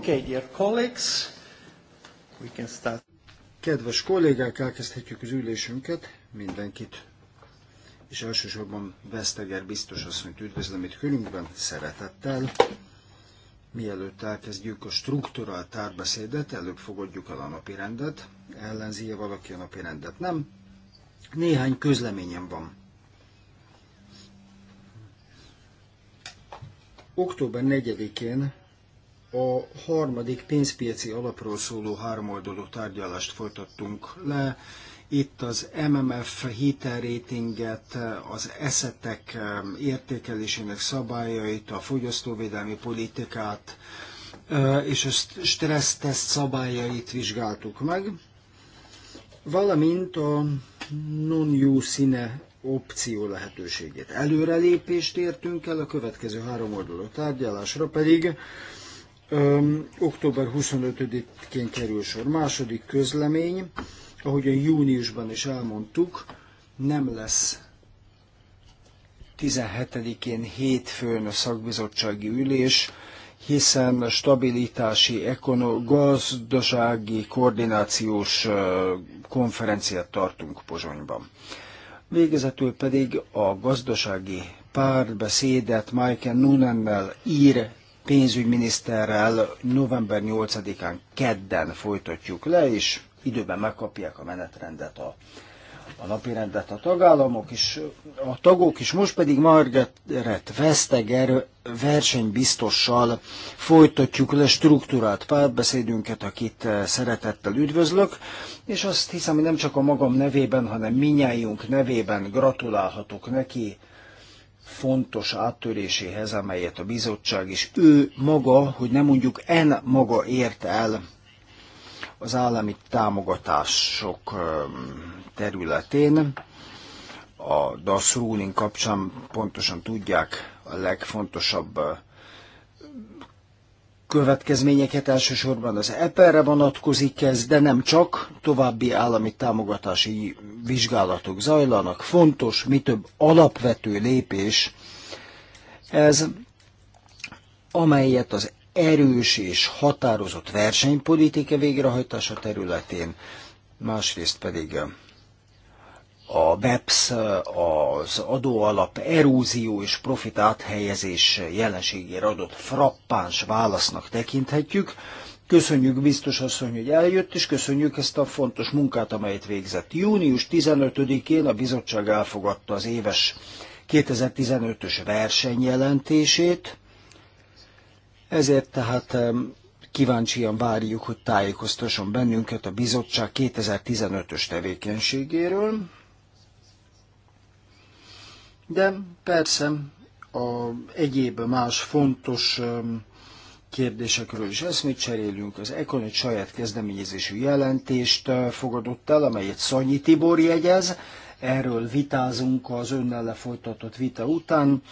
Okay, dear colleagues, we can start. Kedves kollégák, elkezdhetjük az ülésünket, mindenkit, és elsősorban Veszteger biztos asszonyt üdvözlöm itt körünkben, szeretettel. Mielőtt elkezdjük a struktúrált tárbeszédet, előbb fogadjuk el a napi rendet. Ellenzi-e valaki a napi rendet? Nem. Néhány közleményem van. Október 4-én a harmadik pénzpiaci alapról szóló háromoldalú tárgyalást folytattunk le. Itt az MMF hitelrétinget, az eszetek értékelésének szabályait, a fogyasztóvédelmi politikát és a stresszteszt szabályait vizsgáltuk meg, valamint a non-jó színe opció lehetőségét. Előrelépést értünk el, a következő három oldalú tárgyalásra pedig Öm, október 25-én kerül sor. Második közlemény, ahogy a júniusban is elmondtuk, nem lesz 17-én hétfőn a szakbizottsági ülés, hiszen a stabilitási ekono- gazdasági koordinációs konferenciát tartunk Pozsonyban. Végezetül pedig a gazdasági párbeszédet Michael Nunemmel ír pénzügyminiszterrel november 8-án kedden folytatjuk le, és időben megkapják a menetrendet a, a napirendet a tagállamok, és a tagok is. Most pedig Margaret Vesteger versenybiztossal folytatjuk le struktúrát párbeszédünket, akit eh, szeretettel üdvözlök, és azt hiszem, hogy nem csak a magam nevében, hanem minnyájunk nevében gratulálhatok neki fontos áttöréséhez, amelyet a bizottság és ő maga, hogy nem mondjuk en maga ért el az állami támogatások területén. A DAS ruling kapcsán pontosan tudják a legfontosabb következményeket elsősorban az EPR-re vonatkozik ez, de nem csak, további állami támogatási vizsgálatok zajlanak. Fontos, mi több alapvető lépés ez, amelyet az erős és határozott versenypolitika végrehajtása területén, másrészt pedig a BEPS, az adóalap erózió és profit áthelyezés jelenségére adott frappáns válasznak tekinthetjük. Köszönjük biztos asszony, hogy eljött, és köszönjük ezt a fontos munkát, amelyet végzett. Június 15-én a bizottság elfogadta az éves 2015-ös versenyjelentését, ezért tehát kíváncsian várjuk, hogy tájékoztasson bennünket a bizottság 2015-ös tevékenységéről de persze a egyéb más fontos kérdésekről is eszmét cserélünk. Az Econ egy saját kezdeményezésű jelentést fogadott el, amelyet Szanyi Tibor jegyez. Erről vitázunk az önnel lefolytatott vita után.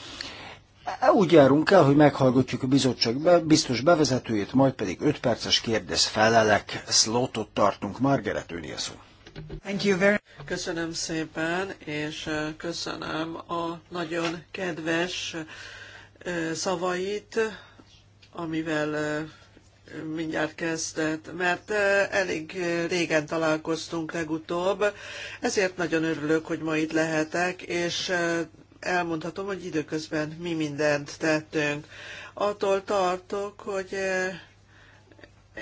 Úgy járunk el, hogy meghallgatjuk a bizottság be, biztos bevezetőjét, majd pedig 5 perces kérdez felelek szlotot tartunk. Margaret Önieszó köszönöm szépen, és köszönöm a nagyon kedves szavait, amivel mindjárt kezdett, mert elég régen találkoztunk legutóbb, ezért nagyon örülök, hogy ma itt lehetek, és elmondhatom, hogy időközben mi mindent tettünk. Attól tartok, hogy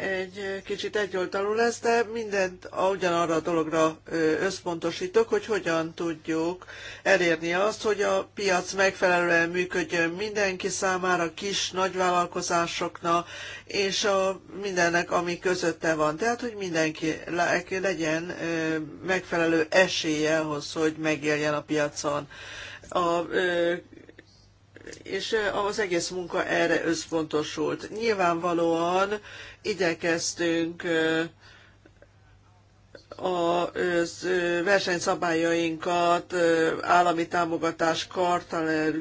egy kicsit egyoldalú lesz, de mindent ugyanarra a dologra összpontosítok, hogy hogyan tudjuk elérni azt, hogy a piac megfelelően működjön mindenki számára, kis, nagyvállalkozásoknak, és a mindennek, ami közötte van. Tehát, hogy mindenki legyen megfelelő esélye ahhoz, hogy megéljen a piacon. A és az egész munka erre összpontosult. Nyilvánvalóan igyekeztünk a versenyszabályainkat, állami támogatás kartal,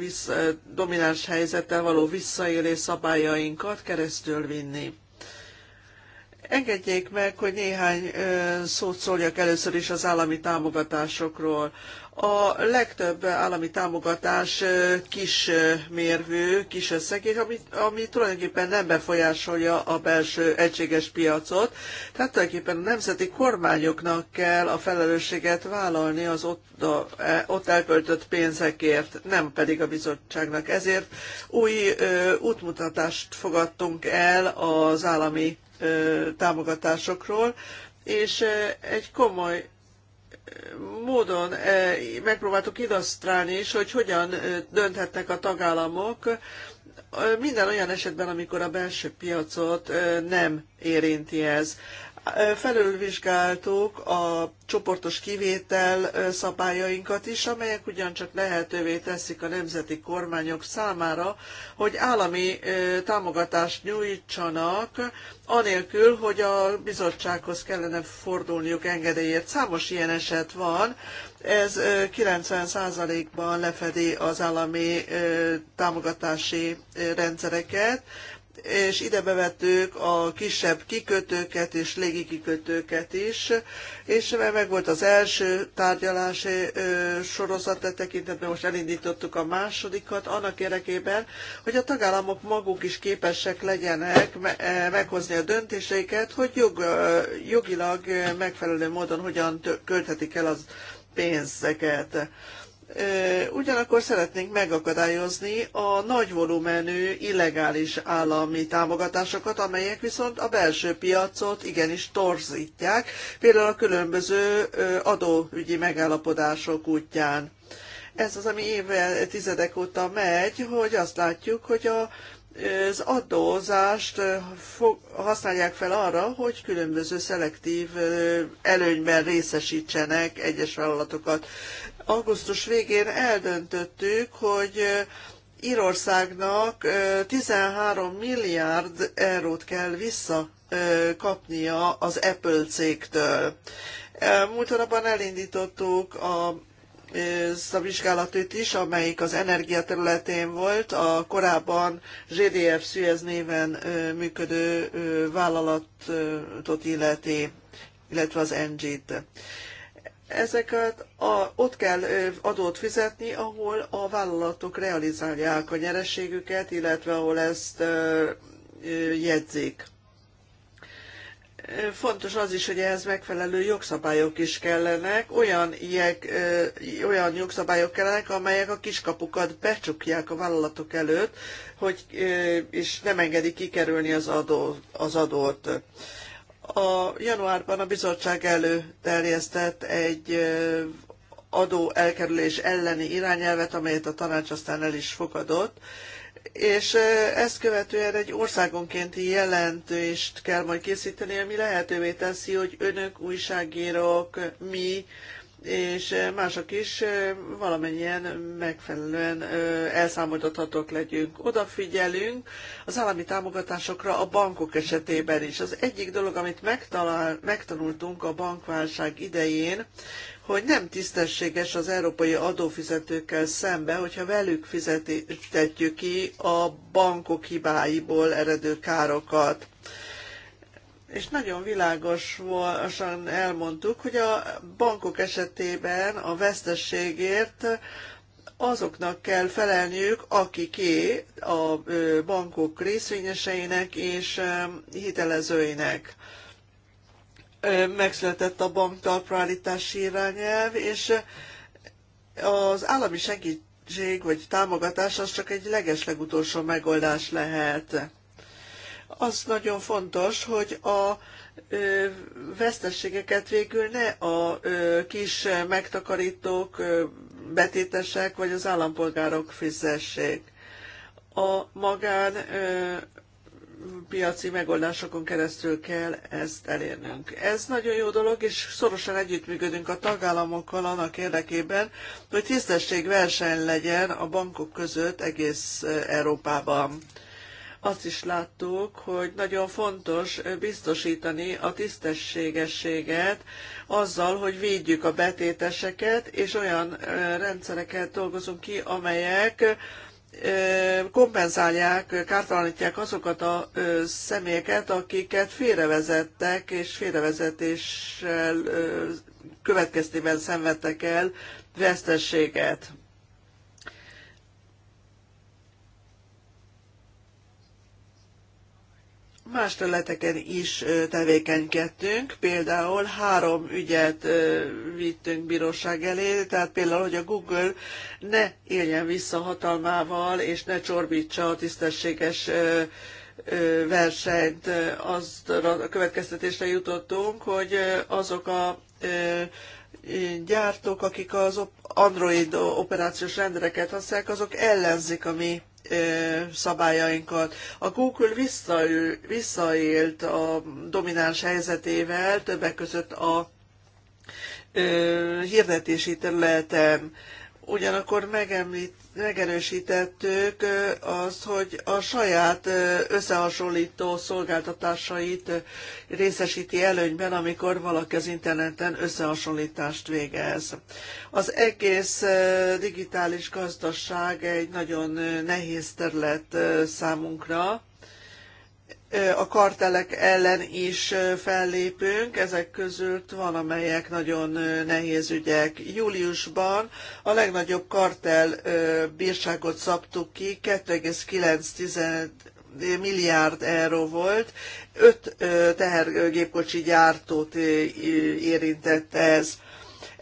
domináns helyzettel való visszaélés szabályainkat keresztül vinni. Engedjék meg, hogy néhány szót szóljak először is az állami támogatásokról. A legtöbb állami támogatás kismérvű, kis és ami, ami tulajdonképpen nem befolyásolja a belső egységes piacot. Tehát tulajdonképpen a nemzeti kormányoknak kell a felelősséget vállalni az ott, a, e, ott elköltött pénzekért, nem pedig a bizottságnak. Ezért új ö, útmutatást fogadtunk el az állami ö, támogatásokról, és egy komoly módon eh, megpróbáltuk illusztrálni is, hogy hogyan eh, dönthetnek a tagállamok eh, minden olyan esetben, amikor a belső piacot nem érinti ez. Felülvizsgáltuk a csoportos kivétel szabályainkat is, amelyek ugyancsak lehetővé teszik a nemzeti kormányok számára, hogy állami támogatást nyújtsanak, anélkül, hogy a bizottsághoz kellene fordulniuk engedélyért. Számos ilyen eset van, ez 90%-ban lefedi az állami támogatási rendszereket, és ide bevettük a kisebb kikötőket és légikikötőket is, és meg volt az első tárgyalási sorozat de tekintetben, most elindítottuk a másodikat, annak érdekében, hogy a tagállamok maguk is képesek legyenek e, meghozni a döntéseiket, hogy jog, jogilag megfelelő módon hogyan költhetik el az pénzeket. Ugyanakkor szeretnénk megakadályozni a nagy volumenű illegális állami támogatásokat, amelyek viszont a belső piacot igenis torzítják, például a különböző adóügyi megállapodások útján. Ez az, ami évtizedek óta megy, hogy azt látjuk, hogy a, az adózást használják fel arra, hogy különböző szelektív előnyben részesítsenek egyes vállalatokat augusztus végén eldöntöttük, hogy Írországnak 13 milliárd eurót kell visszakapnia az Apple cégtől. Múlt hónapban elindítottuk a ezt a vizsgálatot is, amelyik az energia területén volt, a korábban ZDF Suez néven működő vállalatot illeti, illetve az NG-t ezeket a, ott kell adót fizetni, ahol a vállalatok realizálják a nyereségüket, illetve ahol ezt jegyzik. Fontos az is, hogy ehhez megfelelő jogszabályok is kellenek, olyan, ilyek, olyan jogszabályok kellenek, amelyek a kiskapukat becsukják a vállalatok előtt, hogy, és nem engedik kikerülni az, adó, az adót a januárban a bizottság előterjesztett egy adó elkerülés elleni irányelvet, amelyet a tanács aztán el is fogadott, és ezt követően egy országonkénti jelentést kell majd készíteni, ami lehetővé teszi, hogy önök, újságírók, mi és eh, mások is eh, valamennyien megfelelően eh, elszámoltathatók legyünk. Odafigyelünk az állami támogatásokra a bankok esetében is. Az egyik dolog, amit megtalál, megtanultunk a bankválság idején, hogy nem tisztességes az európai adófizetőkkel szembe, hogyha velük fizetjük ki a bankok hibáiból eredő károkat és nagyon világosan elmondtuk, hogy a bankok esetében a vesztességért azoknak kell felelniük, akiké a bankok részvényeseinek és hitelezőinek megszületett a banktalpraállítási irányelv, és az állami segítség vagy támogatás az csak egy legeslegutolsó megoldás lehet az nagyon fontos, hogy a veszteségeket végül ne a kis megtakarítók, betétesek vagy az állampolgárok fizessék. A magán piaci megoldásokon keresztül kell ezt elérnünk. Ez nagyon jó dolog, és szorosan együttműködünk a tagállamokkal annak érdekében, hogy tisztességverseny legyen a bankok között egész Európában azt is láttuk, hogy nagyon fontos biztosítani a tisztességességet azzal, hogy védjük a betéteseket, és olyan rendszereket dolgozunk ki, amelyek kompenzálják, kártalanítják azokat a személyeket, akiket félrevezettek, és félrevezetéssel következtében szenvedtek el vesztességet. más területeken is tevékenykedtünk, például három ügyet vittünk bíróság elé, tehát például, hogy a Google ne éljen vissza hatalmával, és ne csorbítsa a tisztességes versenyt. Azt a következtetésre jutottunk, hogy azok a gyártók, akik az Android operációs rendereket használják, azok ellenzik a mi szabályainkat. A Google visszaül, visszaélt a domináns helyzetével, többek között a hirdetési területen ugyanakkor megemlít, megerősítettük azt, hogy a saját összehasonlító szolgáltatásait részesíti előnyben, amikor valaki az interneten összehasonlítást végez. Az egész digitális gazdaság egy nagyon nehéz terület számunkra, a kartelek ellen is fellépünk, ezek között van, amelyek nagyon nehéz ügyek. Júliusban a legnagyobb kartel bírságot szabtuk ki, 2,9 milliárd euró volt, öt tehergépkocsi gyártót érintett ez.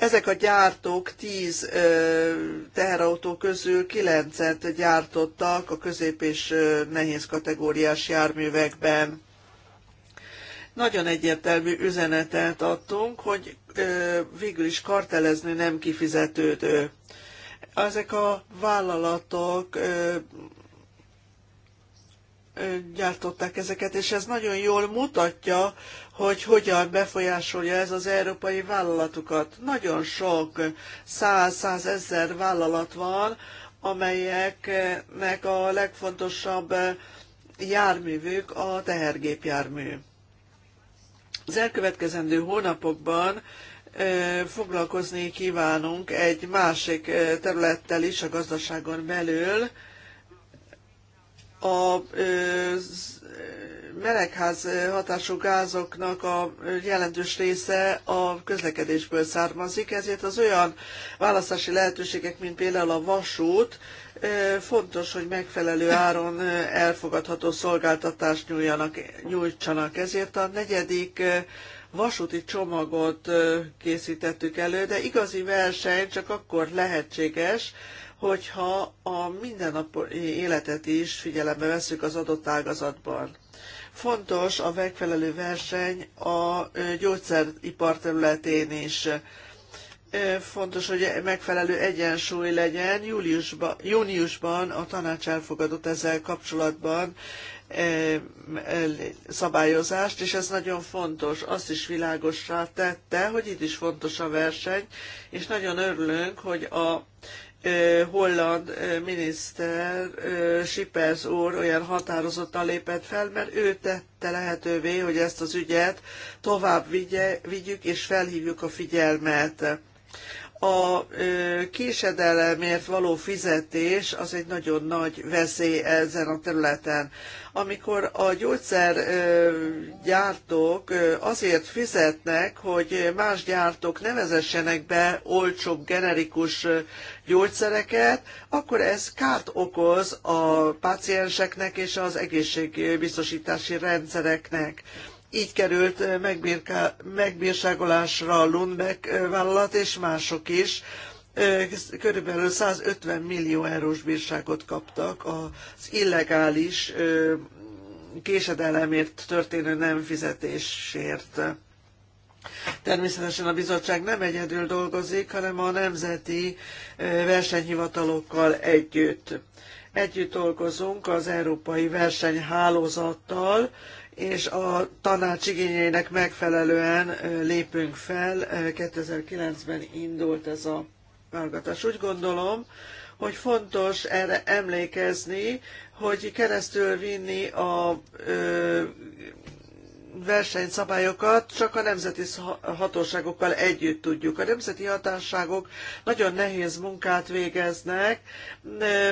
Ezek a gyártók 10 teherautó közül kilencet gyártottak a közép és nehéz kategóriás járművekben. Nagyon egyértelmű üzenetet adtunk, hogy végül is kartelezni nem kifizetődő. Ezek a vállalatok gyártották ezeket, és ez nagyon jól mutatja, hogy hogyan befolyásolja ez az európai vállalatokat. Nagyon sok száz-száz ezer vállalat van, amelyeknek a legfontosabb járművük a tehergépjármű. Az elkövetkezendő hónapokban foglalkozni kívánunk egy másik területtel is a gazdaságon belül, a melegház hatású gázoknak a jelentős része a közlekedésből származik, ezért az olyan választási lehetőségek, mint például a vasút, fontos, hogy megfelelő áron elfogadható szolgáltatást nyújjanak, nyújtsanak. Ezért a negyedik vasúti csomagot készítettük elő, de igazi verseny csak akkor lehetséges, hogyha a mindennapi életet is figyelembe veszük az adott ágazatban. Fontos a megfelelő verseny a gyógyszeripar területén is fontos, hogy megfelelő egyensúly legyen. Júliusban, júniusban a tanács elfogadott ezzel kapcsolatban szabályozást, és ez nagyon fontos. Azt is világosra tette, hogy itt is fontos a verseny, és nagyon örülünk, hogy a holland miniszter Sipers úr olyan határozottan lépett fel, mert ő tette lehetővé, hogy ezt az ügyet tovább vigye, vigyük és felhívjuk a figyelmet a késedelemért való fizetés az egy nagyon nagy veszély ezen a területen. Amikor a gyógyszergyártók azért fizetnek, hogy más gyártók nevezessenek be olcsóbb generikus gyógyszereket, akkor ez kárt okoz a pácienseknek és az egészségbiztosítási rendszereknek. Így került eh, megbírká, megbírságolásra Lundbeck eh, vállalat és mások is. Eh, körülbelül 150 millió eurós bírságot kaptak az illegális késedelemért történő nem fizetésért. Természetesen a bizottság nem egyedül dolgozik, hanem a nemzeti versenyhivatalokkal együtt. Együtt dolgozunk az Európai Versenyhálózattal, és a tanács igényeinek megfelelően lépünk fel. 2009-ben indult ez a válgatás. Úgy gondolom, hogy fontos erre emlékezni, hogy keresztül vinni a versenyszabályokat csak a nemzeti hatóságokkal együtt tudjuk. A nemzeti hatóságok nagyon nehéz munkát végeznek,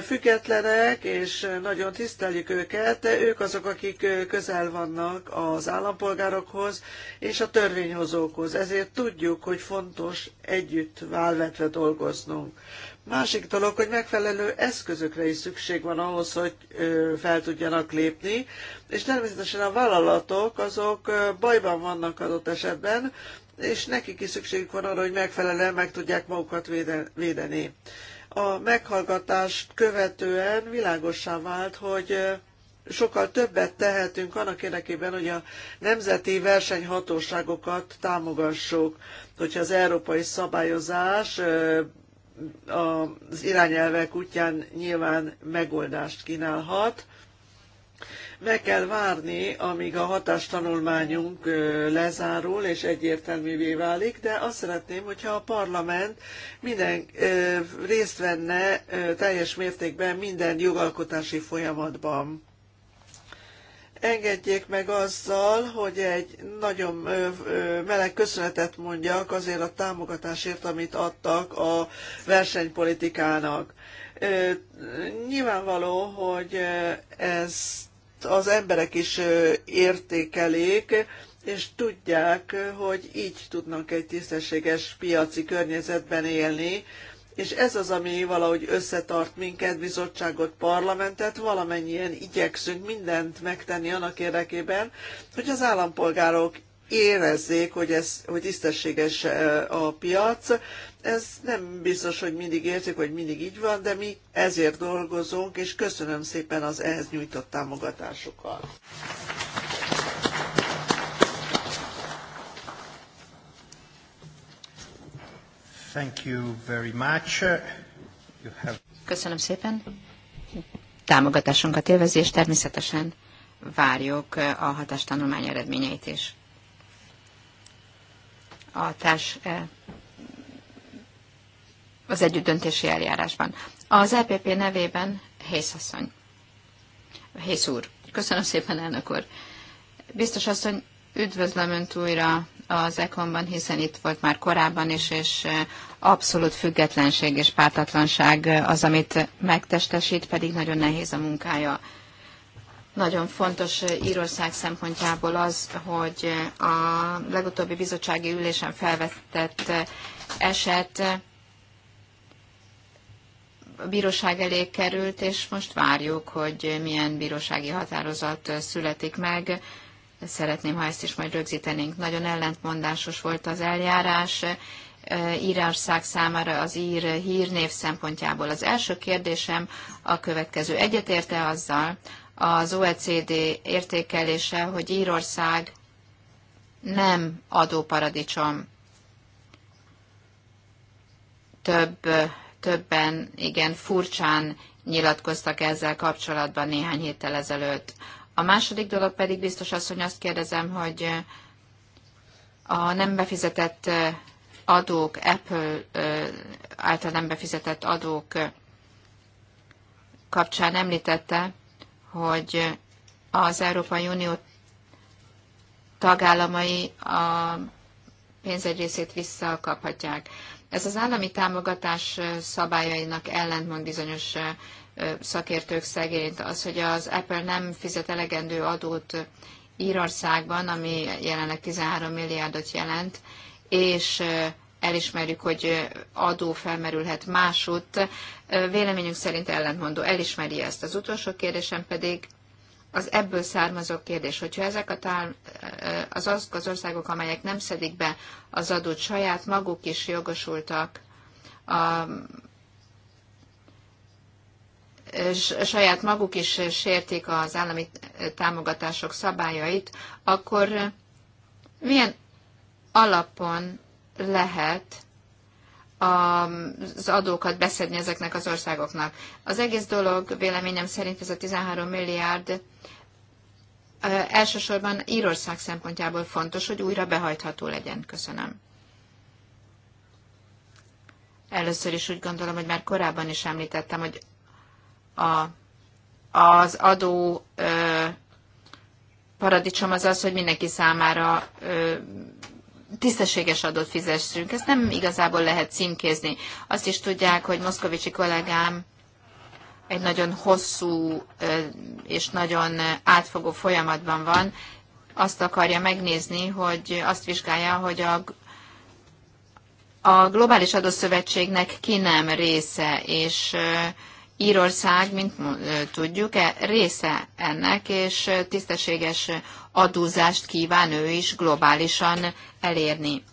függetlenek, és nagyon tiszteljük őket, de ők azok, akik közel vannak az állampolgárokhoz és a törvényhozókhoz. Ezért tudjuk, hogy fontos együtt válvetve dolgoznunk. Másik dolog, hogy megfelelő eszközökre is szükség van ahhoz, hogy fel tudjanak lépni, és természetesen a vállalatok azok bajban vannak adott esetben, és nekik is szükségük van arra, hogy megfelelően meg tudják magukat védeni. A meghallgatást követően világossá vált, hogy sokkal többet tehetünk annak érdekében, hogy a nemzeti versenyhatóságokat támogassuk, hogyha az európai szabályozás az irányelvek útján nyilván megoldást kínálhat. Meg kell várni, amíg a hatástanulmányunk lezárul és egyértelművé válik, de azt szeretném, hogyha a parlament minden részt venne teljes mértékben minden jogalkotási folyamatban engedjék meg azzal, hogy egy nagyon meleg köszönetet mondjak azért a támogatásért, amit adtak a versenypolitikának. Nyilvánvaló, hogy ezt az emberek is értékelik, és tudják, hogy így tudnak egy tisztességes piaci környezetben élni, és ez az, ami valahogy összetart minket, bizottságot, parlamentet, valamennyien igyekszünk mindent megtenni annak érdekében, hogy az állampolgárok érezzék, hogy, ez, hogy tisztességes a piac. Ez nem biztos, hogy mindig értik, hogy mindig így van, de mi ezért dolgozunk, és köszönöm szépen az ehhez nyújtott támogatásokat. Thank you very much. You have... Köszönöm szépen. Támogatásunkat élvezi, és természetesen várjuk a hatástanulmány eredményeit is. A társ eh, az döntési eljárásban. Az EPP nevében Hész asszony. Hész úr. Köszönöm szépen, elnök úr. Biztos asszony, üdvözlöm Önt újra az Ekonban, hiszen itt volt már korábban is, és abszolút függetlenség és pártatlanság az, amit megtestesít, pedig nagyon nehéz a munkája. Nagyon fontos Írország szempontjából az, hogy a legutóbbi bizottsági ülésen felvetett eset a bíróság elé került, és most várjuk, hogy milyen bírósági határozat születik meg szeretném, ha ezt is majd rögzítenénk. Nagyon ellentmondásos volt az eljárás, írásszág számára az ír hírnév szempontjából. Az első kérdésem a következő. Egyetérte azzal az OECD értékelése, hogy Írország nem adóparadicsom. Több, többen igen furcsán nyilatkoztak ezzel kapcsolatban néhány héttel ezelőtt. A második dolog pedig biztos az, hogy azt kérdezem, hogy a nem befizetett adók, Apple által nem befizetett adók kapcsán említette, hogy az Európai Unió tagállamai a pénzegy részét visszakaphatják. Ez az állami támogatás szabályainak ellentmond bizonyos szakértők szegényt. Az, hogy az Apple nem fizet elegendő adót Írországban, ami jelenleg 13 milliárdot jelent, és elismerjük, hogy adó felmerülhet másút. Véleményünk szerint ellentmondó elismeri ezt. Az utolsó kérdésem pedig az ebből származó kérdés, hogyha ezek a tár, az, azok az országok, amelyek nem szedik be az adót saját, maguk is jogosultak a saját maguk is sértik az állami támogatások szabályait, akkor milyen alapon lehet az adókat beszedni ezeknek az országoknak. Az egész dolog véleményem szerint ez a 13 milliárd elsősorban Írország szempontjából fontos, hogy újra behajtható legyen. Köszönöm. Először is úgy gondolom, hogy már korábban is említettem, hogy a, az adó ö, paradicsom az az, hogy mindenki számára ö, tisztességes adót fizessünk. Ezt nem igazából lehet címkézni. Azt is tudják, hogy Moszkovicsi kollégám egy nagyon hosszú és nagyon átfogó folyamatban van. Azt akarja megnézni, hogy azt vizsgálja, hogy a, a globális adószövetségnek ki nem része, és Írország, mint tudjuk, e része ennek, és tisztességes adózást kíván ő is globálisan elérni.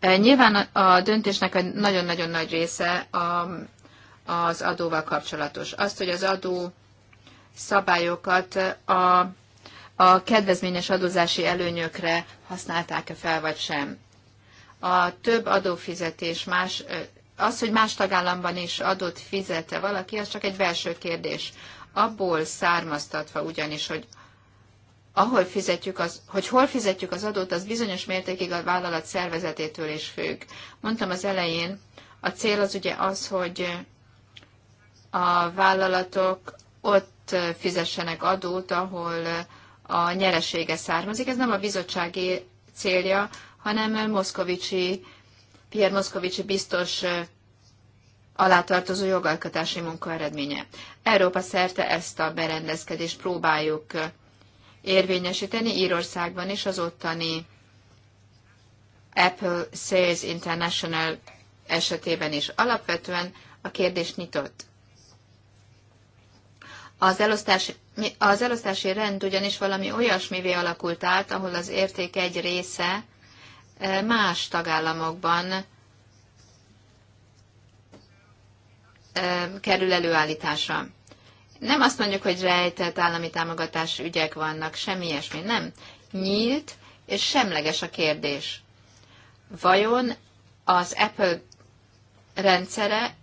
Nyilván a döntésnek egy nagyon-nagyon nagy része a, az adóval kapcsolatos. Azt, hogy az adó szabályokat a a kedvezményes adózási előnyökre használták-e fel, vagy sem. A több adófizetés más, az, hogy más tagállamban is adott fizete valaki, az csak egy belső kérdés. Abból származtatva ugyanis, hogy ahol fizetjük az, hogy hol fizetjük az adót, az bizonyos mértékig a vállalat szervezetétől is függ. Mondtam az elején, a cél az ugye az, hogy a vállalatok ott fizessenek adót, ahol a nyeresége származik. Ez nem a bizottsági célja, hanem Moszkovicsi, Pierre Moszkovicsi biztos alátartozó jogalkotási munka eredménye. Európa szerte ezt a berendezkedést próbáljuk érvényesíteni Írországban is az ottani Apple Sales International esetében is. Alapvetően a kérdés nyitott. Az elosztási az elosztási rend ugyanis valami olyasmivé alakult át, ahol az érték egy része e, más tagállamokban e, kerül előállításra. Nem azt mondjuk, hogy rejtett állami támogatás ügyek vannak, semmi ilyesmi, nem. Nyílt és semleges a kérdés. Vajon az Apple rendszere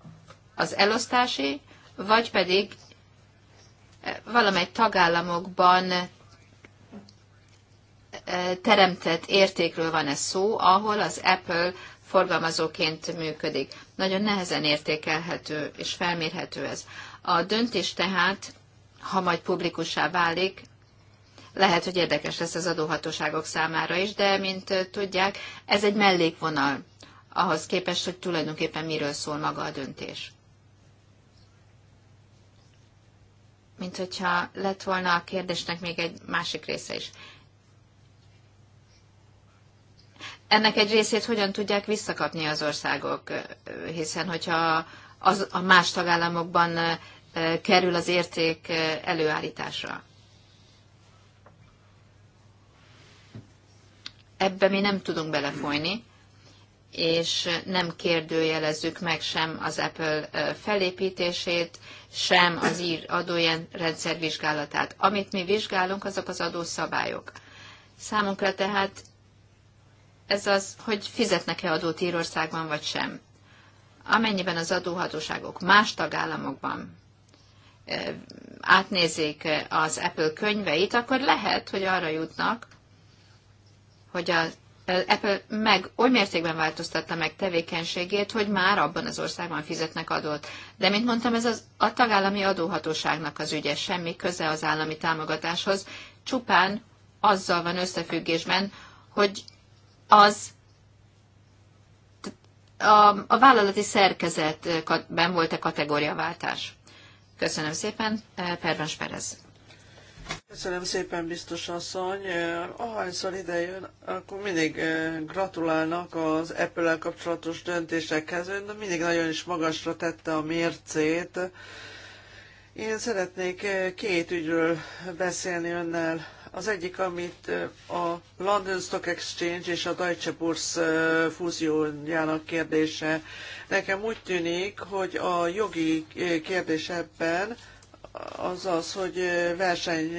az elosztási, vagy pedig valamely tagállamokban e, teremtett értékről van ez szó, ahol az Apple forgalmazóként működik. Nagyon nehezen értékelhető és felmérhető ez. A döntés tehát, ha majd publikussá válik, lehet, hogy érdekes lesz az adóhatóságok számára is, de mint e, tudják, ez egy mellékvonal ahhoz képest, hogy tulajdonképpen miről szól maga a döntés. mint hogyha lett volna a kérdésnek még egy másik része is. Ennek egy részét hogyan tudják visszakapni az országok, hiszen hogyha az, a más tagállamokban kerül az érték előállításra. Ebbe mi nem tudunk belefolyni, és nem kérdőjelezzük meg sem az Apple felépítését, sem az ír rendszer vizsgálatát. Amit mi vizsgálunk, azok az adószabályok. Számunkra tehát ez az, hogy fizetnek-e adót Írországban vagy sem. Amennyiben az adóhatóságok más tagállamokban átnézik az Apple könyveit, akkor lehet, hogy arra jutnak, hogy a Apple meg oly mértékben változtatta meg tevékenységét, hogy már abban az országban fizetnek adót. De, mint mondtam, ez az, a tagállami adóhatóságnak az ügye, semmi köze az állami támogatáshoz, csupán azzal van összefüggésben, hogy az a, a vállalati szerkezetben volt-e kategóriaváltás. Köszönöm szépen, Pervens Perez. Köszönöm szépen, biztos asszony. Ahányszor jön, akkor mindig eh, gratulálnak az Apple-el kapcsolatos döntésekhez. Ön mindig nagyon is magasra tette a mércét. Én szeretnék eh, két ügyről beszélni önnel. Az egyik, amit eh, a London Stock Exchange és a Deutsche Börse fúziójának kérdése. Nekem úgy tűnik, hogy a jogi kérdés ebben, az az, hogy verseny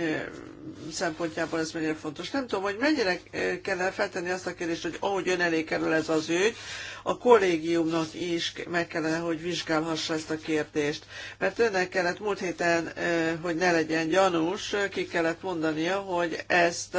szempontjából ez mennyire fontos. Nem tudom, hogy mennyire kellene feltenni azt a kérdést, hogy ahogy ön elé kerül ez az ügy, a kollégiumnak is meg kellene, hogy vizsgálhassa ezt a kérdést. Mert önnek kellett múlt héten, hogy ne legyen gyanús, ki kellett mondania, hogy ezt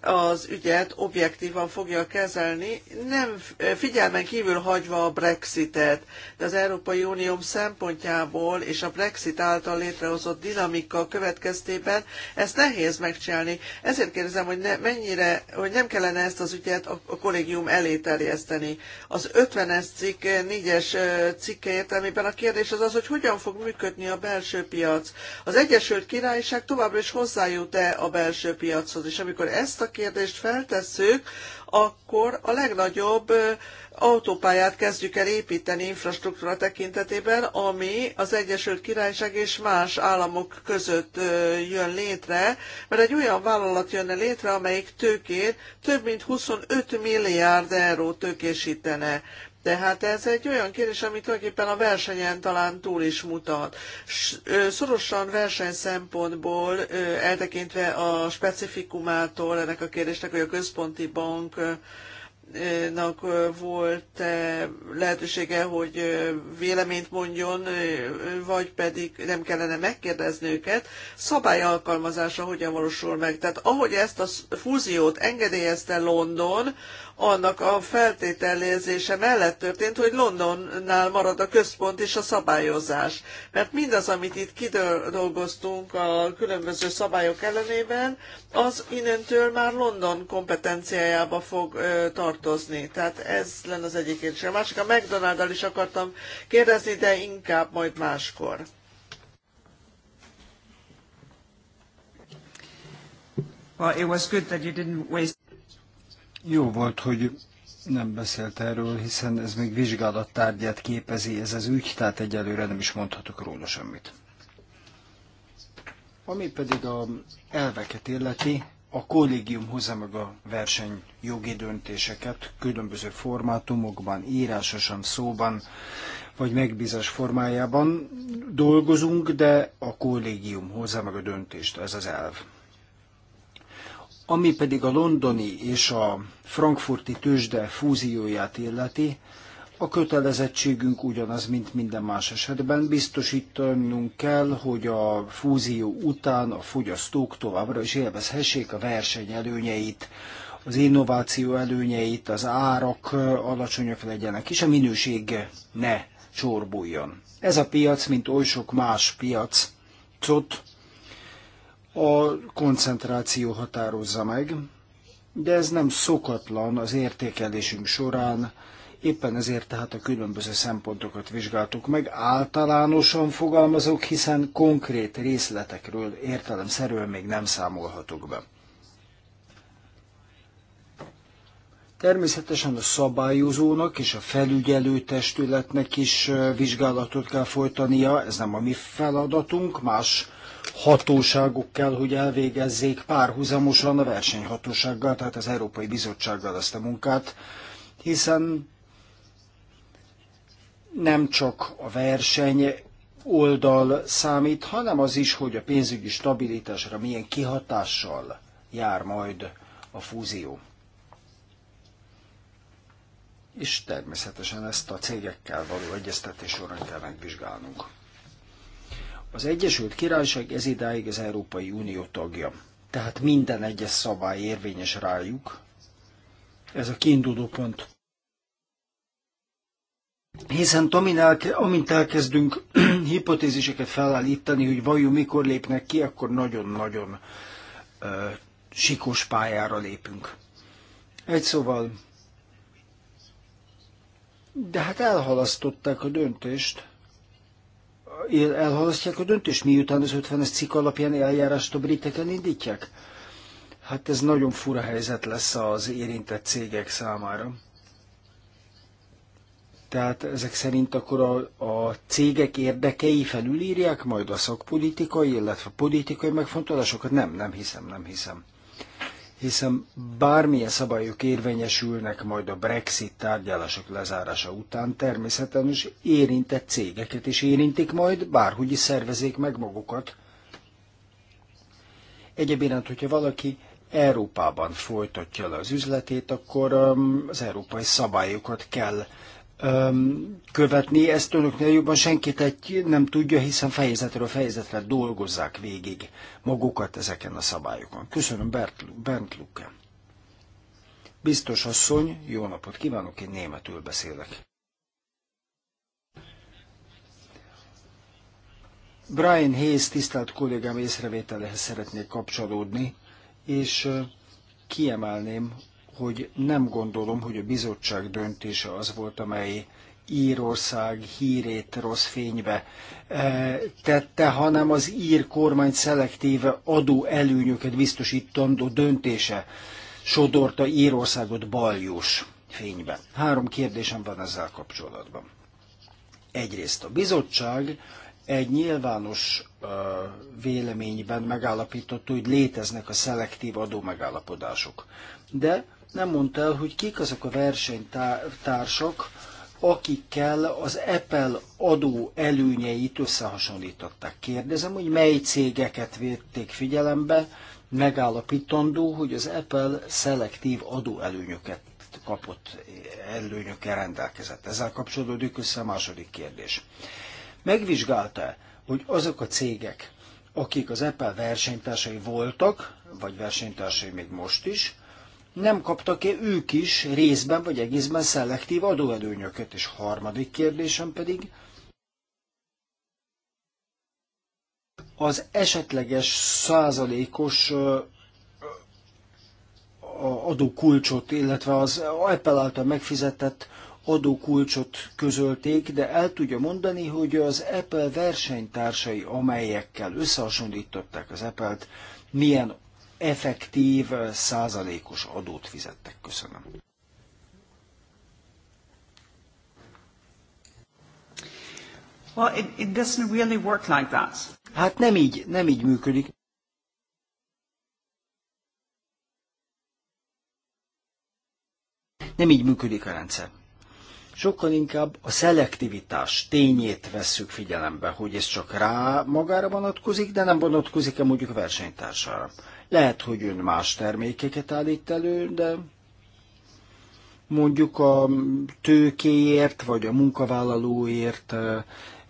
az ügyet objektívan fogja kezelni, nem figyelmen kívül hagyva a Brexitet, de az Európai Unió szempontjából és a Brexit által létrehozott dinamika következtében ezt nehéz megcsinálni. Ezért kérdezem, hogy ne, mennyire, hogy nem kellene ezt az ügyet a, a kollégium elé terjeszteni. Az 50-es cikk 4-es cikke értelmében a kérdés az az, hogy hogyan fog működni a belső piac. Az Egyesült Királyság továbbra is hozzájut-e a belső piachoz? És amikor ezt a kérdést feltesszük, akkor a legnagyobb autópályát kezdjük el építeni infrastruktúra tekintetében, ami az Egyesült Királyság és más államok között jön létre, mert egy olyan vállalat jönne létre, amelyik tőkét több mint 25 milliárd euró tőkésítene. Tehát ez egy olyan kérdés, ami tulajdonképpen a versenyen talán túl is mutat. Szorosan verseny szempontból, eltekintve a specifikumától ennek a kérdésnek, hogy a központi bank volt lehetősége, hogy véleményt mondjon, vagy pedig nem kellene megkérdezni őket. Szabály alkalmazása hogyan valósul meg? Tehát ahogy ezt a fúziót engedélyezte London, annak a feltételezése mellett történt, hogy Londonnál marad a központ és a szabályozás. Mert mindaz, amit itt kidolgoztunk a különböző szabályok ellenében, az innentől már London kompetenciájába fog ö, tartozni. Tehát ez lenne az egyik kérdés. A másik, a McDonald-dal is akartam kérdezni, de inkább majd máskor. Well, it was good that you didn't waste jó volt, hogy nem beszélt erről, hiszen ez még vizsgálat tárgyát képezi ez az ügy, tehát egyelőre nem is mondhatok róla semmit. Ami pedig a elveket illeti, a kollégium hozza meg a verseny jogi döntéseket különböző formátumokban, írásosan, szóban, vagy megbízás formájában dolgozunk, de a kollégium hozza meg a döntést, ez az elv. Ami pedig a londoni és a frankfurti tőzsde fúzióját illeti, a kötelezettségünk ugyanaz, mint minden más esetben. Biztosítanunk kell, hogy a fúzió után a fogyasztók továbbra is élvezhessék a verseny előnyeit, az innováció előnyeit, az árak alacsonyak legyenek, és a minőség ne csorbuljon. Ez a piac, mint oly sok más piacot, a koncentráció határozza meg, de ez nem szokatlan az értékelésünk során, éppen ezért tehát a különböző szempontokat vizsgáltuk meg, általánosan fogalmazok, hiszen konkrét részletekről értelemszerűen még nem számolhatok be. Természetesen a szabályozónak és a felügyelő testületnek is vizsgálatot kell folytania, ez nem a mi feladatunk, más hatóságok kell, hogy elvégezzék párhuzamosan a versenyhatósággal, tehát az Európai Bizottsággal ezt a munkát, hiszen nem csak a verseny oldal számít, hanem az is, hogy a pénzügyi stabilitásra milyen kihatással jár majd a fúzió. És természetesen ezt a cégekkel való egyeztetés során kell megvizsgálnunk. Az Egyesült Királyság ez idáig az Európai Unió tagja, tehát minden egyes szabály érvényes rájuk. Ez a kiinduló pont. Hiszen amint elkezdünk hipotéziseket felállítani, hogy vajon mikor lépnek ki, akkor nagyon-nagyon uh, sikos pályára lépünk. Egy szóval, de hát elhalasztották a döntést, elhalasztják a döntés miután az 50-es cikk alapján eljárást a briteken indítják? Hát ez nagyon fura helyzet lesz az érintett cégek számára. Tehát ezek szerint akkor a, a cégek érdekei felülírják majd a szakpolitikai, illetve politikai megfontolásokat? Nem, nem hiszem, nem hiszem hiszen bármilyen szabályok érvényesülnek majd a Brexit tárgyalások lezárása után, természetesen is érintett cégeket is érintik majd, bárhogy is szervezék meg magukat. Egyébként, hogyha valaki Európában folytatja le az üzletét, akkor um, az európai szabályokat kell követni, ezt önöknél jobban senkit egy nem tudja, hiszen fejezetről fejezetre dolgozzák végig magukat ezeken a szabályokon. Köszönöm Bernd Lucke. Biztos asszony, jó napot kívánok, én németül beszélek. Brian Hayes tisztelt kollégám észrevételehez szeretnék kapcsolódni, és kiemelném hogy nem gondolom, hogy a bizottság döntése az volt, amely Írország hírét rossz fénybe eh, tette, hanem az ír kormány szelektíve adó előnyöket biztosítandó döntése sodorta Írországot baljós fénybe. Három kérdésem van ezzel kapcsolatban. Egyrészt a bizottság egy nyilvános eh, véleményben megállapította, hogy léteznek a szelektív megállapodások, De nem mondta el, hogy kik azok a versenytársak, akikkel az Apple adó előnyeit összehasonlították. Kérdezem, hogy mely cégeket vették figyelembe, megállapítandó, hogy az Apple szelektív előnyöket kapott előnyökkel rendelkezett. Ezzel kapcsolódik össze a második kérdés. Megvizsgálta, hogy azok a cégek, akik az Apple versenytársai voltak, vagy versenytársai még most is, nem kaptak-e ők is részben vagy egészben szelektív adóelőnyöket? És harmadik kérdésem pedig, az esetleges százalékos adókulcsot, illetve az Apple által megfizetett adókulcsot közölték, de el tudja mondani, hogy az Apple versenytársai, amelyekkel összehasonlították az Apple-t, milyen effektív százalékos adót fizettek. Köszönöm. Well, it, it doesn't really work like that. Hát nem így, nem így működik. Nem így működik a rendszer sokkal inkább a szelektivitás tényét vesszük figyelembe, hogy ez csak rá magára vonatkozik, de nem vonatkozik-e mondjuk a versenytársára. Lehet, hogy ön más termékeket állít elő, de mondjuk a tőkéért vagy a munkavállalóért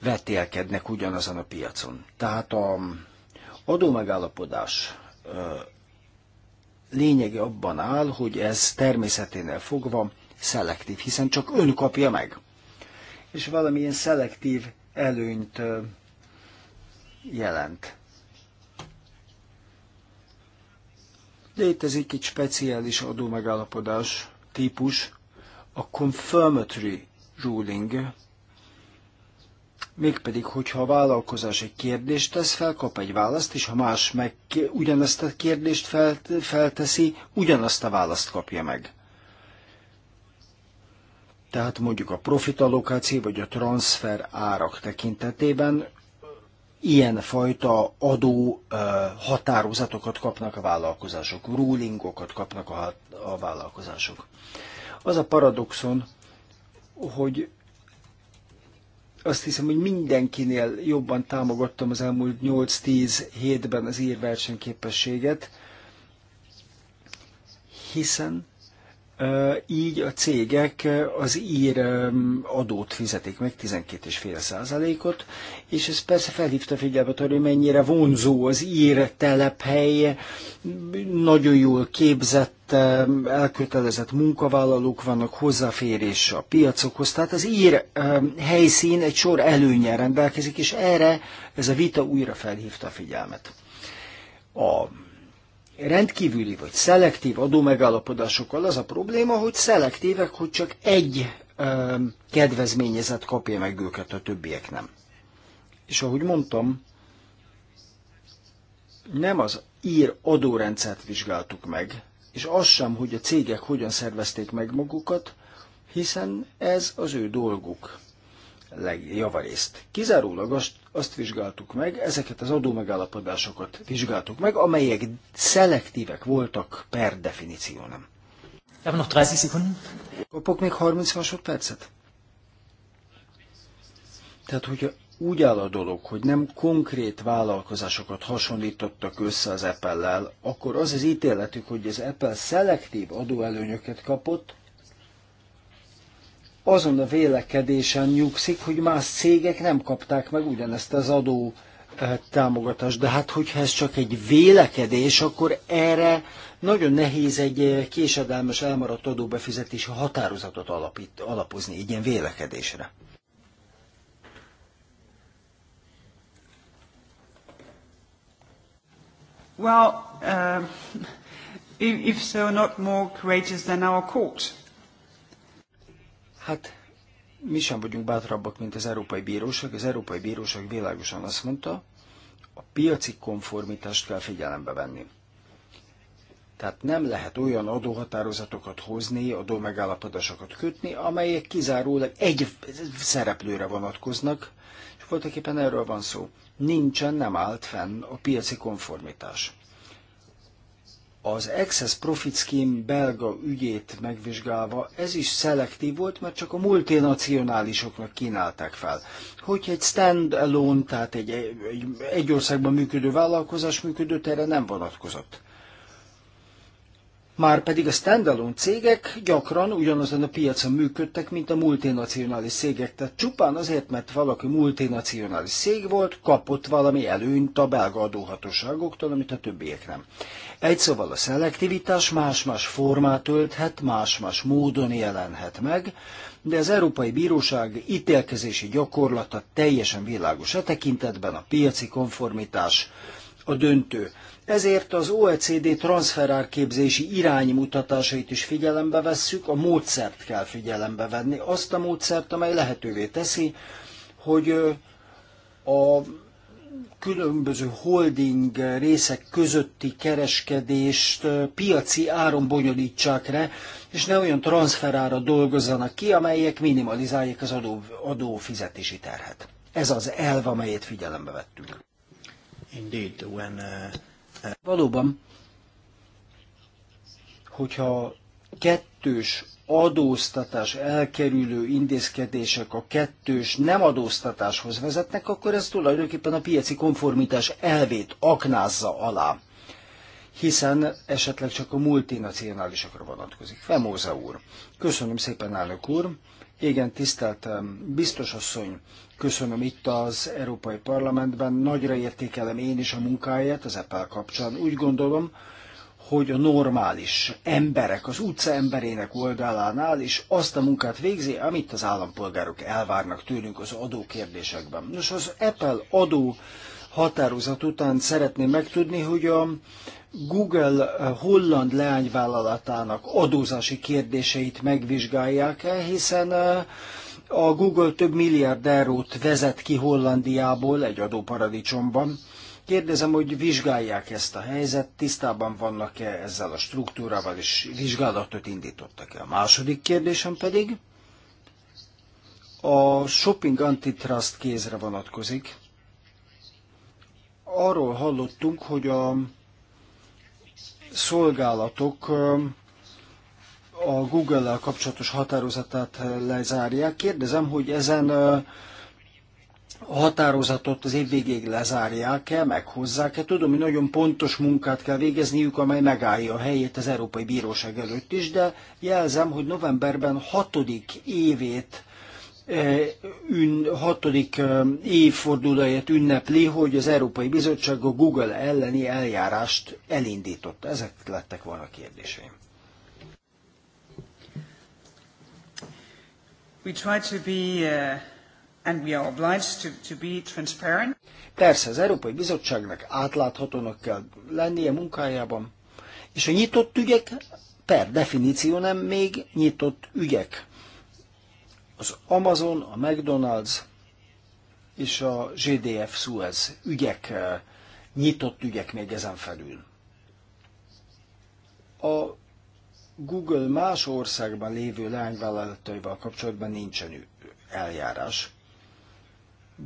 vetélkednek ugyanazon a piacon. Tehát a adómegállapodás lényege abban áll, hogy ez természeténél fogva szelektív, hiszen csak ön kapja meg. És valamilyen szelektív előnyt jelent. Létezik egy speciális adómegállapodás típus, a confirmatory ruling, mégpedig, hogyha a vállalkozás egy kérdést tesz fel, kap egy választ, és ha más meg ugyanezt a kérdést felteszi, ugyanazt a választ kapja meg tehát mondjuk a profitallokáció vagy a transfer árak tekintetében ilyen fajta adó határozatokat kapnak a vállalkozások, rulingokat kapnak hát, a, vállalkozások. Az a paradoxon, hogy azt hiszem, hogy mindenkinél jobban támogattam az elmúlt 8-10 hétben az írversenyképességet, hiszen így a cégek az ír adót fizetik meg, 12,5 százalékot, és ez persze felhívta figyelmet arra, hogy mennyire vonzó az ír telephely, nagyon jól képzett, elkötelezett munkavállalók vannak, hozzáférés a piacokhoz, tehát az ír helyszín egy sor előnyel rendelkezik, és erre ez a vita újra felhívta a figyelmet. A rendkívüli vagy szelektív adómegállapodásokkal az a probléma, hogy szelektívek, hogy csak egy ö, kedvezményezett kapja meg őket, a többiek nem. És ahogy mondtam, nem az ír adórendszert vizsgáltuk meg, és az sem, hogy a cégek hogyan szervezték meg magukat, hiszen ez az ő dolguk legjavarészt javarészt. Kizárólag azt, azt vizsgáltuk meg, ezeket az adómegállapodásokat vizsgáltuk meg, amelyek szelektívek voltak per definíció nem. 30 Kapok még 30 másodpercet? Tehát, hogyha úgy áll a dolog, hogy nem konkrét vállalkozásokat hasonlítottak össze az Apple-lel, akkor az az ítéletük, hogy az Apple szelektív adóelőnyöket kapott, azon a vélekedésen nyugszik, hogy más cégek nem kapták meg ugyanezt az adó eh, támogatást. De hát, hogyha ez csak egy vélekedés, akkor erre nagyon nehéz egy eh, késedelmes elmaradt adóbefizetési határozatot alapít, alapozni egy ilyen vélekedésre. Well, uh, if so, not more courageous than our court. Hát mi sem vagyunk bátrabbak, mint az Európai Bíróság. Az Európai Bíróság világosan azt mondta, a piaci konformitást kell figyelembe venni. Tehát nem lehet olyan adóhatározatokat hozni, adó megállapodásokat kötni, amelyek kizárólag egy szereplőre vonatkoznak, és voltaképpen erről van szó. Nincsen, nem állt fenn a piaci konformitás az Excess Profit Scheme belga ügyét megvizsgálva, ez is szelektív volt, mert csak a multinacionálisoknak kínálták fel. Hogyha egy stand-alone, tehát egy, egy, egy országban működő vállalkozás működött, erre nem vonatkozott. Már pedig a standalone cégek gyakran ugyanazon a piacon működtek, mint a multinacionális cégek. Tehát csupán azért, mert valaki multinacionális cég volt, kapott valami előnyt a belga adóhatóságoktól, amit a többiek nem. Egy szóval a szelektivitás más-más formát ölthet, más-más módon jelenhet meg, de az Európai Bíróság ítélkezési gyakorlata teljesen világos. E tekintetben a piaci konformitás a döntő. Ezért az OECD transferárképzési iránymutatásait is figyelembe vesszük, a módszert kell figyelembe venni, azt a módszert, amely lehetővé teszi, hogy a különböző holding részek közötti kereskedést piaci áron bonyolítsák le, és ne olyan transferára dolgozzanak ki, amelyek minimalizálják az adó, terhet. Ez az elv, amelyet figyelembe vettünk. Indeed, when, uh... Valóban, hogyha kettős adóztatás elkerülő intézkedések a kettős nem adóztatáshoz vezetnek, akkor ez tulajdonképpen a piaci konformitás elvét aknázza alá hiszen esetleg csak a multinacionálisakra vonatkozik. Femóza úr. Köszönöm szépen, elnök úr. Igen, tisztelt biztos asszony, köszönöm itt az Európai Parlamentben, nagyra értékelem én is a munkáját az Apple e kapcsán. Úgy gondolom, hogy a normális emberek, az utca emberének oldalán áll, és azt a munkát végzi, amit az állampolgárok elvárnak tőlünk az adókérdésekben. Nos, az Apple e adó határozat után szeretném megtudni, hogy a Google holland leányvállalatának adózási kérdéseit megvizsgálják-e, hiszen eh, a Google több milliárd eurót vezet ki Hollandiából egy adóparadicsomban. Kérdezem, hogy vizsgálják ezt a helyzet, tisztában vannak-e ezzel a struktúrával, és vizsgálatot indítottak-e? A második kérdésem pedig a shopping antitrust kézre vonatkozik. Arról hallottunk, hogy a szolgálatok a Google-lel kapcsolatos határozatát eh, lezárják. Kérdezem, hogy ezen eh, a határozatot az év végéig lezárják-e, meghozzák-e. Tudom, hogy nagyon pontos munkát kell végezniük, amely megállja a helyét az Európai Bíróság előtt is, de jelzem, hogy novemberben hatodik évét eh, ün, hatodik évfordulóját ünnepli, hogy az Európai Bizottság a Google elleni eljárást elindította. Ezek lettek volna a kérdéseim. We try to be, uh, and we are obliged to, to be transparent. Persze, az Európai Bizottságnak átláthatónak kell lennie munkájában, és a nyitott ügyek per definíció nem még nyitott ügyek. Az Amazon, a McDonald's és a GDF Suez ügyek, uh, nyitott ügyek még ezen felül. A Google más országban lévő lányvállalataival kapcsolatban nincsen eljárás.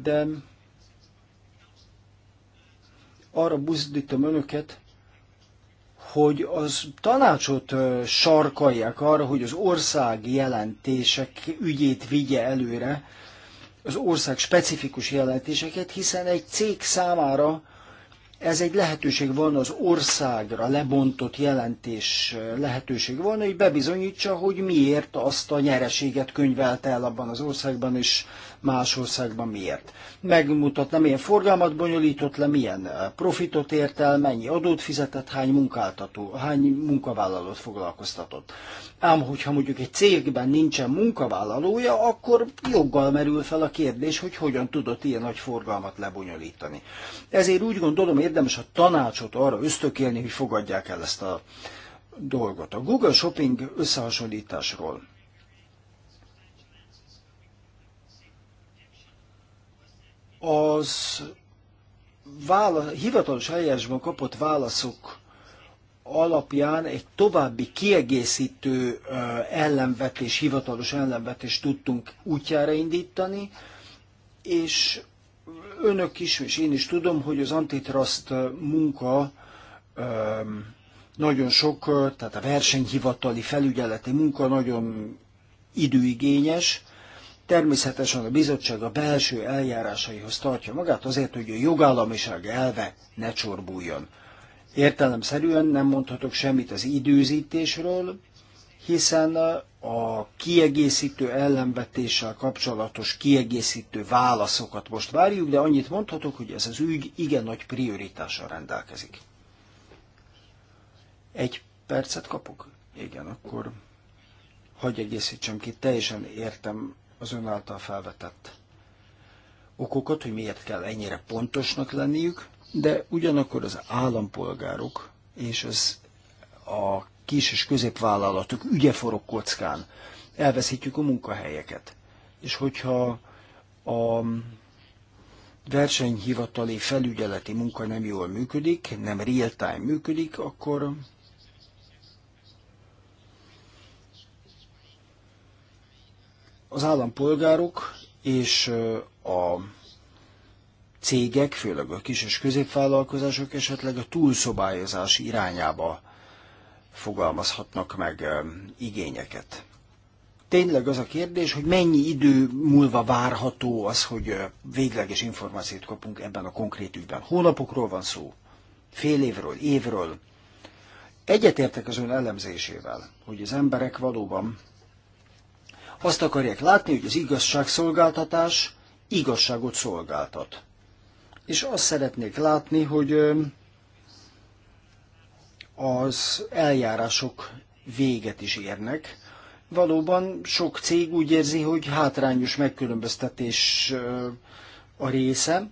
De arra buzdítom önöket, hogy az tanácsot sarkalják arra, hogy az ország jelentések ügyét vigye előre, az ország specifikus jelentéseket, hiszen egy cég számára ez egy lehetőség van az országra lebontott jelentés lehetőség van, hogy bebizonyítsa, hogy miért azt a nyereséget könyvelte el abban az országban, és más országban miért. nem milyen forgalmat bonyolított le, milyen eh, profitot ért el, mennyi adót fizetett, hány munkáltató, hány munkavállalót foglalkoztatott. Ám hogyha mondjuk egy cégben nincsen munkavállalója, akkor joggal merül fel a kérdés, hogy hogyan tudott ilyen nagy forgalmat lebonyolítani. Ezért úgy gondolom érdemes a tanácsot arra ösztökélni, hogy fogadják el ezt a dolgot. A Google Shopping összehasonlításról az vála, hivatalos eljárásban kapott válaszok alapján egy további kiegészítő ellenvetés, hivatalos ellenvetést tudtunk útjára indítani, és önök is, és én is tudom, hogy az antitrust munka nagyon sok, tehát a versenyhivatali felügyeleti munka nagyon időigényes, Természetesen a bizottság a belső eljárásaihoz tartja magát azért, hogy a jogállamiság elve ne csorbuljon. Értelemszerűen nem mondhatok semmit az időzítésről, hiszen a kiegészítő ellenvetéssel kapcsolatos kiegészítő válaszokat most várjuk, de annyit mondhatok, hogy ez az ügy igen nagy prioritással rendelkezik. Egy percet kapok? Igen, akkor hagyj egészítsem ki, teljesen értem az ön által felvetett okokat, hogy miért kell ennyire pontosnak lenniük, de ugyanakkor az állampolgárok és az a kis és középvállalatok ügye kockán. Elveszítjük a munkahelyeket. És hogyha a versenyhivatali felügyeleti munka nem jól működik, nem real-time működik, akkor az állampolgárok és a cégek, főleg a kis és középvállalkozások esetleg a túlszobályozás irányába fogalmazhatnak meg igényeket. Tényleg az a kérdés, hogy mennyi idő múlva várható az, hogy végleges információt kapunk ebben a konkrét ügyben. Hónapokról van szó, fél évről, évről. Egyetértek az ön elemzésével, hogy az emberek valóban azt akarják látni, hogy az igazságszolgáltatás igazságot szolgáltat. És azt szeretnék látni, hogy az eljárások véget is érnek. Valóban sok cég úgy érzi, hogy hátrányos megkülönböztetés a része,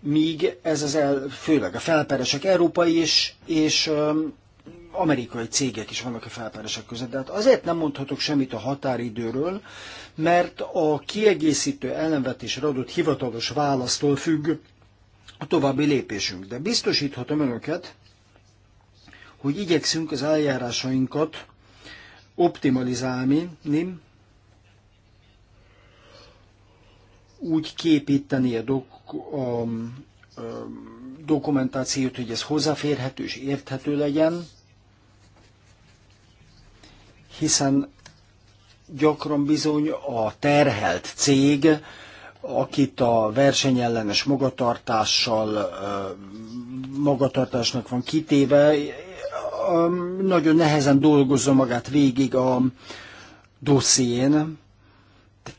míg ez az el, főleg a felperesek európai és, és amerikai cégek is vannak a felperesek között. De hát azért nem mondhatok semmit a határidőről, mert a kiegészítő ellenvetésre adott hivatalos választól függ a további lépésünk. De biztosíthatom önöket, hogy igyekszünk az eljárásainkat optimalizálni, úgy képíteni a, dok- a, a dokumentációt, hogy ez hozzáférhető és érthető legyen, hiszen gyakran bizony a terhelt cég, akit a versenyellenes magatartással, magatartásnak van kitéve, nagyon nehezen dolgozza magát végig a dosszién.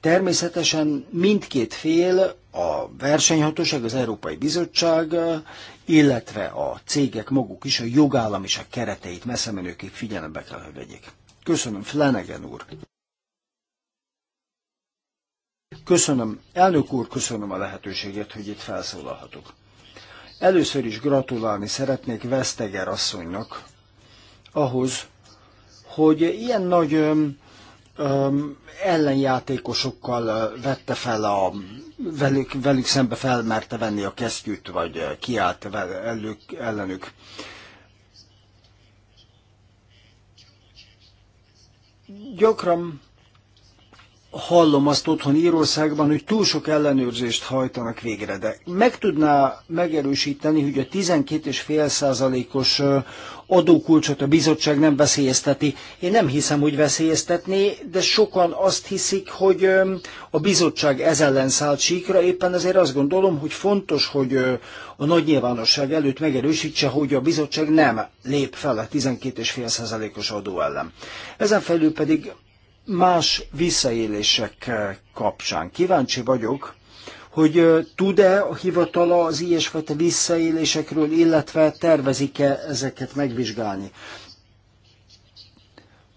Természetesen mindkét fél, a versenyhatóság, az Európai Bizottság, illetve a cégek maguk is a jogállamiság kereteit messze menőkig figyelembe kell, hogy vegyék. Köszönöm, Flanagan úr. Köszönöm, elnök úr, köszönöm a lehetőséget, hogy itt felszólalhatok. Először is gratulálni szeretnék Veszteger asszonynak ahhoz, hogy ilyen nagy öm, öm, ellenjátékosokkal vette fel a, velük, velük szembe felmerte venni a kesztyűt, vagy kiállt ellenük. ellenük. gyakran hallom azt otthon Írországban, hogy túl sok ellenőrzést hajtanak végre, de meg tudná megerősíteni, hogy a 12,5 os adókulcsot a bizottság nem veszélyezteti. Én nem hiszem, hogy veszélyeztetné, de sokan azt hiszik, hogy a bizottság ez ellen szállt síkra, éppen ezért azt gondolom, hogy fontos, hogy a nagy nyilvánosság előtt megerősítse, hogy a bizottság nem lép fel a 12,5 os adó ellen. Ezen felül pedig más visszaélések eh, kapcsán. Kíváncsi vagyok, hogy eh, tud-e a hivatala az ilyesfajta visszaélésekről, illetve tervezik-e ezeket megvizsgálni.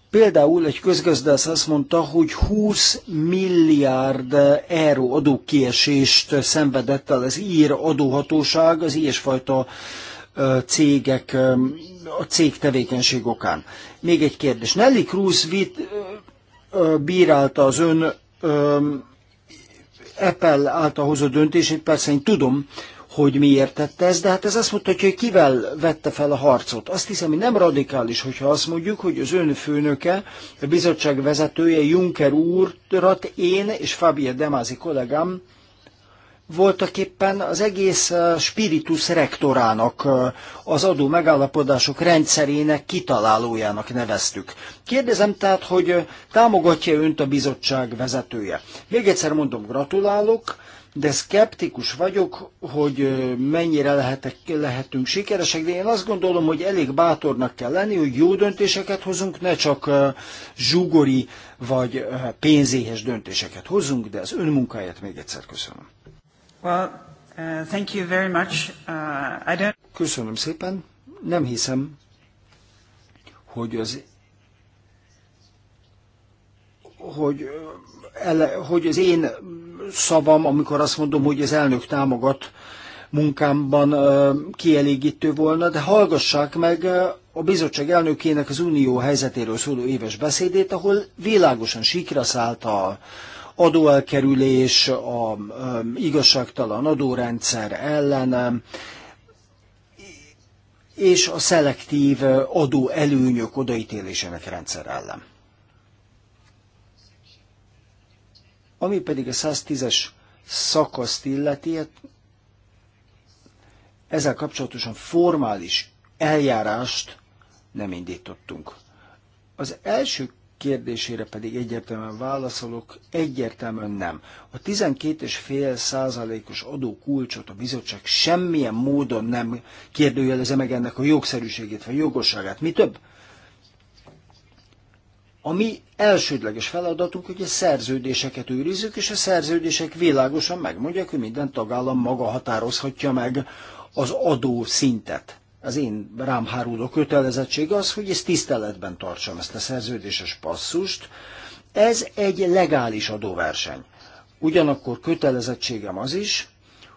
Például egy közgazdász azt mondta, hogy 20 milliárd euró adókiesést szenvedett el az ír adóhatóság az ilyesfajta eh, cégek, a cég tevékenység okán. Még egy kérdés. Nelly Cruz bírálta az ön Apple által hozott döntését, persze én tudom, hogy miért tette ez, de hát ez azt mutatja, hogy kivel vette fel a harcot. Azt hiszem, hogy nem radikális, hogyha azt mondjuk, hogy az ön főnöke, a bizottság vezetője Juncker úrat én és Fabia Demázi kollégám voltak éppen az egész spiritus rektorának, az adó megállapodások rendszerének kitalálójának neveztük. Kérdezem tehát, hogy támogatja önt a bizottság vezetője. Még egyszer mondom, gratulálok, de szkeptikus vagyok, hogy mennyire lehetek, lehetünk sikeresek, de én azt gondolom, hogy elég bátornak kell lenni, hogy jó döntéseket hozunk, ne csak zsugori vagy pénzéhes döntéseket hozunk, de az önmunkáját még egyszer köszönöm. Uh, thank you very much. Uh, I don't... Köszönöm szépen. Nem hiszem, hogy az hogy, uh, ele, hogy az én szavam, amikor azt mondom, hogy az elnök támogat munkámban uh, kielégítő volna, de hallgassák meg a bizottság elnökének az unió helyzetéről szóló éves beszédét, ahol világosan sikra szállt a, adóelkerülés, a um, igazságtalan adórendszer ellen, um, és a szelektív uh, adó előnyök odaítélésének rendszer ellen. Ami pedig a 110-es szakaszt illeti, hát ezzel kapcsolatosan formális eljárást nem indítottunk. Az első kérdésére pedig egyértelműen válaszolok, egyértelműen nem. A 12,5 százalékos adókulcsot a bizottság semmilyen módon nem kérdőjeleze meg ennek a jogszerűségét vagy jogosságát. Mi több? A mi elsődleges feladatunk, hogy a szerződéseket őrizzük, és a szerződések világosan megmondják, hogy minden tagállam maga határozhatja meg az adó szintet az én rám háruló kötelezettség az, hogy ezt tiszteletben tartsam, ezt a szerződéses passzust. Ez egy legális adóverseny. Ugyanakkor kötelezettségem az is,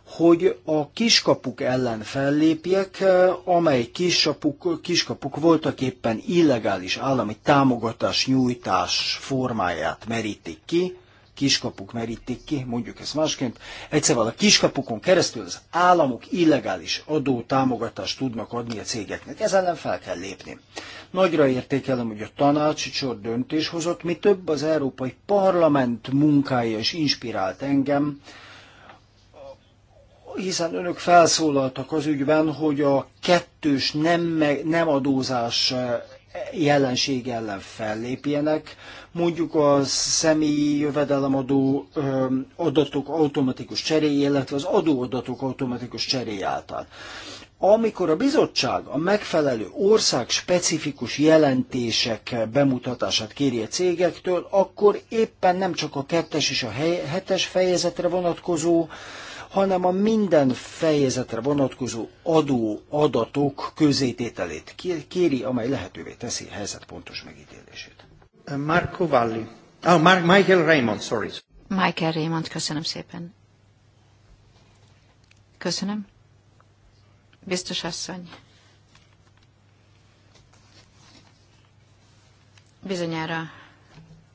hogy a kiskapuk ellen fellépjek, eh, amely kiskapuk, kiskapuk voltak éppen illegális állami támogatás nyújtás formáját merítik ki, kiskapuk merítik ki, mondjuk ezt másként. Egyszerűen a kiskapukon keresztül az államok illegális adó támogatást tudnak adni a cégeknek. Ez ellen fel kell lépni. Nagyra értékelem, hogy a tanács sor döntés hozott, mi több az Európai Parlament munkája is inspirált engem, hiszen önök felszólaltak az ügyben, hogy a kettős nem, nem adózás eh, jelenség ellen fellépjenek, mondjuk a személyi jövedelemadó adatok automatikus cseréje, illetve az adóadatok automatikus cseréje által. Amikor a bizottság a megfelelő ország specifikus jelentések bemutatását kéri a cégektől, akkor éppen nem csak a kettes és a hetes fejezetre vonatkozó, hanem a minden fejezetre vonatkozó adó adatok közétételét kéri, amely lehetővé teszi helyzet pontos megítélését. Marco Valli. Oh, Mar- Michael Raymond, sorry. Michael Raymond, köszönöm szépen. Köszönöm. Biztos asszony. Bizonyára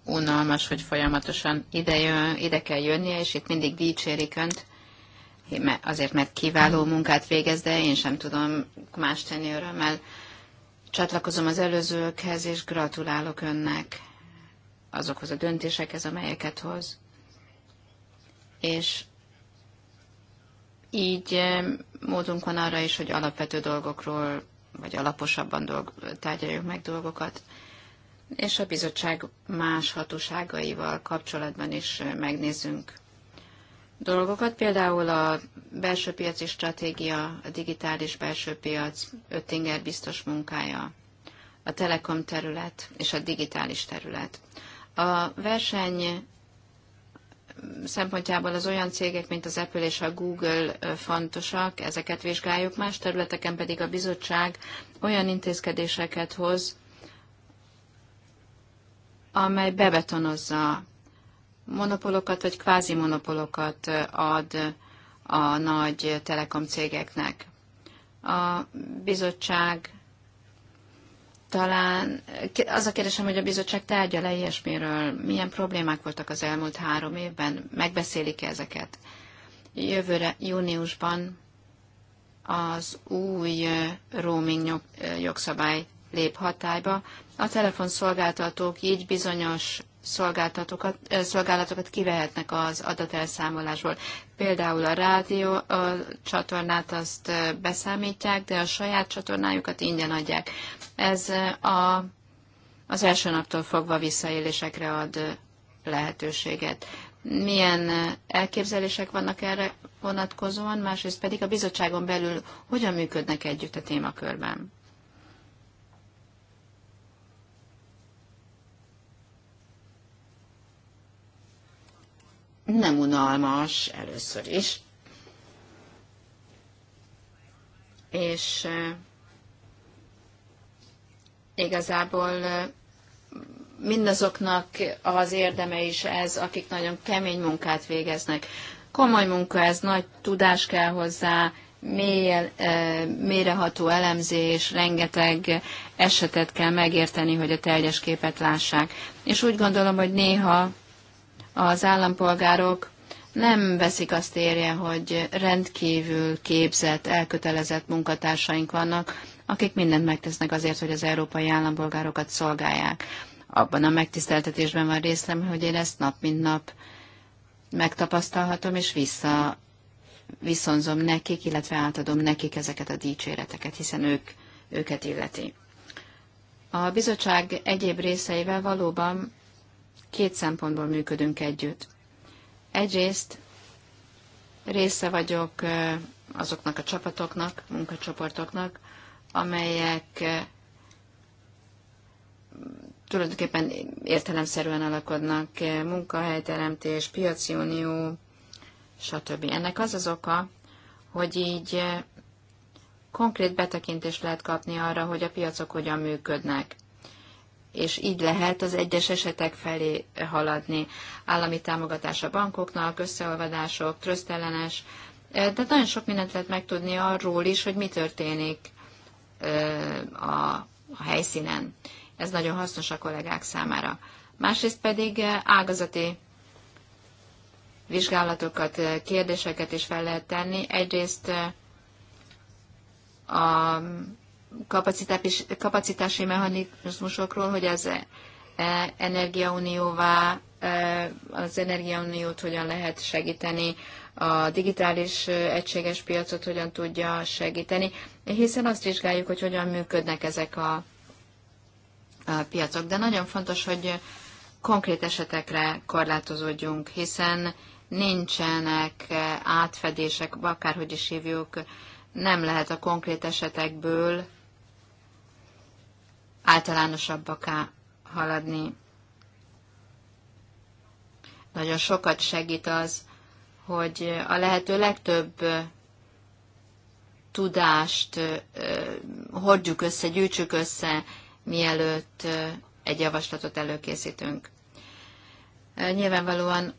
unalmas, hogy folyamatosan ide, jön, ide kell jönnie, és itt mindig dicsérik önt, azért, mert kiváló munkát végez, de én sem tudom más tenni örömmel, Csatlakozom az előzőkhez, és gratulálok önnek azokhoz a döntésekhez, amelyeket hoz. És így eh, módunk van arra is, hogy alapvető dolgokról, vagy alaposabban dolg, tárgyaljuk meg dolgokat, és a bizottság más hatóságaival kapcsolatban is eh, megnézzünk dolgokat, például a belső piaci stratégia, a digitális belső piac, Öttinger biztos munkája, a telekom terület és a digitális terület. A verseny szempontjából az olyan cégek, mint az Apple és a Google fontosak, ezeket vizsgáljuk, más területeken pedig a bizottság olyan intézkedéseket hoz, amely bebetonozza monopolokat vagy kvázi monopolokat ad a nagy telekom cégeknek. A bizottság talán, az a kérdésem, hogy a bizottság tárgya le ilyesmiről, milyen problémák voltak az elmúlt három évben, megbeszélik -e ezeket? Jövőre, júniusban az új roaming jogszabály lép hatályba. A telefonszolgáltatók így bizonyos szolgáltatókat, szolgálatokat kivehetnek az adatelszámolásból. Például a rádió a csatornát azt beszámítják, de a saját csatornájukat ingyen adják. Ez a, az első naptól fogva visszaélésekre ad lehetőséget. Milyen elképzelések vannak erre vonatkozóan, másrészt pedig a bizottságon belül hogyan működnek együtt a témakörben? nem unalmas először is. És igazából mindazoknak az érdeme is ez, akik nagyon kemény munkát végeznek. Komoly munka ez, nagy tudás kell hozzá, mély, mélyreható elemzés, rengeteg esetet kell megérteni, hogy a teljes képet lássák. És úgy gondolom, hogy néha az állampolgárok nem veszik azt érje, hogy rendkívül képzett, elkötelezett munkatársaink vannak, akik mindent megtesznek azért, hogy az európai állampolgárokat szolgálják. Abban a megtiszteltetésben van részem, hogy én ezt nap mint nap megtapasztalhatom, és vissza viszonzom nekik, illetve átadom nekik ezeket a dicséreteket, hiszen ők, őket illeti. A bizottság egyéb részeivel valóban Két szempontból működünk együtt. Egyrészt része vagyok azoknak a csapatoknak, munkacsoportoknak, amelyek tulajdonképpen értelemszerűen alakodnak, munkahelyteremtés, piaci unió, stb. Ennek az az oka, hogy így konkrét betekintést lehet kapni arra, hogy a piacok hogyan működnek és így lehet az egyes esetek felé haladni. Állami támogatás a bankoknak, összeolvadások, trösztellenes, tehát nagyon sok mindent lehet megtudni arról is, hogy mi történik eh, a helyszínen. Ez nagyon hasznos a kollégák számára. Másrészt pedig eh, ágazati vizsgálatokat, eh, kérdéseket is fel lehet tenni. Egyrészt a kapacitási mechanizmusokról, hogy az e- e- energiaunióvá, e- az energiauniót hogyan lehet segíteni, a digitális egységes piacot hogyan tudja segíteni, hiszen azt vizsgáljuk, hogy hogyan működnek ezek a, a piacok. De nagyon fontos, hogy konkrét esetekre korlátozódjunk, hiszen nincsenek átfedések, akárhogy is hívjuk, nem lehet a konkrét esetekből általánosabbaká haladni. Nagyon sokat segít az, hogy a lehető legtöbb tudást hordjuk össze, gyűjtsük össze, mielőtt egy javaslatot előkészítünk. Nyilvánvalóan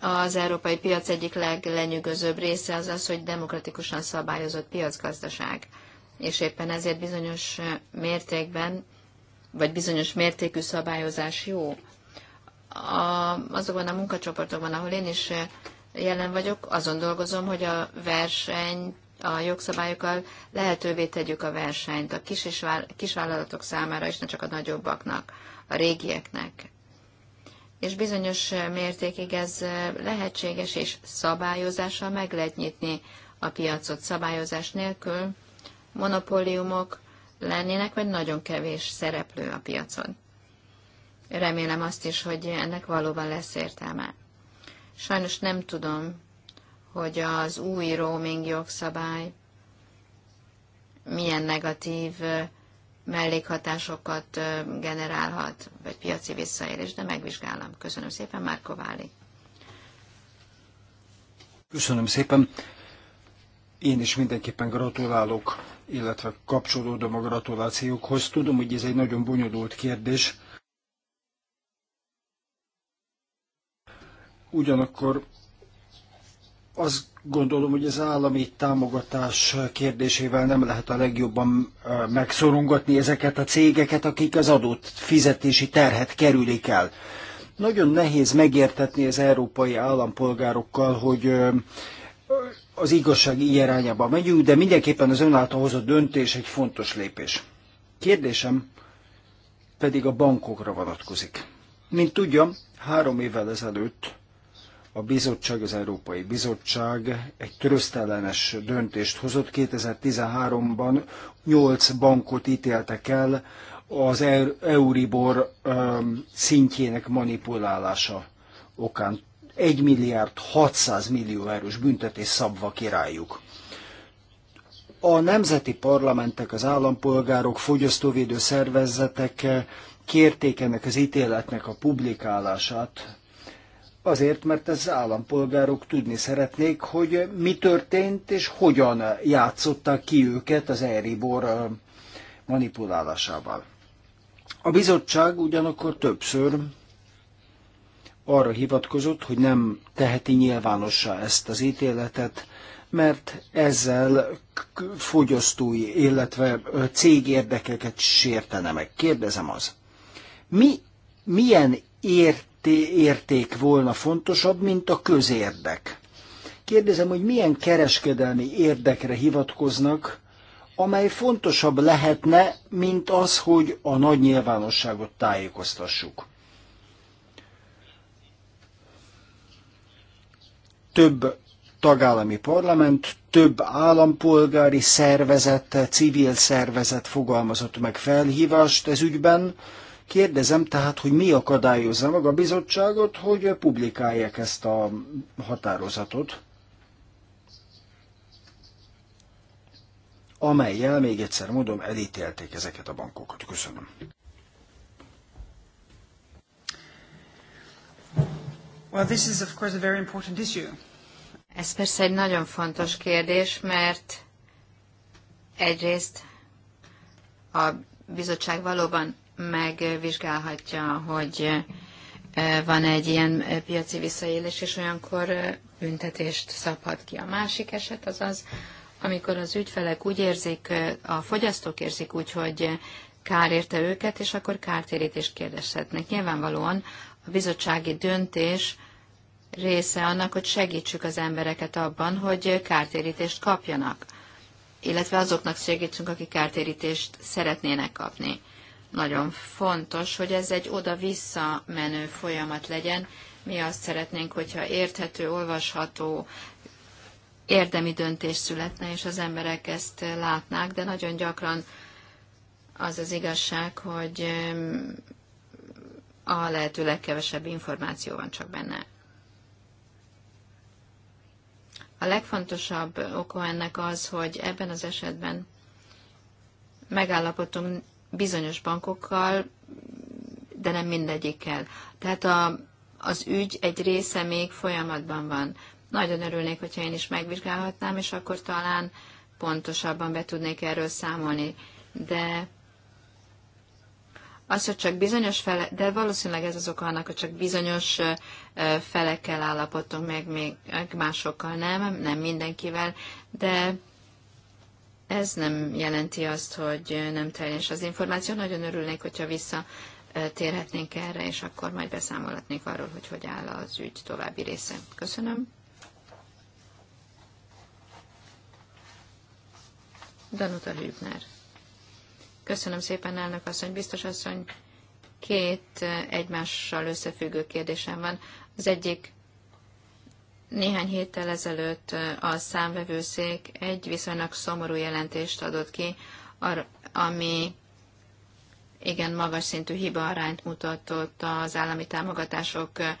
az európai piac egyik leglenyűgözőbb része az az, hogy demokratikusan szabályozott piacgazdaság és éppen ezért bizonyos mértékben, vagy bizonyos mértékű szabályozás jó. A, azokban a munkacsoportokban, ahol én is eh, jelen vagyok, azon dolgozom, hogy a verseny, a jogszabályokkal lehetővé tegyük a versenyt a kis és kisvállalatok számára, és ne csak a nagyobbaknak, a régieknek. És bizonyos eh, mértékig ez eh, lehetséges, és szabályozással meg lehet nyitni a piacot szabályozás nélkül monopóliumok lennének, vagy nagyon kevés szereplő a piacon. Remélem azt is, hogy ennek valóban lesz értelme. Sajnos nem tudom, hogy az új roaming jogszabály milyen negatív mellékhatásokat generálhat, vagy piaci visszaérés, de megvizsgálom. Köszönöm szépen, Márko Váli. Köszönöm szépen. Én is mindenképpen gratulálok, illetve kapcsolódom a gratulációkhoz. Tudom, hogy ez egy nagyon bonyolult kérdés. Ugyanakkor azt gondolom, hogy az állami támogatás kérdésével nem lehet a legjobban megszorongatni ezeket a cégeket, akik az adott fizetési terhet kerülik el. Nagyon nehéz megértetni az európai állampolgárokkal, hogy az igazság irányába megyünk, de mindenképpen az ön által hozott döntés egy fontos lépés. Kérdésem pedig a bankokra vonatkozik. Mint tudja, három évvel ezelőtt a bizottság, az Európai Bizottság egy trösztellenes döntést hozott. 2013-ban Nyolc bankot ítéltek el az Euribor szintjének manipulálása okán. 1 milliárd 600 millió eurós büntetés szabva királyuk. A nemzeti parlamentek, az állampolgárok, fogyasztóvédő szervezetek kérték ennek az ítéletnek a publikálását, Azért, mert az állampolgárok tudni szeretnék, hogy mi történt és hogyan játszottak ki őket az Eribor manipulálásával. A bizottság ugyanakkor többször arra hivatkozott, hogy nem teheti nyilvánossá ezt az ítéletet, mert ezzel fogyasztói, illetve cég érdekeket sértene meg. Kérdezem az, mi, milyen érté, érték volna fontosabb, mint a közérdek? Kérdezem, hogy milyen kereskedelmi érdekre hivatkoznak, amely fontosabb lehetne, mint az, hogy a nagy nyilvánosságot tájékoztassuk. több tagállami parlament, több állampolgári szervezet, civil szervezet fogalmazott meg felhívást ez ügyben. Kérdezem tehát, hogy mi akadályozza meg a bizottságot, hogy publikálják ezt a határozatot, amelyel még egyszer mondom, elítélték ezeket a bankokat. Köszönöm. Well, this is of course a very important issue. Ez persze egy nagyon fontos kérdés, mert egyrészt a bizottság valóban megvizsgálhatja, hogy van egy ilyen piaci visszaélés, és olyankor büntetést szabhat ki. A másik eset az az, amikor az ügyfelek úgy érzik, a fogyasztók érzik úgy, hogy kár érte őket, és akkor kártérítést kérdezhetnek. Nyilvánvalóan a bizottsági döntés része annak, hogy segítsük az embereket abban, hogy kártérítést kapjanak, illetve azoknak segítsünk, akik kártérítést szeretnének kapni. Nagyon fontos, hogy ez egy oda-vissza menő folyamat legyen. Mi azt szeretnénk, hogyha érthető, olvasható, érdemi döntés születne, és az emberek ezt látnák, de nagyon gyakran az az igazság, hogy a lehető legkevesebb információ van csak benne. A legfontosabb oka ennek az, hogy ebben az esetben megállapodtunk bizonyos bankokkal, de nem mindegyikkel. Tehát a, az ügy egy része még folyamatban van. Nagyon örülnék, hogyha én is megvizsgálhatnám, és akkor talán pontosabban be tudnék erről számolni. De az, hogy csak bizonyos fele, de valószínűleg ez az oka annak, hogy csak bizonyos felekkel állapodtunk meg, még másokkal nem, nem mindenkivel, de ez nem jelenti azt, hogy nem teljes az információ. Nagyon örülnék, hogyha visszatérhetnénk erre, és akkor majd beszámolhatnék arról, hogy hogy áll az ügy további része. Köszönöm. Danuta Hübner. Köszönöm szépen, elnök asszony, biztos asszony. Két eh, egymással összefüggő kérdésem van. Az egyik néhány héttel ezelőtt eh, a számvevőszék egy viszonylag szomorú jelentést adott ki, ami igen magas szintű hiba arányt mutatott az állami támogatások eh,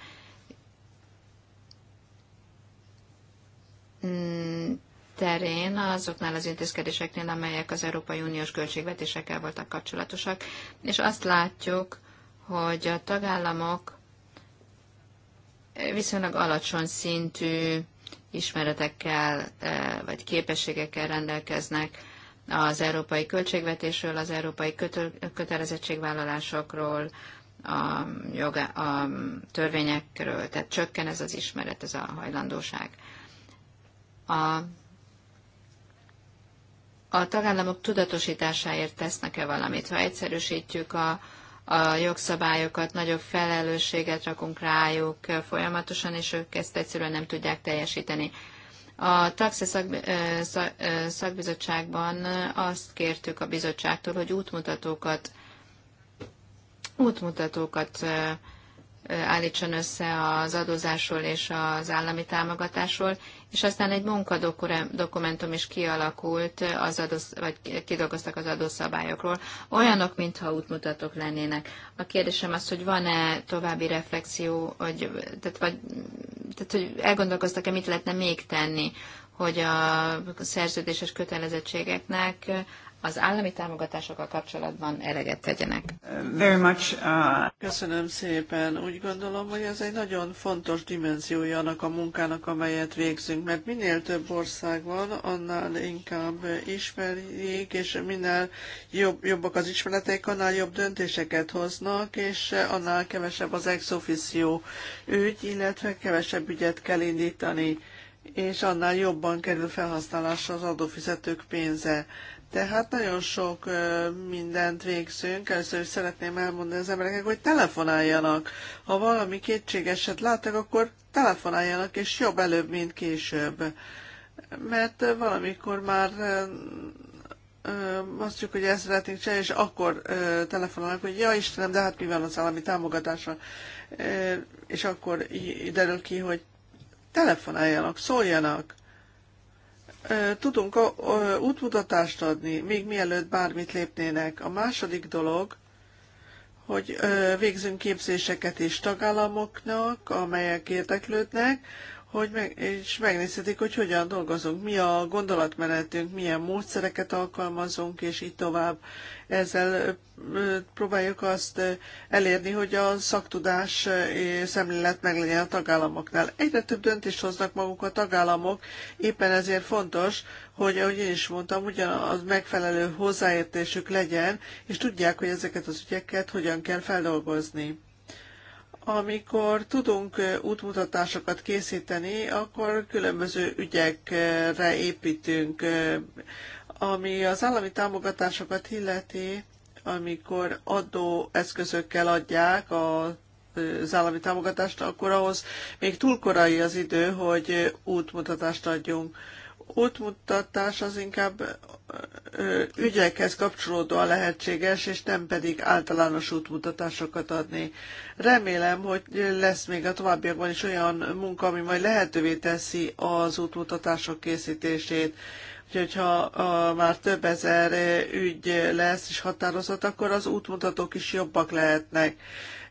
terén, azoknál az intézkedéseknél, amelyek az Európai Uniós költségvetésekkel voltak kapcsolatosak, és azt látjuk, hogy a tagállamok viszonylag alacsony szintű ismeretekkel eh, vagy képességekkel rendelkeznek az európai költségvetésről, az európai kötelezettségvállalásokról, a, joga, a törvényekről, tehát csökken ez az ismeret, ez a hajlandóság. A a tagállamok tudatosításáért tesznek-e valamit? Ha egyszerűsítjük a, a jogszabályokat, nagyobb felelősséget rakunk rájuk folyamatosan, és ők ezt egyszerűen nem tudják teljesíteni. A taxi szakbizottságban azt kértük a bizottságtól, hogy útmutatókat, útmutatókat állítson össze az adózásról és az állami támogatásról, és aztán egy munkadokumentum is kialakult, az adósz, vagy kidolgoztak az adószabályokról, olyanok, mintha útmutatók lennének. A kérdésem az, hogy van-e további reflexió, hogy, tehát, vagy, tehát, hogy elgondolkoztak-e, mit lehetne még tenni, hogy a szerződéses kötelezettségeknek az állami támogatásokkal kapcsolatban eleget tegyenek. Very much, uh... Köszönöm szépen. Úgy gondolom, hogy ez egy nagyon fontos dimenziója annak a munkának, amelyet végzünk, mert minél több ország van, annál inkább ismerik, és minél jobb, jobbak az ismeretek, annál jobb döntéseket hoznak, és annál kevesebb az ex officio ügy, illetve kevesebb ügyet kell indítani és annál jobban kerül felhasználásra az adófizetők pénze tehát nagyon sok mindent végzünk. Először is szeretném elmondani az embereknek, hogy telefonáljanak. Ha valami kétségeset látnak, akkor telefonáljanak, és jobb előbb, mint később. Mert valamikor már azt mondjuk, hogy ezt szeretnénk csinálni, és akkor telefonálnak, hogy ja Istenem, de hát mi van az állami támogatásra? És akkor derül ki, hogy telefonáljanak, szóljanak tudunk útmutatást adni, még mielőtt bármit lépnének. A második dolog, hogy végzünk képzéseket is tagállamoknak, amelyek érdeklődnek, hogy meg, és megnézhetik, hogy hogyan dolgozunk, mi a gondolatmenetünk, milyen módszereket alkalmazunk, és így tovább. Ezzel próbáljuk azt elérni, hogy a szaktudás szemlélet meglegyen a tagállamoknál. Egyre több döntést hoznak maguk a tagállamok, éppen ezért fontos, hogy ahogy én is mondtam, ugyanaz megfelelő hozzáértésük legyen, és tudják, hogy ezeket az ügyeket hogyan kell feldolgozni amikor tudunk útmutatásokat készíteni, akkor különböző ügyekre építünk. Ami az állami támogatásokat illeti, amikor adó eszközökkel adják a az állami támogatást, akkor ahhoz még túl korai az idő, hogy útmutatást adjunk útmutatás az inkább ügyekhez kapcsolódóan lehetséges, és nem pedig általános útmutatásokat adni. Remélem, hogy lesz még a továbbiakban is olyan munka, ami majd lehetővé teszi az útmutatások készítését. Úgyhogy ha már több ezer ügy lesz és határozat, akkor az útmutatók is jobbak lehetnek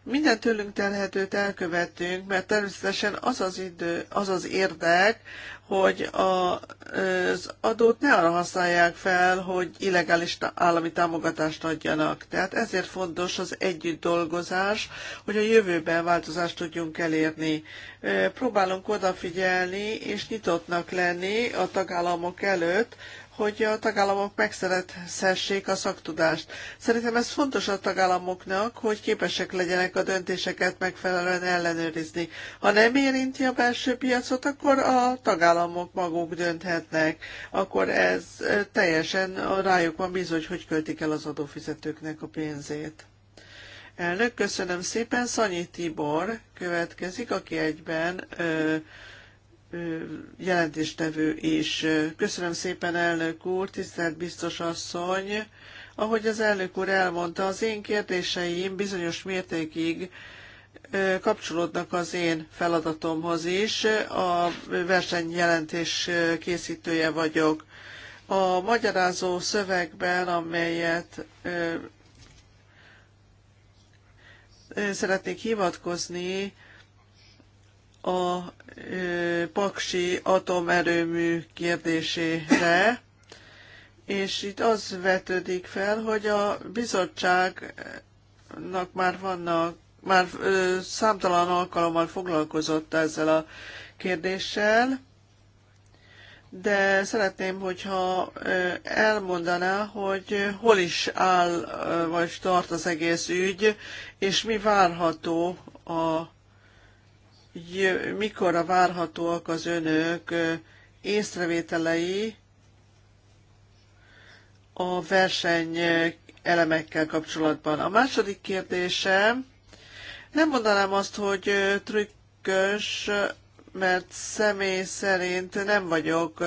minden tőlünk telhetőt elkövettünk, mert természetesen az az, idő, az, az érdek, hogy a, az adót ne arra használják fel, hogy illegális állami támogatást adjanak. Tehát ezért fontos az együtt dolgozás, hogy a jövőben változást tudjunk elérni. Próbálunk odafigyelni és nyitottnak lenni a tagállamok előtt, hogy a tagállamok megszerethessék a szaktudást. Szerintem ez fontos a tagállamoknak, hogy képesek legyenek a döntéseket megfelelően ellenőrizni. Ha nem érinti a belső piacot, akkor a tagállamok maguk dönthetnek. Akkor ez teljesen rájuk van bizony, hogy költik el az adófizetőknek a pénzét. Elnök, köszönöm szépen. Szanyi Tibor következik, aki egyben ö, jelentéstevő is. Köszönöm szépen, elnök úr, tisztelt biztos asszony. Ahogy az elnök úr elmondta, az én kérdéseim bizonyos mértékig kapcsolódnak az én feladatomhoz is. A versenyjelentés készítője vagyok. A magyarázó szövegben, amelyet szeretnék hivatkozni, a paksi atomerőmű kérdésére, és itt az vetődik fel, hogy a bizottságnak már vannak, már számtalan alkalommal foglalkozott ezzel a kérdéssel, de szeretném, hogyha elmondaná, hogy hol is áll vagy tart az egész ügy, és mi várható a mikor a várhatóak az önök észrevételei a verseny elemekkel kapcsolatban. A második kérdésem, nem mondanám azt, hogy trükkös, mert személy szerint nem vagyok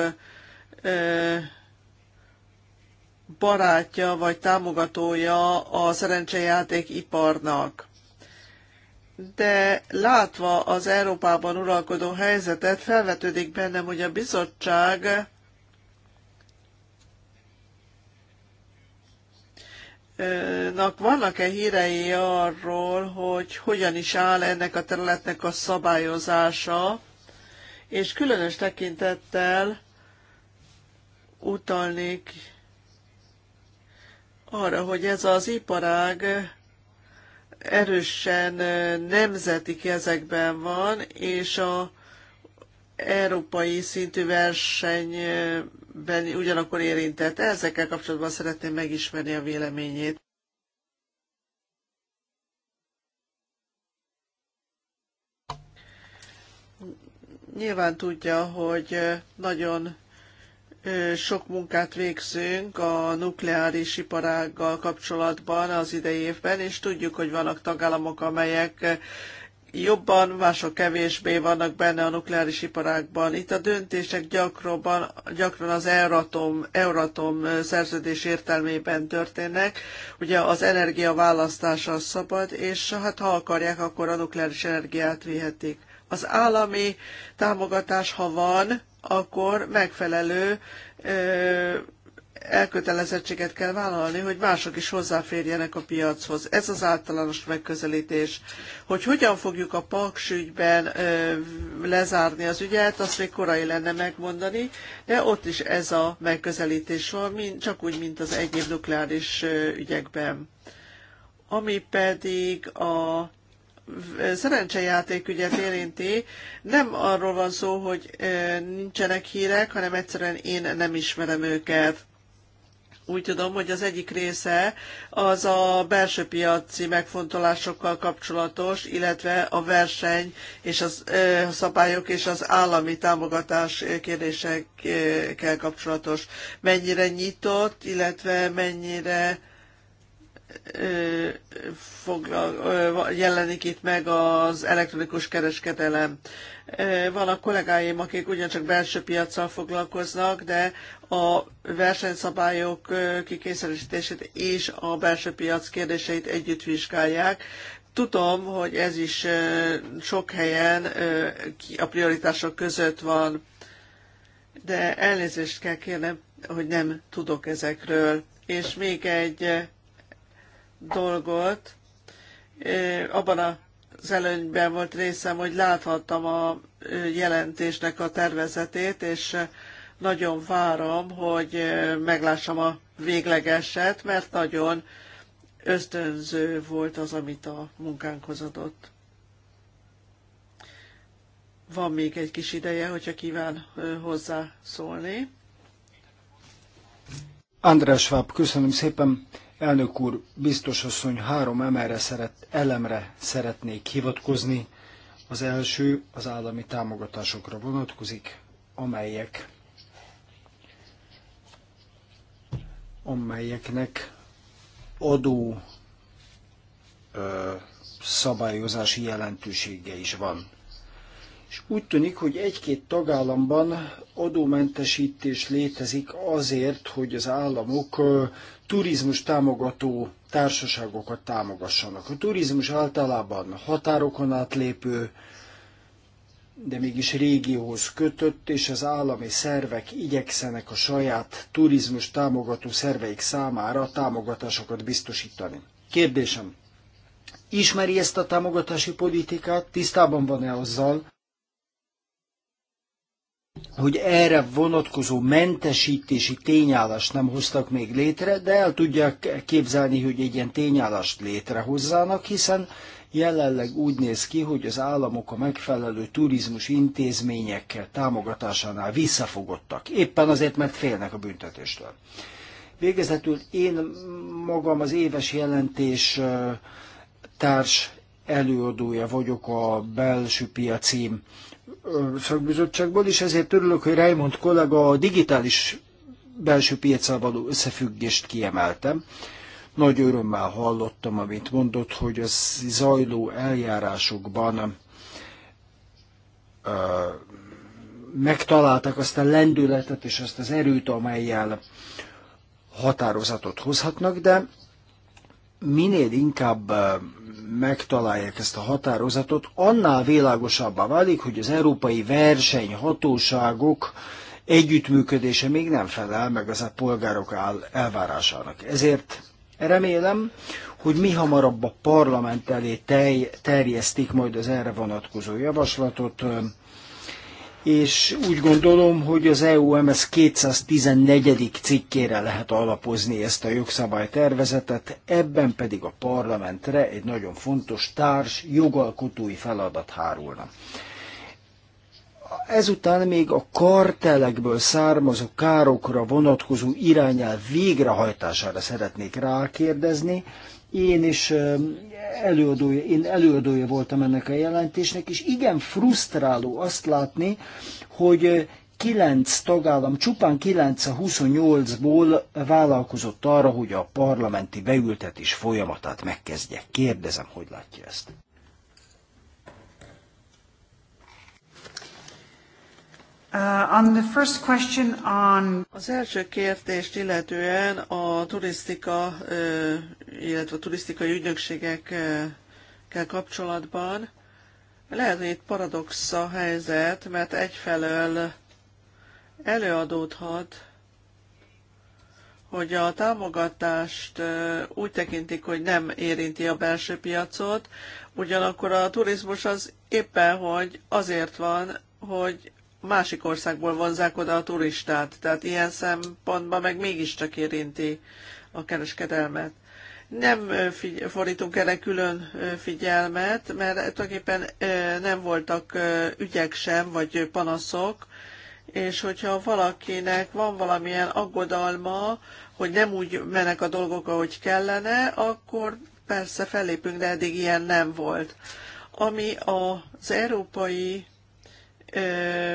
barátja vagy támogatója a szerencsejáték iparnak de látva az Európában uralkodó helyzetet, felvetődik bennem, hogy a bizottság vannak-e hírei arról, hogy hogyan is áll ennek a területnek a szabályozása, és különös tekintettel utalnék arra, hogy ez az iparág erősen nemzeti kezekben van, és a európai szintű versenyben ugyanakkor érintett. Ezekkel kapcsolatban szeretném megismerni a véleményét. Nyilván tudja, hogy nagyon sok munkát végzünk a nukleáris iparággal kapcsolatban az idei évben, és tudjuk, hogy vannak tagállamok, amelyek jobban, mások kevésbé vannak benne a nukleáris iparágban. Itt a döntések gyakrabban, gyakran az Euratom, Euratom szerződés értelmében történnek. Ugye az energia választása szabad, és hát ha akarják, akkor a nukleáris energiát vihetik. Az állami támogatás, ha van, akkor megfelelő elkötelezettséget kell vállalni, hogy mások is hozzáférjenek a piachoz. Ez az általános megközelítés. Hogy hogyan fogjuk a paks ügyben ö, lezárni az ügyet, azt még korai lenne megmondani, de ott is ez a megközelítés van, mint, csak úgy, mint az egyéb nukleáris ö, ügyekben. Ami pedig a ügyet érinti, nem arról van szó, hogy nincsenek hírek, hanem egyszerűen én nem ismerem őket. Úgy tudom, hogy az egyik része az a belső piaci megfontolásokkal kapcsolatos, illetve a verseny és az ö, szabályok és az állami támogatás kérdésekkel kapcsolatos. Mennyire nyitott, illetve mennyire foglal, jelenik itt meg az elektronikus kereskedelem. a kollégáim, akik ugyancsak belső piacsal foglalkoznak, de a versenyszabályok kikényszerítését és a belső piac kérdéseit együtt vizsgálják. Tudom, hogy ez is sok helyen a prioritások között van, de elnézést kell kérnem, hogy nem tudok ezekről. És még egy dolgot. Abban az előnyben volt részem, hogy láthattam a jelentésnek a tervezetét, és nagyon várom, hogy meglássam a véglegeset, mert nagyon ösztönző volt az, amit a munkánkhoz adott. Van még egy kis ideje, hogyha kíván hozzászólni. András Schwab, köszönöm szépen. Elnök úr, biztos asszony, három emelre szeret, elemre szeretnék hivatkozni. Az első az állami támogatásokra vonatkozik, amelyek amelyeknek adó ö, szabályozási jelentősége is van és úgy tűnik, hogy egy-két tagállamban adómentesítés létezik azért, hogy az államok turizmus támogató társaságokat támogassanak. A turizmus általában határokon átlépő, de mégis régióhoz kötött, és az állami szervek igyekszenek a saját turizmus támogató szerveik számára támogatásokat biztosítani. Kérdésem, ismeri ezt a támogatási politikát, tisztában van-e azzal, hogy erre vonatkozó mentesítési tényállást nem hoztak még létre, de el tudják képzelni, hogy egy ilyen tényállást létrehozzának, hiszen jelenleg úgy néz ki, hogy az államok a megfelelő turizmus intézmények támogatásánál visszafogottak, éppen azért, mert félnek a büntetéstől. Végezetül én magam az éves jelentés társ előadója vagyok a belső piacim szakbizottságból, és ezért örülök, hogy Raymond kollega a digitális belső piacsal való összefüggést kiemeltem. Nagy örömmel hallottam, amit mondott, hogy a zajló eljárásokban ö, megtalálták azt a lendületet és azt az erőt, amelyel határozatot hozhatnak, de minél inkább megtalálják ezt a határozatot, annál világosabbá válik, hogy az európai versenyhatóságok együttműködése még nem felel meg az a polgárok áll elvárásának. Ezért remélem, hogy mi hamarabb a parlament elé terjesztik majd az erre vonatkozó javaslatot, és úgy gondolom, hogy az EUMS 214. cikkére lehet alapozni ezt a jogszabálytervezetet, ebben pedig a parlamentre egy nagyon fontos társ jogalkotói feladat hárulna. Ezután még a kartelekből származó károkra vonatkozó irányel végrehajtására szeretnék rákérdezni, én is előadója, én előadója voltam ennek a jelentésnek, és igen frusztráló azt látni, hogy kilenc tagállam, csupán 9 a 28-ból vállalkozott arra, hogy a parlamenti beültetés folyamatát megkezdje. Kérdezem, hogy látja ezt? Uh, az első kérdést illetően a turisztika, illetve a turisztikai ügynökségekkel kapcsolatban lehet, hogy itt paradox a helyzet, mert egyfelől előadódhat, hogy a támogatást úgy tekintik, hogy nem érinti a belső piacot, ugyanakkor a turizmus az éppen, hogy azért van, hogy másik országból vonzák oda a turistát, tehát ilyen szempontban meg mégiscsak érinti a kereskedelmet. Nem figy- fordítunk erre külön figyelmet, mert tulajdonképpen nem voltak ügyek sem, vagy panaszok, és hogyha valakinek van valamilyen aggodalma, hogy nem úgy mennek a dolgok, ahogy kellene, akkor persze fellépünk, de eddig ilyen nem volt. Ami az európai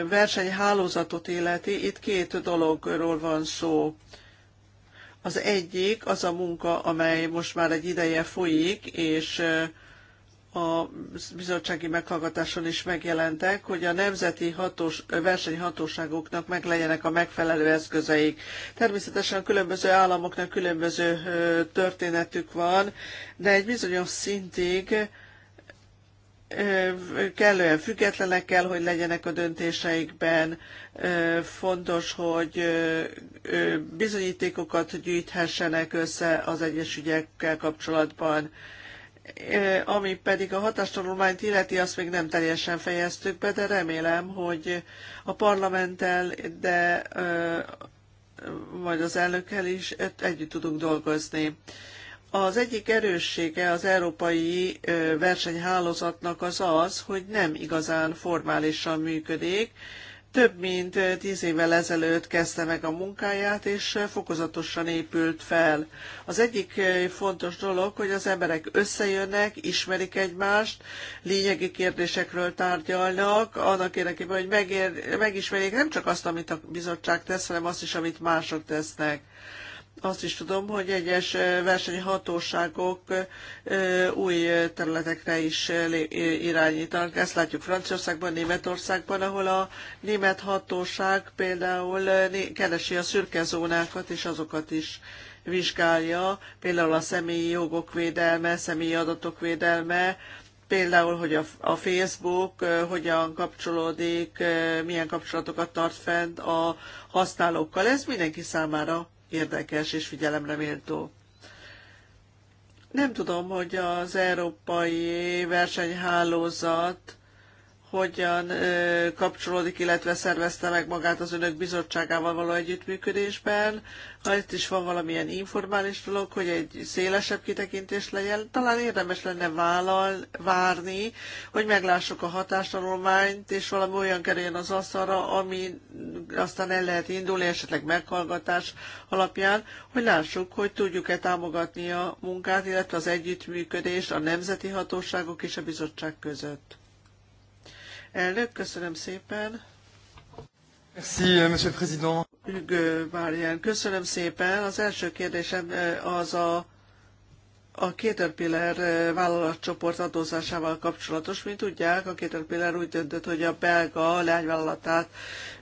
versenyhálózatot illeti, itt két dologról van szó. Az egyik az a munka, amely most már egy ideje folyik, és a bizottsági meghallgatáson is megjelentek, hogy a nemzeti hatós, versenyhatóságoknak meg legyenek a megfelelő eszközeik. Természetesen különböző államoknak különböző történetük van, de egy bizonyos szintig kellően függetlenek kell, hogy legyenek a döntéseikben. Fontos, hogy bizonyítékokat gyűjthessenek össze az egyes ügyekkel kapcsolatban. Ami pedig a hatástanulmányt illeti, azt még nem teljesen fejeztük be, de remélem, hogy a parlamenttel, de majd az elnökkel is együtt tudunk dolgozni. Az egyik erőssége az európai versenyhálózatnak az az, hogy nem igazán formálisan működik. Több mint tíz évvel ezelőtt kezdte meg a munkáját, és fokozatosan épült fel. Az egyik fontos dolog, hogy az emberek összejönnek, ismerik egymást, lényegi kérdésekről tárgyalnak, annak érdekében, hogy megér, megismerjék nem csak azt, amit a bizottság tesz, hanem azt is, amit mások tesznek. Azt is tudom, hogy egyes versenyhatóságok új területekre is irányítanak. Ezt látjuk Franciaországban, Németországban, ahol a német hatóság például keresi a szürke zónákat és azokat is vizsgálja, például a személyi jogok védelme, személyi adatok védelme, például, hogy a, Facebook hogyan kapcsolódik, milyen kapcsolatokat tart fent a használókkal. Ez mindenki számára érdekes és figyelemre méltó. Nem tudom, hogy az európai versenyhálózat hogyan kapcsolódik, illetve szervezte meg magát az önök bizottságával való együttműködésben. Ha itt is van valamilyen informális dolog, hogy egy szélesebb kitekintés legyen, talán érdemes lenne vállal, várni, hogy meglássuk a hatástanulmányt, és valami olyan kerüljön az asztalra, ami aztán el lehet indulni, esetleg meghallgatás alapján, hogy lássuk, hogy tudjuk-e támogatni a munkát, illetve az együttműködést a nemzeti hatóságok és a bizottság között. Elnök, köszönöm szépen. Merci, Monsieur le Président. Köszönöm szépen. Az első kérdésem az a a Caterpillar eh, vállalatcsoport adózásával kapcsolatos. Mint tudják, a Caterpillar úgy döntött, hogy a belga lányvállalatát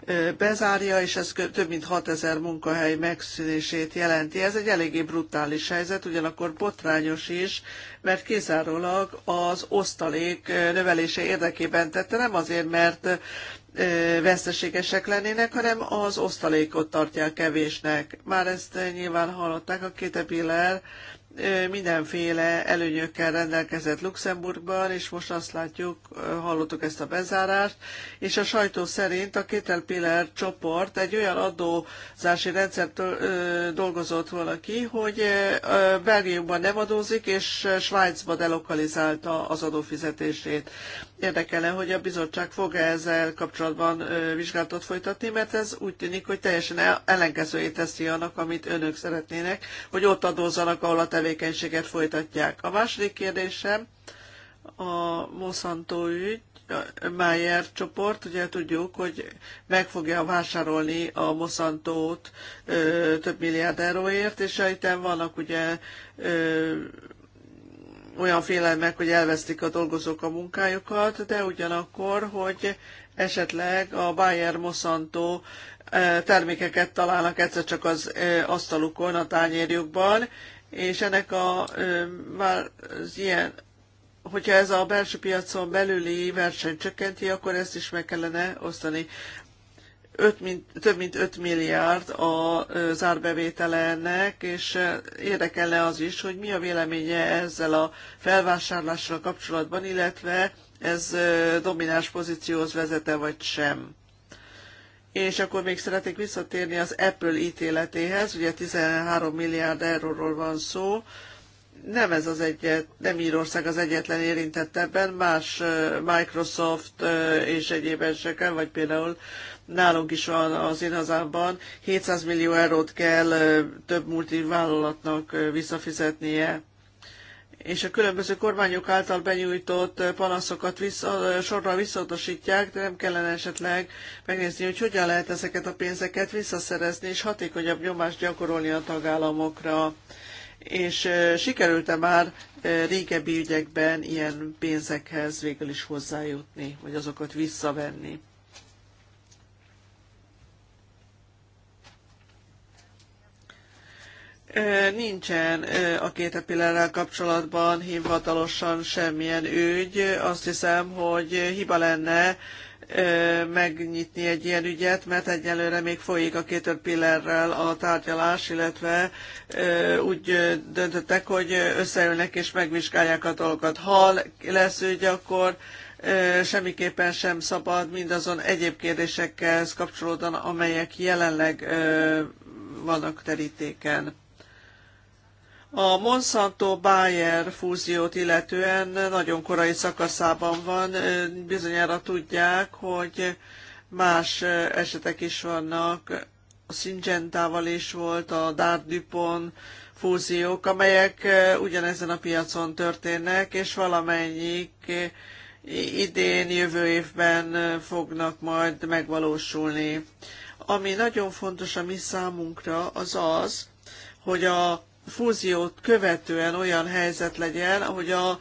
eh, bezárja, és ez több mint 6000 munkahely megszűnését jelenti. Ez egy eléggé brutális helyzet, ugyanakkor botrányos is, mert kizárólag az osztalék eh, növelése érdekében tette, nem azért, mert veszteségesek lennének, hanem az osztalékot tartják kevésnek. Már ezt nyilván hallották, a Caterpillar mindenféle előnyökkel rendelkezett Luxemburgban, és most azt látjuk, hallottuk ezt a bezárást, és a sajtó szerint a Caterpillar csoport egy olyan adózási rendszert dolgozott volna ki, hogy Belgiumban nem adózik, és Svájcba delokalizálta az adófizetését. Érdekelne, hogy a bizottság fog-e ezzel kapcsolatban vizsgálatot folytatni, mert ez úgy tűnik, hogy teljesen ellenkezőjét teszi annak, amit önök szeretnének, hogy ott adózzanak, ahol a tevékenységet folytatják. A második kérdésem a Monsanto ügy, Mayer csoport, ugye tudjuk, hogy meg fogja vásárolni a Monsanto-t több milliárd euróért, és itt vannak ugye ö, olyan félelmek, hogy elvesztik a dolgozók a munkájukat, de ugyanakkor, hogy esetleg a Bayer Monsanto eh, termékeket találnak egyszer csak az eh, asztalukon, a tányérjukban, és ennek a, eh, az ilyen, hogyha ez a belső piacon belüli verseny csökkenti, akkor ezt is meg kellene osztani. 5, több mint 5 milliárd a zárbevétele ennek, és eh, érdekelne az is, hogy mi a véleménye ezzel a felvásárlással kapcsolatban, illetve ez eh, domináns pozícióhoz vezete vagy sem. És akkor még szeretnék visszatérni az Apple ítéletéhez, ugye 13 milliárd euróról van szó, nem ez az egyet, nem Írország az egyetlen érintett ebben, más Microsoft és egyéb eseken, vagy például nálunk is van az én hazámban, 700 millió eurót kell több multivállalatnak visszafizetnie és a különböző kormányok által benyújtott panaszokat vissza, sorra visszautasítják, de nem kellene esetleg megnézni, hogy hogyan lehet ezeket a pénzeket visszaszerezni, és hatékonyabb nyomást gyakorolni a tagállamokra és sikerült-e már régebbi ügyekben ilyen pénzekhez végül is hozzájutni, vagy azokat visszavenni? Nincsen a két pillárral kapcsolatban hivatalosan semmilyen ügy. Azt hiszem, hogy hiba lenne megnyitni egy ilyen ügyet, mert egyelőre még folyik a két pillerrel a tárgyalás, illetve úgy döntöttek, hogy összeülnek és megvizsgálják a dolgokat. Ha lesz ügy, akkor semmiképpen sem szabad mindazon egyéb kérdésekkel kapcsolódóan, amelyek jelenleg vannak terítéken. A Monsanto-Bayer fúziót illetően nagyon korai szakaszában van, bizonyára tudják, hogy más esetek is vannak, a Syngentával is volt, a Dárdupon fúziók, amelyek ugyanezen a piacon történnek, és valamennyik idén, jövő évben fognak majd megvalósulni. Ami nagyon fontos a mi számunkra, az az, hogy a fúziót követően olyan helyzet legyen, hogy a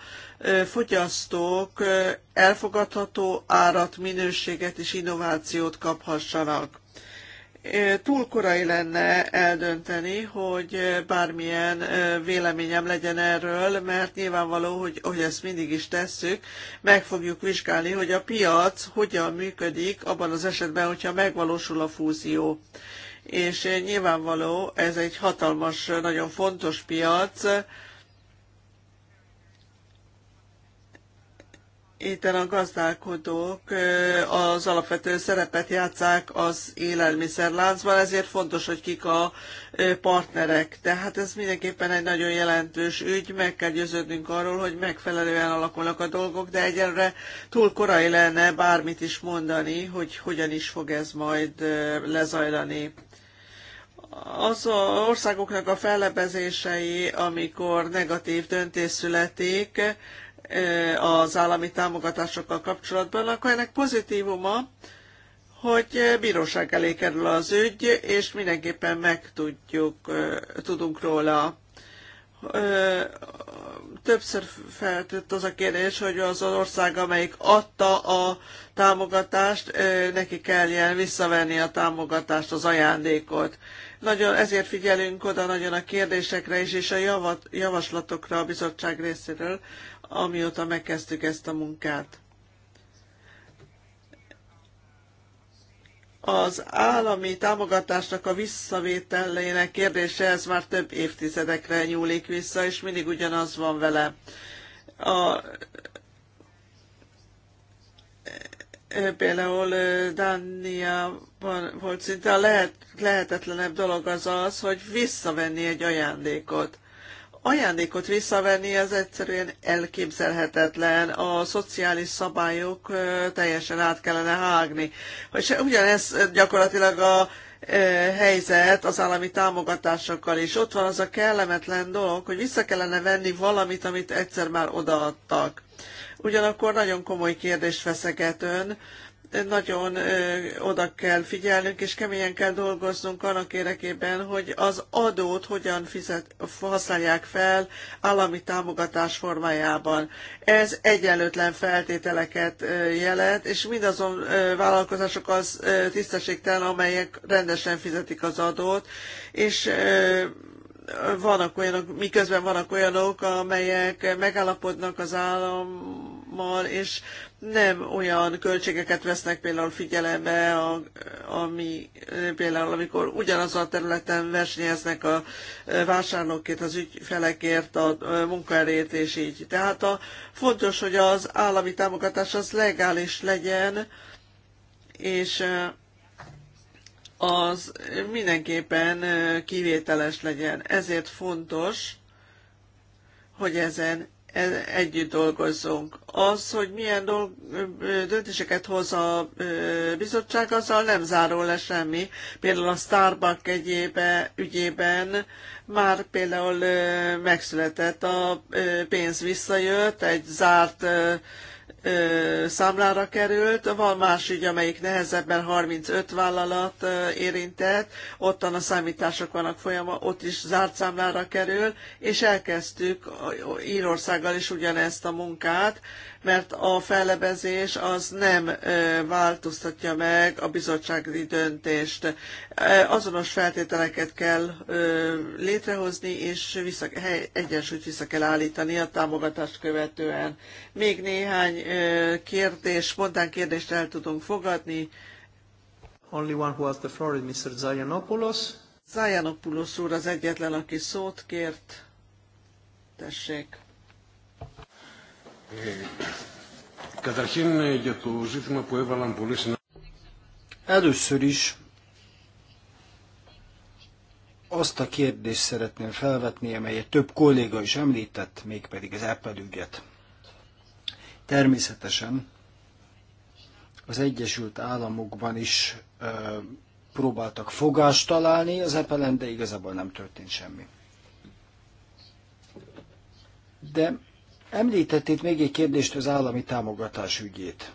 fogyasztók elfogadható árat, minőséget és innovációt kaphassanak. Túl korai lenne eldönteni, hogy bármilyen véleményem legyen erről, mert nyilvánvaló, hogy, hogy ezt mindig is tesszük, meg fogjuk vizsgálni, hogy a piac hogyan működik abban az esetben, hogyha megvalósul a fúzió és nyilvánvaló, ez egy hatalmas, nagyon fontos piac. Itt a gazdálkodók az alapvető szerepet játszák az élelmiszerláncban, ezért fontos, hogy kik a partnerek. Tehát ez mindenképpen egy nagyon jelentős ügy, meg kell győződnünk arról, hogy megfelelően alakulnak a dolgok, de egyelőre túl korai lenne bármit is mondani, hogy hogyan is fog ez majd lezajlani az a országoknak a fellebezései, amikor negatív döntés születik az állami támogatásokkal kapcsolatban, akkor ennek pozitívuma, hogy bíróság elé kerül az ügy, és mindenképpen megtudjuk, tudunk róla. Többször feltűnt az a kérdés, hogy az az ország, amelyik adta a támogatást, neki kelljen visszavenni a támogatást, az ajándékot. Nagyon ezért figyelünk oda nagyon a kérdésekre is, és a javat, javaslatokra a bizottság részéről, amióta megkezdtük ezt a munkát. Az állami támogatásnak a visszavételének kérdése, ez már több évtizedekre nyúlik vissza, és mindig ugyanaz van vele. A, például Dánia volt szinte a lehet, lehetetlenebb dolog az az, hogy visszavenni egy ajándékot. Ajándékot visszavenni az egyszerűen elképzelhetetlen, a szociális szabályok teljesen át kellene hágni. És ugyanez gyakorlatilag a helyzet az állami támogatásokkal is. Ott van az a kellemetlen dolog, hogy vissza kellene venni valamit, amit egyszer már odaadtak. Ugyanakkor nagyon komoly kérdést feszeget ön, nagyon oda kell figyelnünk, és keményen kell dolgoznunk annak érdekében, hogy az adót hogyan fizet, használják fel állami támogatás formájában. Ez egyenlőtlen feltételeket jelent, és mindazon vállalkozások az tisztességtelen, amelyek rendesen fizetik az adót, és vannak olyanok, miközben vannak olyanok, amelyek megállapodnak az állammal, és nem olyan költségeket vesznek például figyelembe, ami például amikor ugyanaz a területen versenyeznek a vásárlókért, az ügyfelekért, a munkaerét és így. Tehát a, fontos, hogy az állami támogatás az legális legyen, és az mindenképpen kivételes legyen. Ezért fontos, hogy ezen e, együtt dolgozzunk. Az, hogy milyen dolg, döntéseket hoz a bizottság, azzal nem záró le semmi. Például a Starbucks egyébe, ügyében már például megszületett a pénz visszajött, egy zárt számlára került. Van más ügy, amelyik nehezebben 35 vállalat érintett, ottan a számítások vannak folyama, ott is zárt számlára kerül, és elkezdtük Írországgal is ugyanezt a munkát, mert a fellebezés az nem változtatja meg a bizottsági döntést. Azonos feltételeket kell létrehozni, és vissza, egyensúlyt vissza kell állítani a támogatást követően. Még néhány kérdés, spontán kérdést el tudunk fogadni. Only one who has the floor is Mr. Zajanopoulos. Zajanopoulos úr az egyetlen, aki szót kért. Tessék. Először is azt a kérdést szeretném felvetni, amelyet több kolléga is említett, mégpedig az Apple ügyet. Természetesen az Egyesült Államokban is ö, próbáltak fogást találni az apple de igazából nem történt semmi. De Említett itt még egy kérdést az állami támogatás ügyét.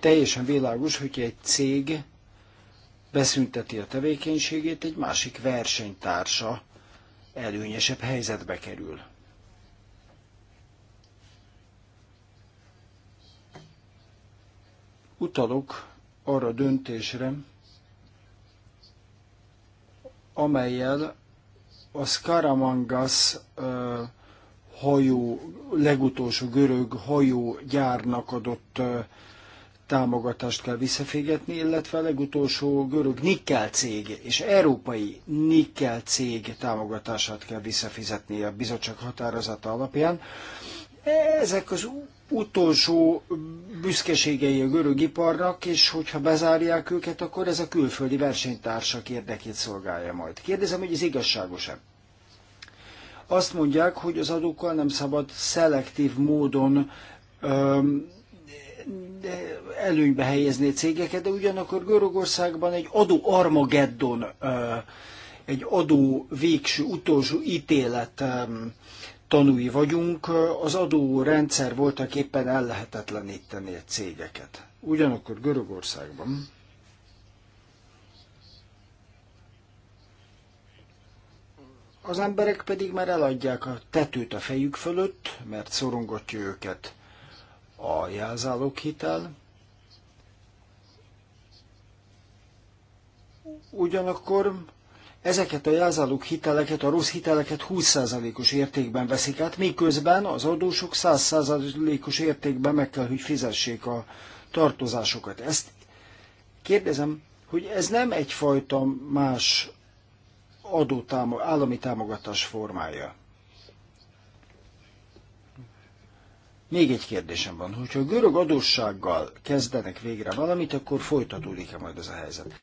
Teljesen világos, hogy egy cég beszünteti a tevékenységét, egy másik versenytársa előnyesebb helyzetbe kerül. Utalok arra döntésre, amelyel a Scaramangas uh, hajó, legutolsó görög hajó gyárnak adott támogatást kell visszafégetni, illetve a legutolsó görög nikkel cég és európai nikkel cég támogatását kell visszafizetni a bizottság határozata alapján. Ezek az utolsó büszkeségei a görög iparnak, és hogyha bezárják őket, akkor ez a külföldi versenytársak érdekét szolgálja majd. Kérdezem, hogy ez igazságos-e? Azt mondják, hogy az adókkal nem szabad szelektív módon öm, előnybe helyezni cégeket, de ugyanakkor Görögországban egy adó Armageddon, egy adó végső, utolsó ítélet tanúi vagyunk, az rendszer voltak éppen ellehetetleníteni a cégeket. Ugyanakkor Görögországban az emberek pedig már eladják a tetőt a fejük fölött, mert szorongatja őket a hitel. Ugyanakkor ezeket a jelzálók hiteleket, a rossz hiteleket 20%-os értékben veszik át, miközben az adósok 100%-os értékben meg kell, hogy fizessék a tartozásokat. Ezt kérdezem, hogy ez nem egyfajta más támog, állami támogatás formája. Még egy kérdésem van, hogyha a görög adóssággal kezdenek végre valamit, akkor folytatódik-e majd ez a helyzet?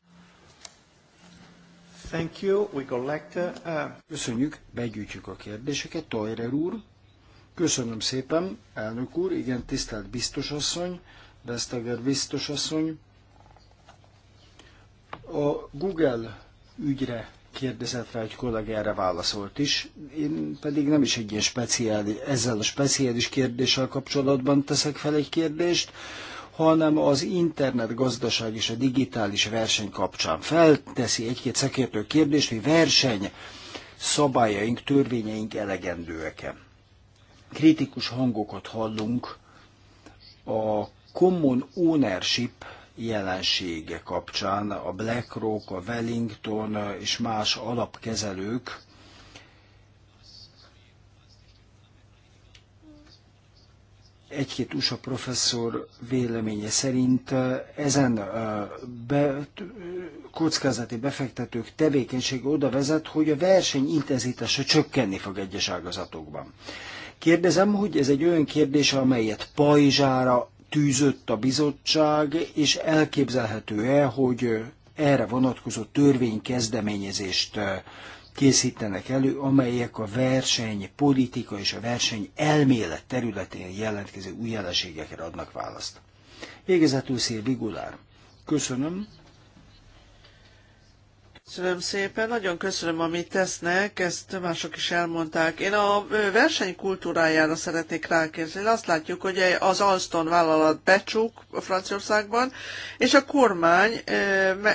Thank you. We collect, uh... Köszönjük, begyűjtjük a kérdéseket. Toyrer úr, köszönöm szépen, elnök úr, igen, tisztelt biztosasszony, Vesztager biztosasszony. A Google ügyre kérdezett rá, hogy kollégára válaszolt is. Én pedig nem is egy ilyen speciális, ezzel a speciális kérdéssel kapcsolatban teszek fel egy kérdést, hanem az internet gazdaság és a digitális verseny kapcsán. Felteszi egy-két szakértő kérdést, hogy verseny szabályaink, törvényeink elegendőek-e. Kritikus hangokat hallunk a common ownership jelensége kapcsán. A BlackRock, a Wellington és más alapkezelők egy-két USA professzor véleménye szerint ezen be, kockázati befektetők tevékenysége oda vezet, hogy a verseny intenzitása csökkenni fog egyes ágazatokban. Kérdezem, hogy ez egy olyan kérdés, amelyet pajzsára tűzött a bizottság, és elképzelhető-e, hogy erre vonatkozó törvénykezdeményezést eh, készítenek elő, amelyek a verseny politika és a verseny elmélet területén jelentkező új jelenségekre adnak választ. Végezetül Szél Bigulár. Köszönöm. Köszönöm szépen, nagyon köszönöm, amit tesznek, ezt mások is elmondták. Én a verseny kultúrájára szeretnék rákérdezni. Azt látjuk, hogy az Alston vállalat becsuk Franciaországban, és a kormány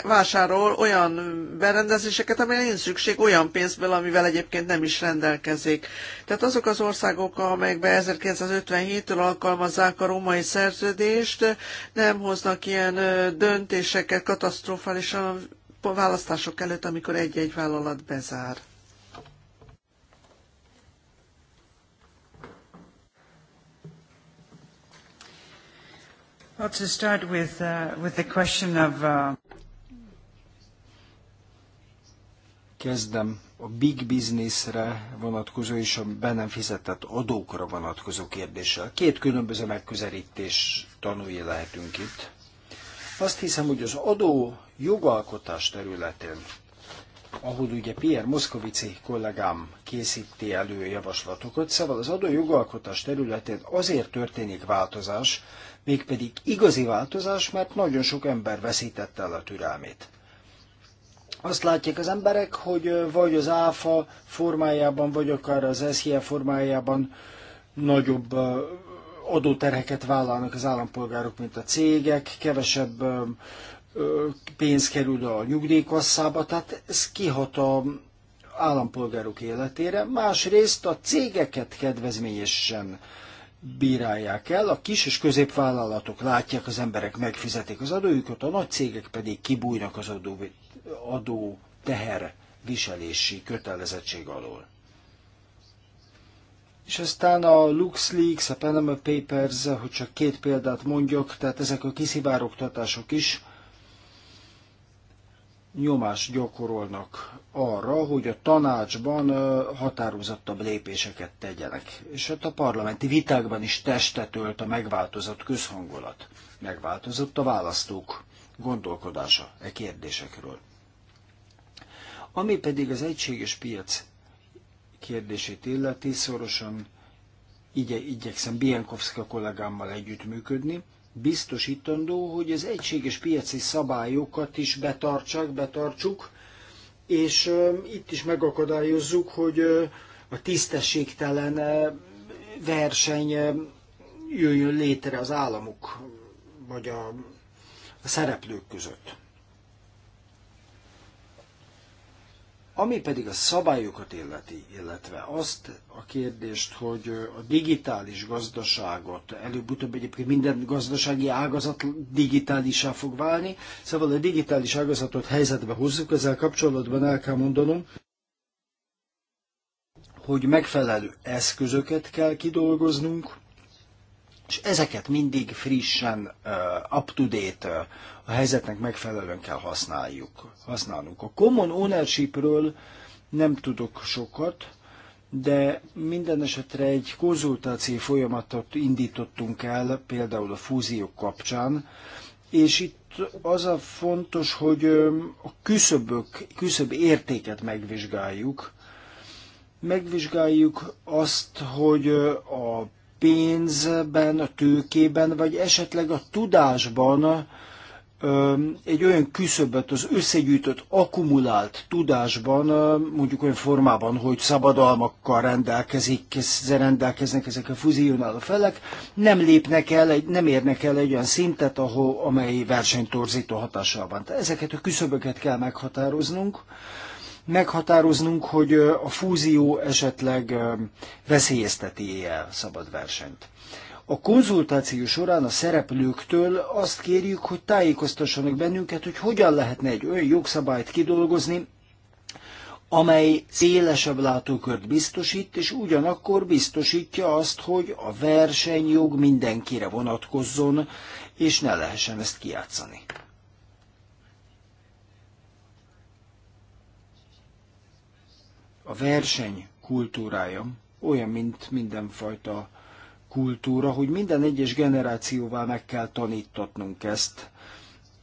vásárol olyan berendezéseket, amire nincs szükség olyan pénzből, amivel egyébként nem is rendelkezik. Tehát azok az országok, amelyekben 1957-től alkalmazzák a római szerződést, nem hoznak ilyen döntéseket katasztrofálisan választások előtt, amikor egy-egy vállalat bezár. Well, to start with, uh, with the question of, uh... Kezdem a big businessre vonatkozó és a be nem fizetett adókra vonatkozó kérdéssel. Két különböző megközelítés tanulja lehetünk itt. Azt hiszem, hogy az adó jogalkotás területén, ahol ugye Pierre Moszkovici kollégám készíti elő javaslatokat, szóval az adó jogalkotás területén azért történik változás, mégpedig igazi változás, mert nagyon sok ember veszítette el a türelmét. Azt látják az emberek, hogy vagy az ÁFA formájában, vagy akár az SZIA e formájában nagyobb adóterheket vállalnak az állampolgárok, mint a cégek, kevesebb pénz kerül a nyugdíjkasszába, tehát ez kihat a állampolgárok életére. Másrészt a cégeket kedvezményesen bírálják el, a kis és középvállalatok látják, az emberek megfizetik az adójukat, a nagy cégek pedig kibújnak az adó, adó teher viselési kötelezettség alól. És aztán a LuxLeaks, a Panama Papers, hogy csak két példát mondjak, tehát ezek a kiszivárogtatások is nyomást gyakorolnak arra, hogy a tanácsban határozottabb lépéseket tegyenek. És hát a parlamenti vitákban is testet ölt a megváltozott közhangulat. Megváltozott a választók gondolkodása e kérdésekről. Ami pedig az egységes piac kérdését illeti, szorosan igye, igyekszem Bienkowska kollégámmal együttműködni, biztosítandó, hogy az egységes piaci szabályokat is betartsák, betartsuk, és itt is megakadályozzuk, hogy a tisztességtelen verseny jöjjön létre az államok vagy a szereplők között. Ami pedig a szabályokat illeti, illetve azt a kérdést, hogy a digitális gazdaságot előbb-utóbb egyébként minden gazdasági ágazat digitálisá fog válni, szóval a digitális ágazatot helyzetbe hozzuk, ezzel kapcsolatban el kell mondanom, hogy megfelelő eszközöket kell kidolgoznunk, és ezeket mindig frissen, up-to-date, a helyzetnek megfelelően kell használjuk, használnunk. A common ownership-ről nem tudok sokat, de minden esetre egy konzultáció folyamatot indítottunk el, például a fúziók kapcsán, és itt az a fontos, hogy a küszöbök, küszöb értéket megvizsgáljuk, megvizsgáljuk azt, hogy a pénzben, a tőkében, vagy esetleg a tudásban egy olyan küszöbet, az összegyűjtött, akkumulált tudásban, mondjuk olyan formában, hogy szabadalmakkal rendelkezik, rendelkeznek ezek a fuzionáló felek, nem lépnek el, nem érnek el egy olyan szintet, ahol, amely versenytorzító hatással van. Tehát ezeket a küszöböket kell meghatároznunk, meghatároznunk, hogy a fúzió esetleg veszélyezteti -e a szabad versenyt. A konzultáció során a szereplőktől azt kérjük, hogy tájékoztassanak bennünket, hogy hogyan lehetne egy olyan jogszabályt kidolgozni, amely szélesebb látókört biztosít, és ugyanakkor biztosítja azt, hogy a versenyjog mindenkire vonatkozzon, és ne lehessen ezt kiátszani. a verseny kultúrája olyan, mint mindenfajta kultúra, hogy minden egyes generációval meg kell tanítatnunk ezt,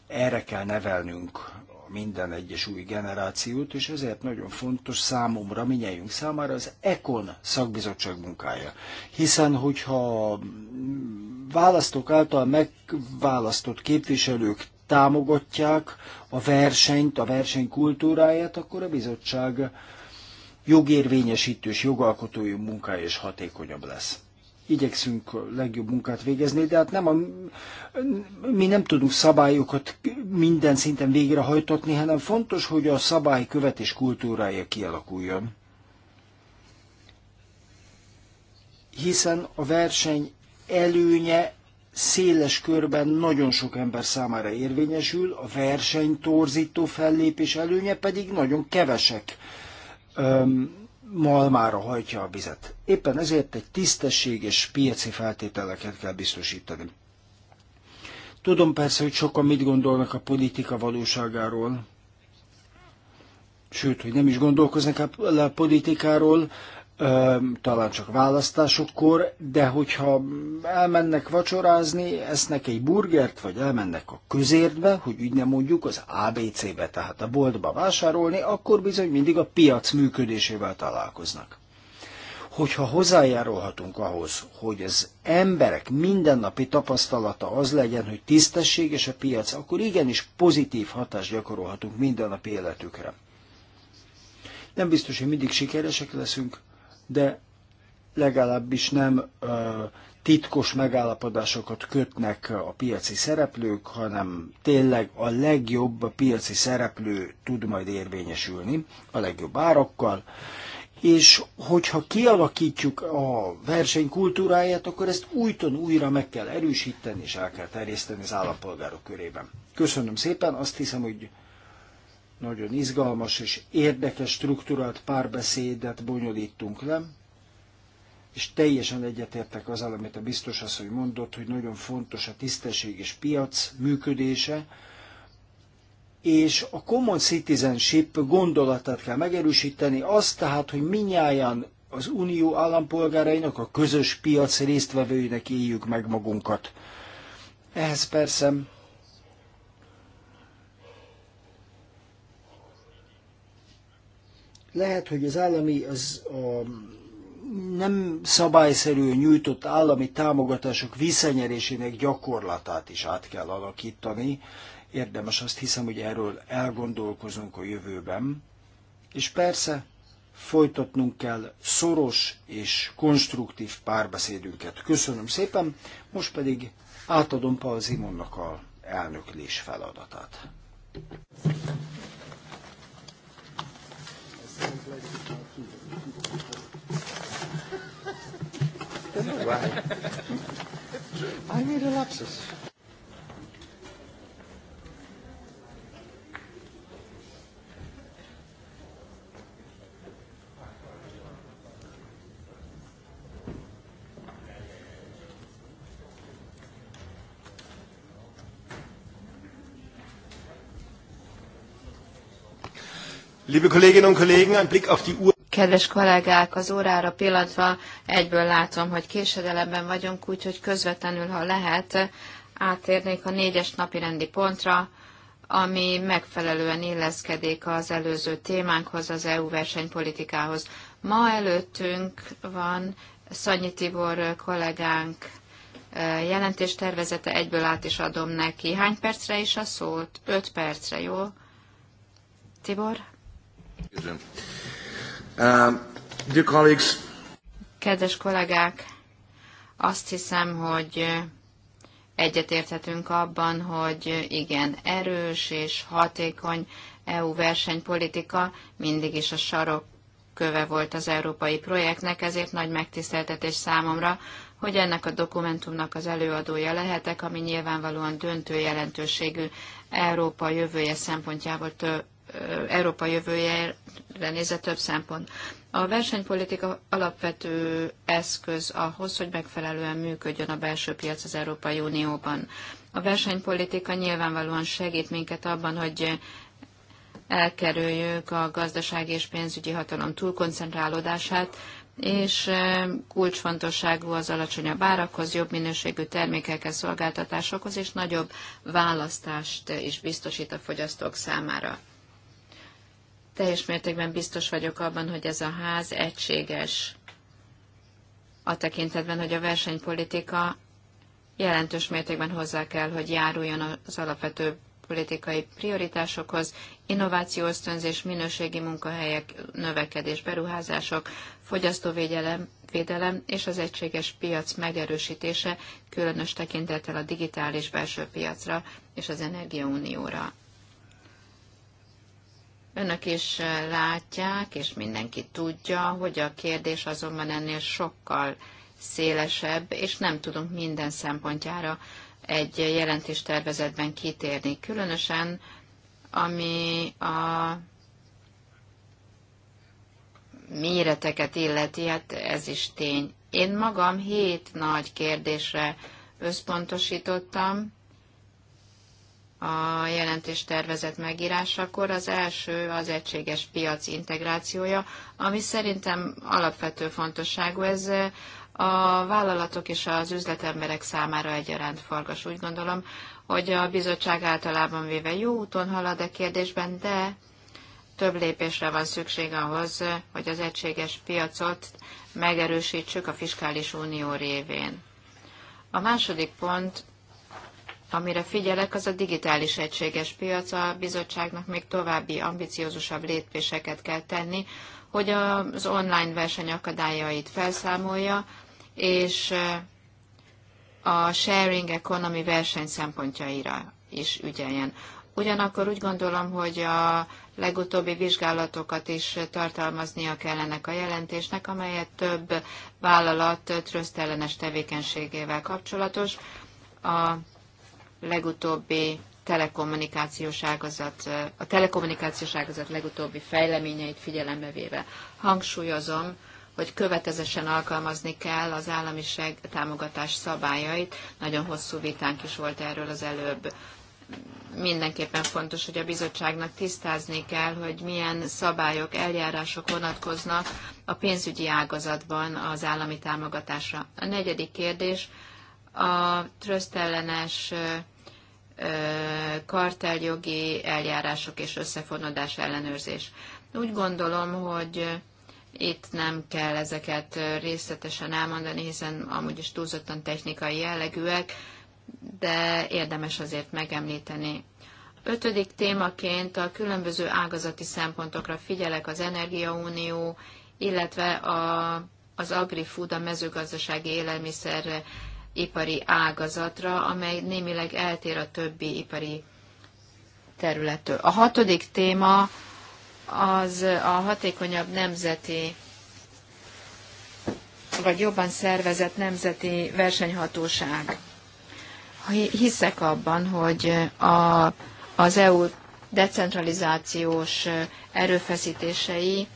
erre kell nevelnünk minden egyes új generációt, és ezért nagyon fontos számomra, minnyájunk számára az ECON szakbizottság munkája. Hiszen, hogyha választók által megválasztott képviselők támogatják a versenyt, a verseny kultúráját, akkor a bizottság jogérvényesítő és jogalkotói munkája is hatékonyabb lesz. Igyekszünk a legjobb munkát végezni, de hát nem a, mi nem tudunk szabályokat minden szinten végrehajtatni, hanem fontos, hogy a szabály követés kultúrája kialakuljon. Hiszen a verseny előnye széles körben nagyon sok ember számára érvényesül, a verseny torzító fellépés előnye pedig nagyon kevesek malmára hajtja a vizet. Éppen ezért egy tisztességes piaci feltételeket kell biztosítani. Tudom persze, hogy sokan mit gondolnak a politika valóságáról, sőt, hogy nem is gondolkoznak a politikáról, talán csak választásokkor, de hogyha elmennek vacsorázni, esznek egy burgert, vagy elmennek a közértbe, hogy úgy nem mondjuk az ABC-be, tehát a boltba vásárolni, akkor bizony mindig a piac működésével találkoznak. Hogyha hozzájárulhatunk ahhoz, hogy az emberek mindennapi tapasztalata az legyen, hogy tisztességes a piac, akkor igenis pozitív hatást gyakorolhatunk mindennapi életükre. Nem biztos, hogy mindig sikeresek leszünk, de legalábbis nem titkos megállapodásokat kötnek a piaci szereplők, hanem tényleg a legjobb a piaci szereplő tud majd érvényesülni, a legjobb árakkal, és hogyha kialakítjuk a verseny kultúráját, akkor ezt újton újra meg kell erősíteni, és el kell terjeszteni az állampolgárok körében. Köszönöm szépen, azt hiszem, hogy nagyon izgalmas és érdekes struktúrált párbeszédet bonyolítunk le, és teljesen egyetértek azzal, amit a biztos asszony mondott, hogy nagyon fontos a tisztességes piac működése, és a common citizenship gondolatát kell megerősíteni, az tehát, hogy minnyáján az unió állampolgárainak, a közös piac résztvevőinek éljük meg magunkat. Ehhez persze Lehet, hogy az állami, az a nem szabályszerű nyújtott állami támogatások visszanyerésének gyakorlatát is át kell alakítani. Érdemes azt hiszem, hogy erről elgondolkozunk a jövőben. És persze folytatnunk kell szoros és konstruktív párbeszédünket. Köszönöm szépen, most pedig átadom Paul Zimonnak a elnöklés feladatát. Why? I made a lapsus. Liebe Kolleginnen und Kollegen, ein Blick auf die Uhr. Kedves kollégák, az órára pillanatva egyből látom, hogy késedelemben vagyunk, úgyhogy közvetlenül, ha lehet, átérnék a négyes napi rendi pontra, ami megfelelően illeszkedik az előző témánkhoz, az EU versenypolitikához. Ma előttünk van Szanyi Tibor kollégánk eh, tervezete, egyből át is adom neki. Hány percre is a szót? Öt percre, jó? Tibor? Köszönöm. Um, dear colleagues. Kedves kollégák, azt hiszem, hogy egyetérthetünk abban, hogy igen, erős és hatékony EU versenypolitika mindig is a sarok köve volt az európai projektnek, ezért nagy megtiszteltetés számomra, hogy ennek a dokumentumnak az előadója lehetek, ami nyilvánvalóan döntő jelentőségű Európa jövője szempontjából Európa jövőjére nézve több szempont. A versenypolitika alapvető eszköz ahhoz, hogy megfelelően működjön a belső piac az Európai Unióban. A versenypolitika nyilvánvalóan segít minket abban, hogy elkerüljük a gazdasági és pénzügyi hatalom túlkoncentrálódását, és eh, kulcsfontosságú az alacsonyabb árakhoz, jobb minőségű termékekhez, szolgáltatásokhoz, és nagyobb választást is biztosít a fogyasztók számára. Teljes mértékben biztos vagyok abban, hogy ez a ház egységes a tekintetben, hogy a versenypolitika jelentős mértékben hozzá kell, hogy járuljon az alapvető politikai prioritásokhoz, innováció ösztönzés, minőségi munkahelyek, növekedés, beruházások, fogyasztóvédelem védelem és az egységes piac megerősítése, különös tekintettel a digitális belső piacra és az energiaunióra. Önök is eh, látják, és mindenki tudja, hogy a kérdés azonban ennél sokkal szélesebb, és nem tudunk minden szempontjára egy jelentés tervezetben kitérni. Különösen, ami a méreteket illeti, hát ez is tény. Én magam hét nagy kérdésre összpontosítottam, a jelentés tervezet megírásakor. Az első az egységes piac integrációja, ami szerintem alapvető fontosságú. Ez eh, a vállalatok és az üzletemberek számára egyaránt fargas. Úgy gondolom, hogy a bizottság általában véve jó úton halad a kérdésben, de több lépésre van szükség ahhoz, hogy az egységes piacot megerősítsük a fiskális unió révén. A második pont Amire figyelek, az a digitális egységes piac. A bizottságnak még további ambiciózusabb lépéseket kell tenni, hogy az online verseny akadályait felszámolja, és eh, a sharing economy verseny szempontjaira is ügyeljen. Ugyanakkor úgy gondolom, hogy a legutóbbi vizsgálatokat is tartalmaznia kell ennek a jelentésnek, amelyet több vállalat trösztellenes tevékenységével kapcsolatos. A legutóbbi telekommunikációs ágazat, a telekommunikációs ágazat legutóbbi fejleményeit figyelembe véve. Hangsúlyozom, hogy követezesen alkalmazni kell az állami támogatás szabályait. Nagyon hosszú vitánk is volt erről az előbb. Mindenképpen fontos, hogy a bizottságnak tisztázni kell, hogy milyen szabályok, eljárások vonatkoznak a pénzügyi ágazatban az állami támogatásra. A negyedik kérdés a trösztellenes ellenes karteljogi eljárások és összefonodás ellenőrzés. Úgy gondolom, hogy itt nem kell ezeket részletesen elmondani, hiszen amúgy is túlzottan technikai jellegűek, de érdemes azért megemlíteni. Ötödik témaként a különböző ágazati szempontokra figyelek az Energiaunió, illetve a, az agri-food, a mezőgazdasági élelmiszer ipari ágazatra, amely némileg eltér a többi ipari területtől. A hatodik téma az a hatékonyabb nemzeti vagy jobban szervezett nemzeti versenyhatóság. Hiszek abban, hogy a, az EU decentralizációs erőfeszítései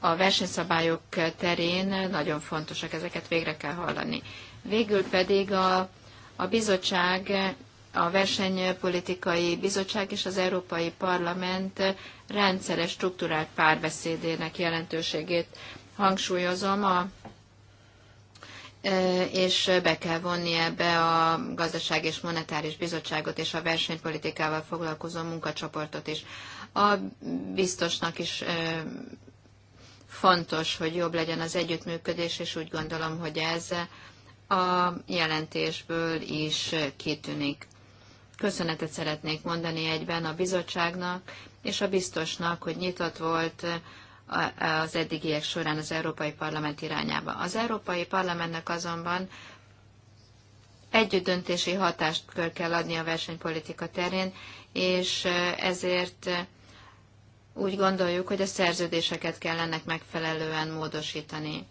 a versenyszabályok terén nagyon fontosak, ezeket végre kell hallani. Végül pedig a, a bizottság, a versenypolitikai bizottság és az Európai Parlament rendszeres struktúrált párbeszédének jelentőségét hangsúlyozom, a, e, és be kell vonni ebbe a Gazdaság és Monetáris Bizottságot és a versenypolitikával foglalkozó munkacsoportot is. A biztosnak is e, fontos, hogy jobb legyen az együttműködés, és úgy gondolom, hogy ez a jelentésből is kitűnik. Köszönetet szeretnék mondani egyben a bizottságnak és a biztosnak, hogy nyitott volt az eddigiek során az Európai Parlament irányába. Az Európai Parlamentnek azonban döntési hatást kell adni a versenypolitika terén, és ezért úgy gondoljuk, hogy a szerződéseket kell ennek megfelelően módosítani.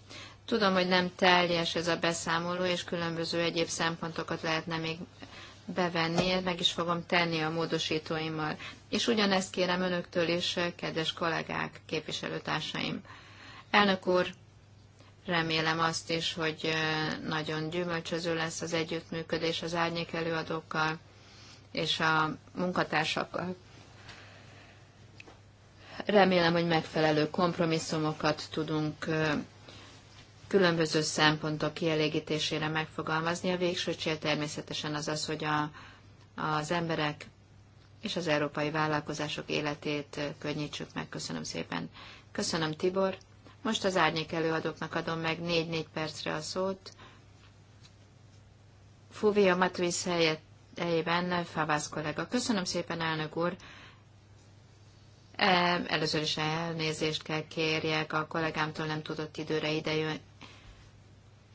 Tudom, hogy nem teljes ez a beszámoló, és különböző egyéb szempontokat lehetne még bevenni, meg is fogom tenni a módosítóimmal. És ugyanezt kérem önöktől is, kedves kollégák, képviselőtársaim. Elnök úr, remélem azt is, hogy nagyon gyümölcsöző lesz az együttműködés az árnyék előadókkal és a munkatársakkal. Remélem, hogy megfelelő kompromisszumokat tudunk különböző szempontok kielégítésére megfogalmazni. A végső cél természetesen az az, hogy a, az emberek és az európai vállalkozások életét könnyítsük meg. Köszönöm szépen. Köszönöm, Tibor. Most az árnyék előadóknak adom meg 4-4 percre a szót. Fuvia Matriz helyett, helyében Favász kollega. Köszönöm szépen, elnök úr. Először is elnézést kell kérjek, a kollégámtól nem tudott időre ide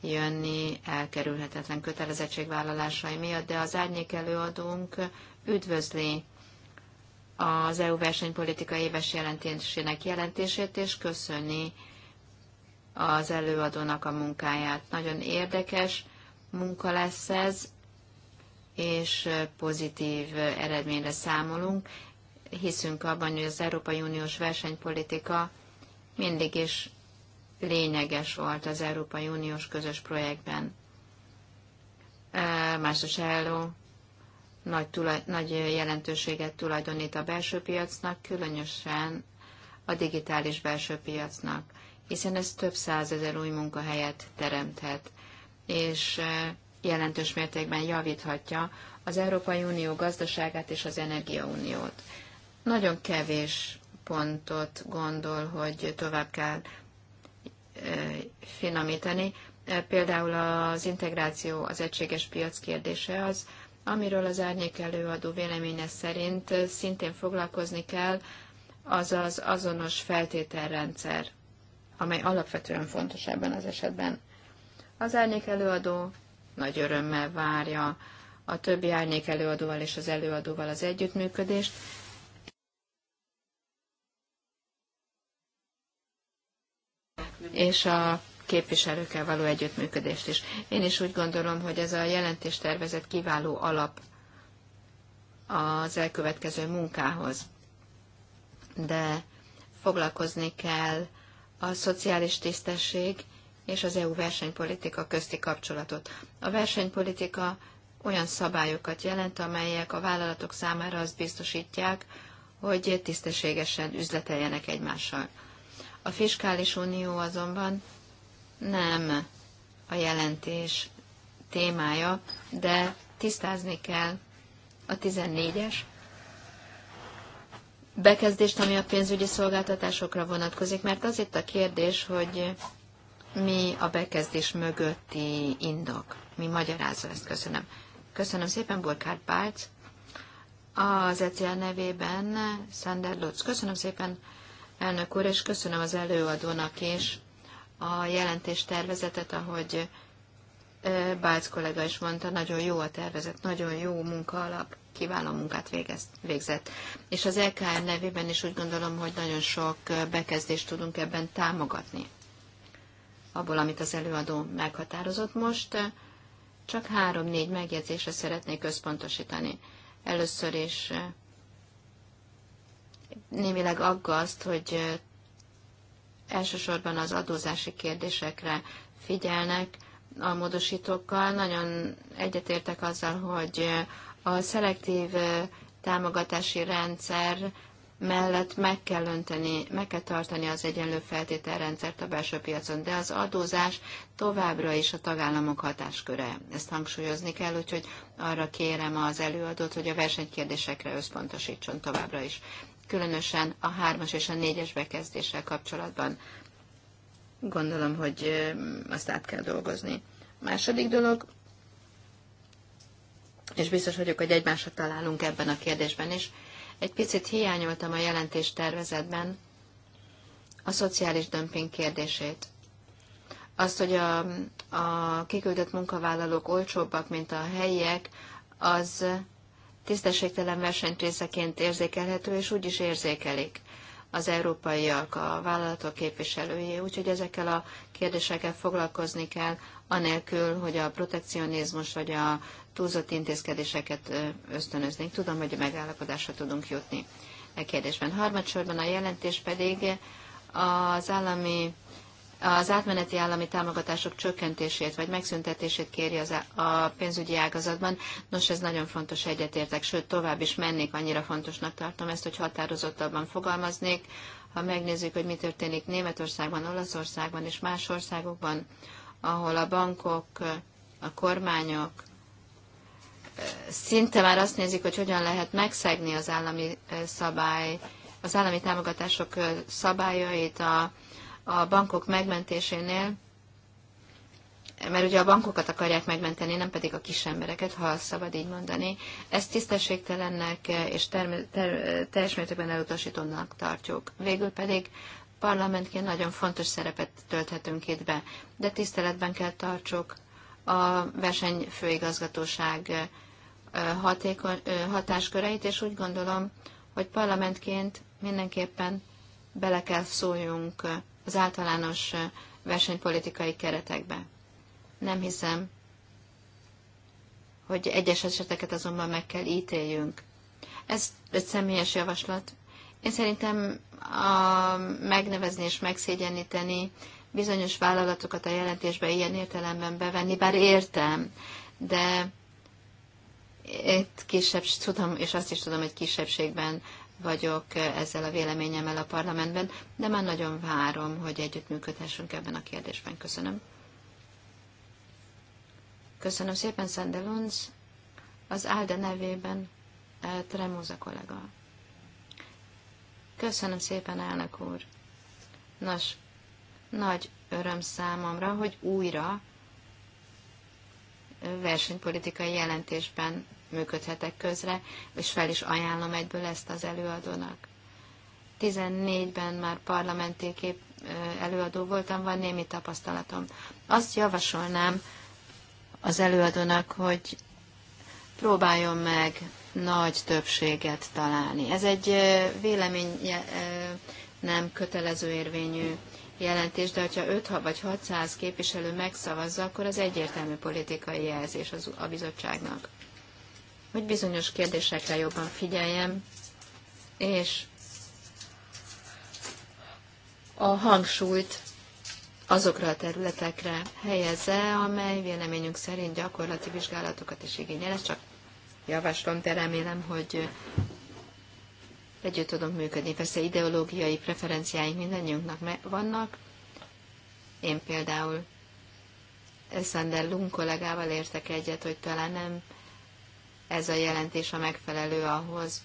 jönni elkerülhetetlen kötelezettségvállalásai miatt, de az árnyék előadónk üdvözli az EU versenypolitika éves jelentésének jelentését, és köszöni az előadónak a munkáját. Nagyon érdekes munka lesz ez, és pozitív eredményre számolunk. Hiszünk abban, hogy az Európai Uniós versenypolitika mindig is lényeges volt az Európai Uniós közös projektben. másos Hello nagy, tulaj, nagy jelentőséget tulajdonít a belső piacnak, különösen a digitális belső piacnak, hiszen ez több százezer új munkahelyet teremthet, és jelentős mértékben javíthatja az Európai Unió gazdaságát és az Energiauniót. Nagyon kevés pontot gondol, hogy tovább kell finomítani. E, például az integráció, az egységes piac kérdése az, amiről az árnyék előadó véleménye szerint szintén foglalkozni kell, az az azonos feltételrendszer, amely alapvetően fontos ebben az esetben. Az árnyék előadó nagy örömmel várja a többi árnyék előadóval és az előadóval az együttműködést, és a képviselőkkel való együttműködést is. Én is úgy gondolom, hogy ez a jelentéstervezet kiváló alap az elkövetkező munkához. De foglalkozni kell a szociális tisztesség és az EU versenypolitika közti kapcsolatot. A versenypolitika olyan szabályokat jelent, amelyek a vállalatok számára azt biztosítják, hogy tisztességesen üzleteljenek egymással. A fiskális unió azonban nem a jelentés témája, de tisztázni kell a 14-es bekezdést, ami a pénzügyi szolgáltatásokra vonatkozik, mert az itt a kérdés, hogy mi a bekezdés mögötti indok, mi magyarázza ezt. Köszönöm. Köszönöm szépen, Burkhard Bárc. Az ECL nevében Szender Lutz. Köszönöm szépen, elnök úr, és köszönöm az előadónak is a jelentés tervezetet, ahogy Bálc kollega is mondta, nagyon jó a tervezet, nagyon jó munka alap, kiváló munkát végez, végzett. És az LKR e nevében is úgy gondolom, hogy nagyon sok bekezdést tudunk ebben támogatni, abból, amit az előadó meghatározott most. Csak három-négy megjegyzésre szeretnék összpontosítani. Először is némileg aggaszt, hogy elsősorban az adózási kérdésekre figyelnek a módosítókkal. Nagyon egyetértek azzal, hogy a szelektív támogatási rendszer mellett meg kell önteni, meg kell tartani az egyenlő feltételrendszert a belső piacon, de az adózás továbbra is a tagállamok hatásköre. Ezt hangsúlyozni kell, úgyhogy arra kérem az előadót, hogy a versenykérdésekre összpontosítson továbbra is különösen a hármas és a négyes bekezdéssel kapcsolatban gondolom, hogy azt át kell dolgozni. A második dolog, és biztos vagyok, hogy egymásra találunk ebben a kérdésben is, egy picit hiányoltam a jelentés tervezetben a szociális dömping kérdését. Azt, hogy a, a kiküldött munkavállalók olcsóbbak, mint a helyiek, az tisztességtelen versenytészeként érzékelhető, és úgy is érzékelik az európaiak, a vállalatok képviselői. Úgyhogy ezekkel a kérdésekkel foglalkozni kell, anélkül, hogy a protekcionizmus vagy a túlzott intézkedéseket ösztönöznénk. Tudom, hogy megállapodásra tudunk jutni e kérdésben. Harmadsorban a jelentés pedig az állami az átmeneti állami támogatások csökkentését vagy megszüntetését kéri az a pénzügyi ágazatban. Nos, ez nagyon fontos, egyetértek, sőt, tovább is mennék, annyira fontosnak tartom ezt, hogy határozottabban fogalmaznék. Ha megnézzük, hogy mi történik Németországban, Olaszországban és más országokban, ahol a bankok, a kormányok szinte már azt nézik, hogy hogyan lehet megszegni az állami szabály, az állami támogatások szabályait, a, a bankok megmentésénél, mert ugye a bankokat akarják megmenteni, nem pedig a kis embereket, ha szabad így mondani. Ezt tisztességtelennek és term- ter- teljes mértékben elutasítónak tartjuk. Végül pedig parlamentként nagyon fontos szerepet tölthetünk itt be, de tiszteletben kell tartsuk a versenyfőigazgatóság hatékony, hatásköreit, és úgy gondolom, hogy parlamentként mindenképpen bele kell szóljunk az általános versenypolitikai keretekbe. Nem hiszem, hogy egyes eseteket azonban meg kell ítéljünk. Ez egy személyes javaslat. Én szerintem a megnevezni és megszégyeníteni bizonyos vállalatokat a jelentésbe ilyen értelemben bevenni, bár értem, de itt kisebb, tudom, és azt is tudom, hogy kisebbségben vagyok eh, ezzel a véleményemmel a parlamentben, de már nagyon várom, hogy együttműködhessünk ebben a kérdésben. Köszönöm. Köszönöm szépen, Sandelunz. Az Álde nevében eh, Tremóza kollega. Köszönöm szépen, elnök úr. Nos, nagy öröm számomra, hogy újra eh, versenypolitikai jelentésben működhetek közre, és fel is ajánlom egyből ezt az előadónak. 14-ben már parlamenti kép előadó voltam, van némi tapasztalatom. Azt javasolnám az előadónak, hogy próbáljon meg nagy többséget találni. Ez egy vélemény nem kötelező érvényű jelentés, de hogyha 5 vagy 600 képviselő megszavazza, akkor az egyértelmű politikai jelzés az, a bizottságnak hogy bizonyos kérdésekre jobban figyeljem, és a hangsúlyt azokra a területekre helyezze, amely véleményünk szerint gyakorlati vizsgálatokat is igényel. Ezt csak javaslom, de remélem, hogy együtt tudunk működni. Persze ideológiai preferenciáink mindannyiunknak vannak. Én például Sander Lung kollégával értek egyet, hogy talán nem ez a jelentés a megfelelő ahhoz,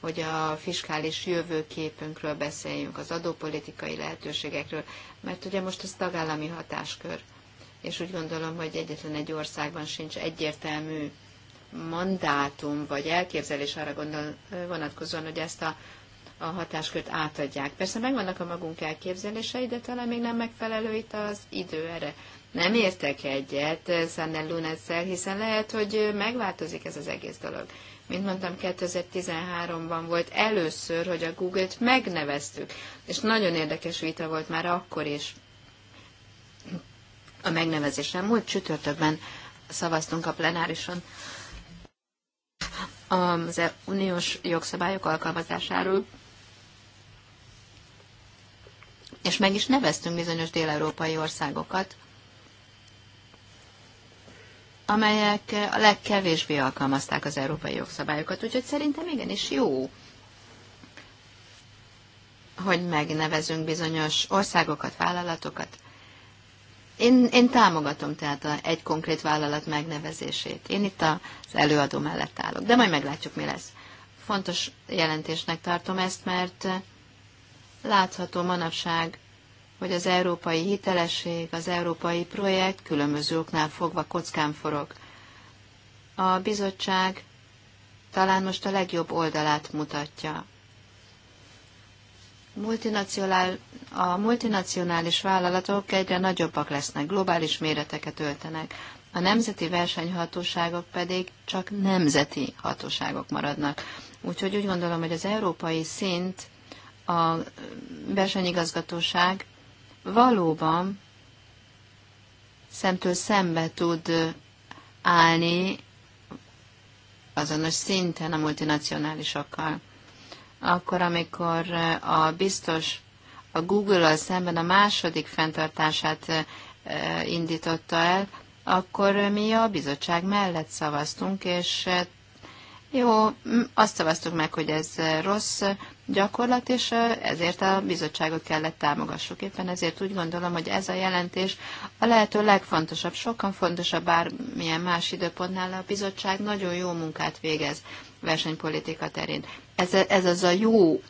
hogy a fiskális jövőképünkről beszéljünk, az adópolitikai lehetőségekről, mert ugye most ez tagállami hatáskör, és úgy gondolom, hogy egyetlen egy országban sincs egyértelmű mandátum vagy elképzelés arra gondol, vonatkozóan, hogy ezt a, a hatáskört átadják. Persze megvannak a magunk elképzelései, de talán még nem megfelelő itt az idő erre nem értek egyet eh, Szannen Lunezzel, hiszen lehet, hogy eh, megváltozik ez az egész dolog. Mint mondtam, 2013-ban volt először, hogy a Google-t megneveztük, és nagyon érdekes vita volt már akkor is. A megnevezésre múlt csütörtökben szavaztunk a plenárison az uniós jogszabályok alkalmazásáról, és meg is neveztünk bizonyos dél-európai országokat, amelyek a legkevésbé alkalmazták az európai jogszabályokat. Úgyhogy szerintem igenis jó, hogy megnevezünk bizonyos országokat, vállalatokat. Én, én támogatom tehát a, egy konkrét vállalat megnevezését. Én itt az előadó mellett állok, de majd meglátjuk, mi lesz. Fontos jelentésnek tartom ezt, mert látható manapság, hogy az európai hitelesség, az európai projekt különböző oknál fogva kockán forog. A bizottság talán most a legjobb oldalát mutatja. a multinacionális vállalatok egyre nagyobbak lesznek, globális méreteket öltenek, a nemzeti versenyhatóságok pedig csak nemzeti hatóságok maradnak. Úgyhogy úgy gondolom, hogy az európai szint, a versenyigazgatóság valóban szemtől szembe tud állni azonos szinten a multinacionálisokkal. Akkor, amikor a biztos a Google-al szemben a második fenntartását indította el, akkor mi a bizottság mellett szavaztunk, és jó, azt szavaztuk meg, hogy ez rossz, gyakorlat, és ezért a bizottságot kellett támogassuk. Éppen ezért úgy gondolom, hogy ez a jelentés a lehető legfontosabb, sokkal fontosabb bármilyen más időpontnál a bizottság nagyon jó munkát végez versenypolitika terén. Ez, ez az a jó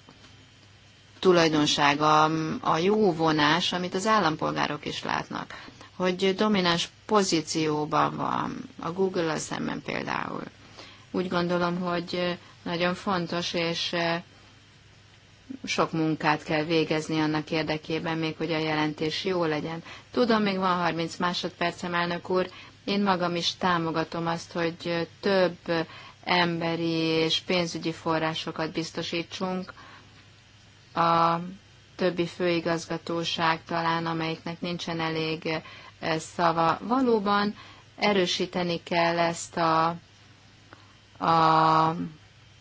tulajdonsága, a jó vonás, amit az állampolgárok is látnak, hogy domináns pozícióban van a Google-al szemben például. Úgy gondolom, hogy nagyon fontos, és sok munkát kell végezni annak érdekében, még hogy a jelentés jó legyen. Tudom, még van 30 másodpercem, elnök úr, én magam is támogatom azt, hogy több emberi és pénzügyi forrásokat biztosítsunk a többi főigazgatóság talán, amelyiknek nincsen elég eh, szava. Valóban erősíteni kell ezt a, a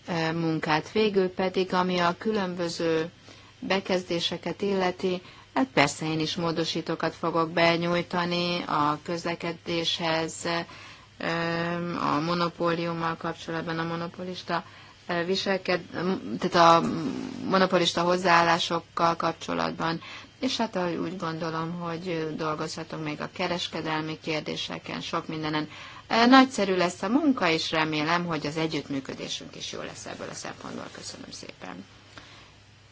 E, munkát. Végül pedig, ami a különböző bekezdéseket illeti, hát persze én is módosítókat fogok benyújtani a közlekedéshez, e, a monopóliummal kapcsolatban a monopolista e, viselked, tehát a monopolista hozzáállásokkal kapcsolatban, és hát úgy gondolom, hogy dolgozhatok még a kereskedelmi kérdéseken, sok mindenen. Nagyszerű lesz a munka, és remélem, hogy az együttműködésünk is jó lesz ebből a szempontból. Köszönöm szépen.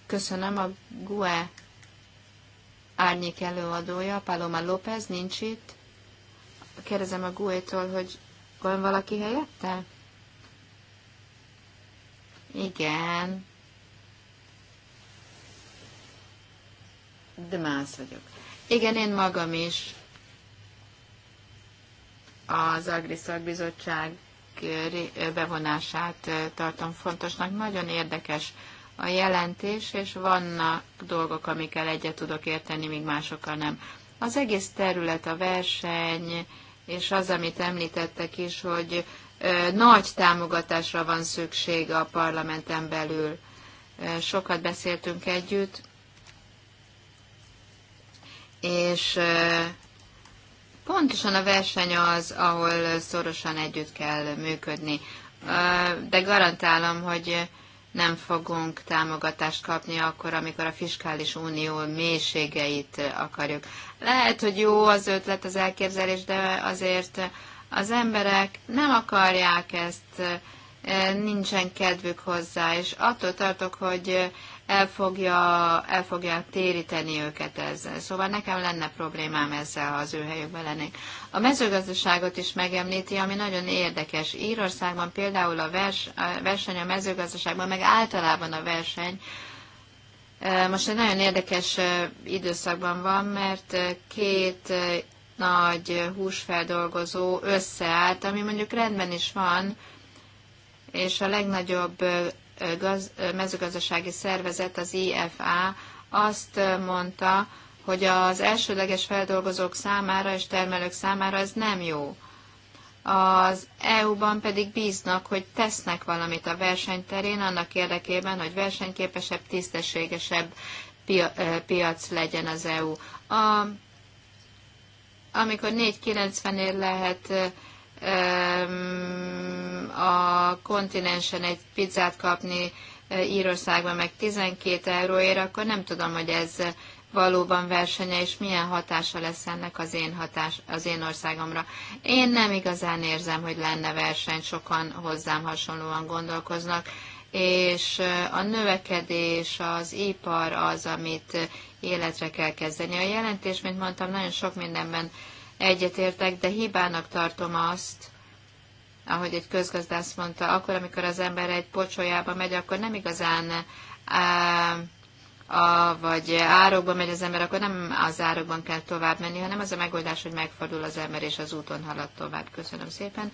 Köszönöm a GUE árnyék előadója, Paloma López, nincs itt. Kérdezem a GUE-tól, hogy van valaki helyette? Igen. De más vagyok. Igen, én magam is az Agriszak bizottság eh, bevonását eh, tartom fontosnak. Nagyon érdekes a jelentés, és vannak dolgok, amikkel egyet tudok érteni, míg másokkal nem. Az egész terület, a verseny, és az, amit említettek is, hogy eh, nagy támogatásra van szükség a parlamenten belül. Sokat beszéltünk együtt, és Pontosan a verseny az, ahol szorosan együtt kell működni, de garantálom, hogy nem fogunk támogatást kapni akkor, amikor a fiskális unió mélységeit akarjuk. Lehet, hogy jó az ötlet, az elképzelés, de azért az emberek nem akarják ezt, nincsen kedvük hozzá, és attól tartok, hogy el fogja, el fogja téríteni őket ezzel. Szóval nekem lenne problémám ezzel, ha az ő helyükben lennék. A mezőgazdaságot is megemlíti, ami nagyon érdekes. Írországban például a, vers, a verseny a mezőgazdaságban, meg általában a verseny, most egy nagyon érdekes időszakban van, mert két nagy húsfeldolgozó összeállt, ami mondjuk rendben is van, és a legnagyobb gaz, mezőgazdasági szervezet, az IFA azt mondta, hogy az elsőleges feldolgozók számára és termelők számára ez nem jó. Az EU-ban pedig bíznak, hogy tesznek valamit a versenyterén annak érdekében, hogy versenyképesebb, tisztességesebb piac legyen az EU. A, amikor 490 ért lehet a kontinensen egy pizzát kapni e, Írországban meg 12 euróért, akkor nem tudom, hogy ez valóban versenye, és milyen hatása lesz ennek az én, hatás, az én országomra. Én nem igazán érzem, hogy lenne verseny, sokan hozzám hasonlóan gondolkoznak, és e, a növekedés, az ipar az, amit életre kell kezdeni. A jelentés, mint mondtam, nagyon sok mindenben egyetértek, de hibának tartom azt, ahogy egy közgazdász mondta, akkor, amikor az ember egy pocsolyába megy, akkor nem igazán á, a, vagy árokban megy az ember, akkor nem az árokban kell tovább menni, hanem az a megoldás, hogy megfordul az ember és az úton halad tovább. Köszönöm szépen,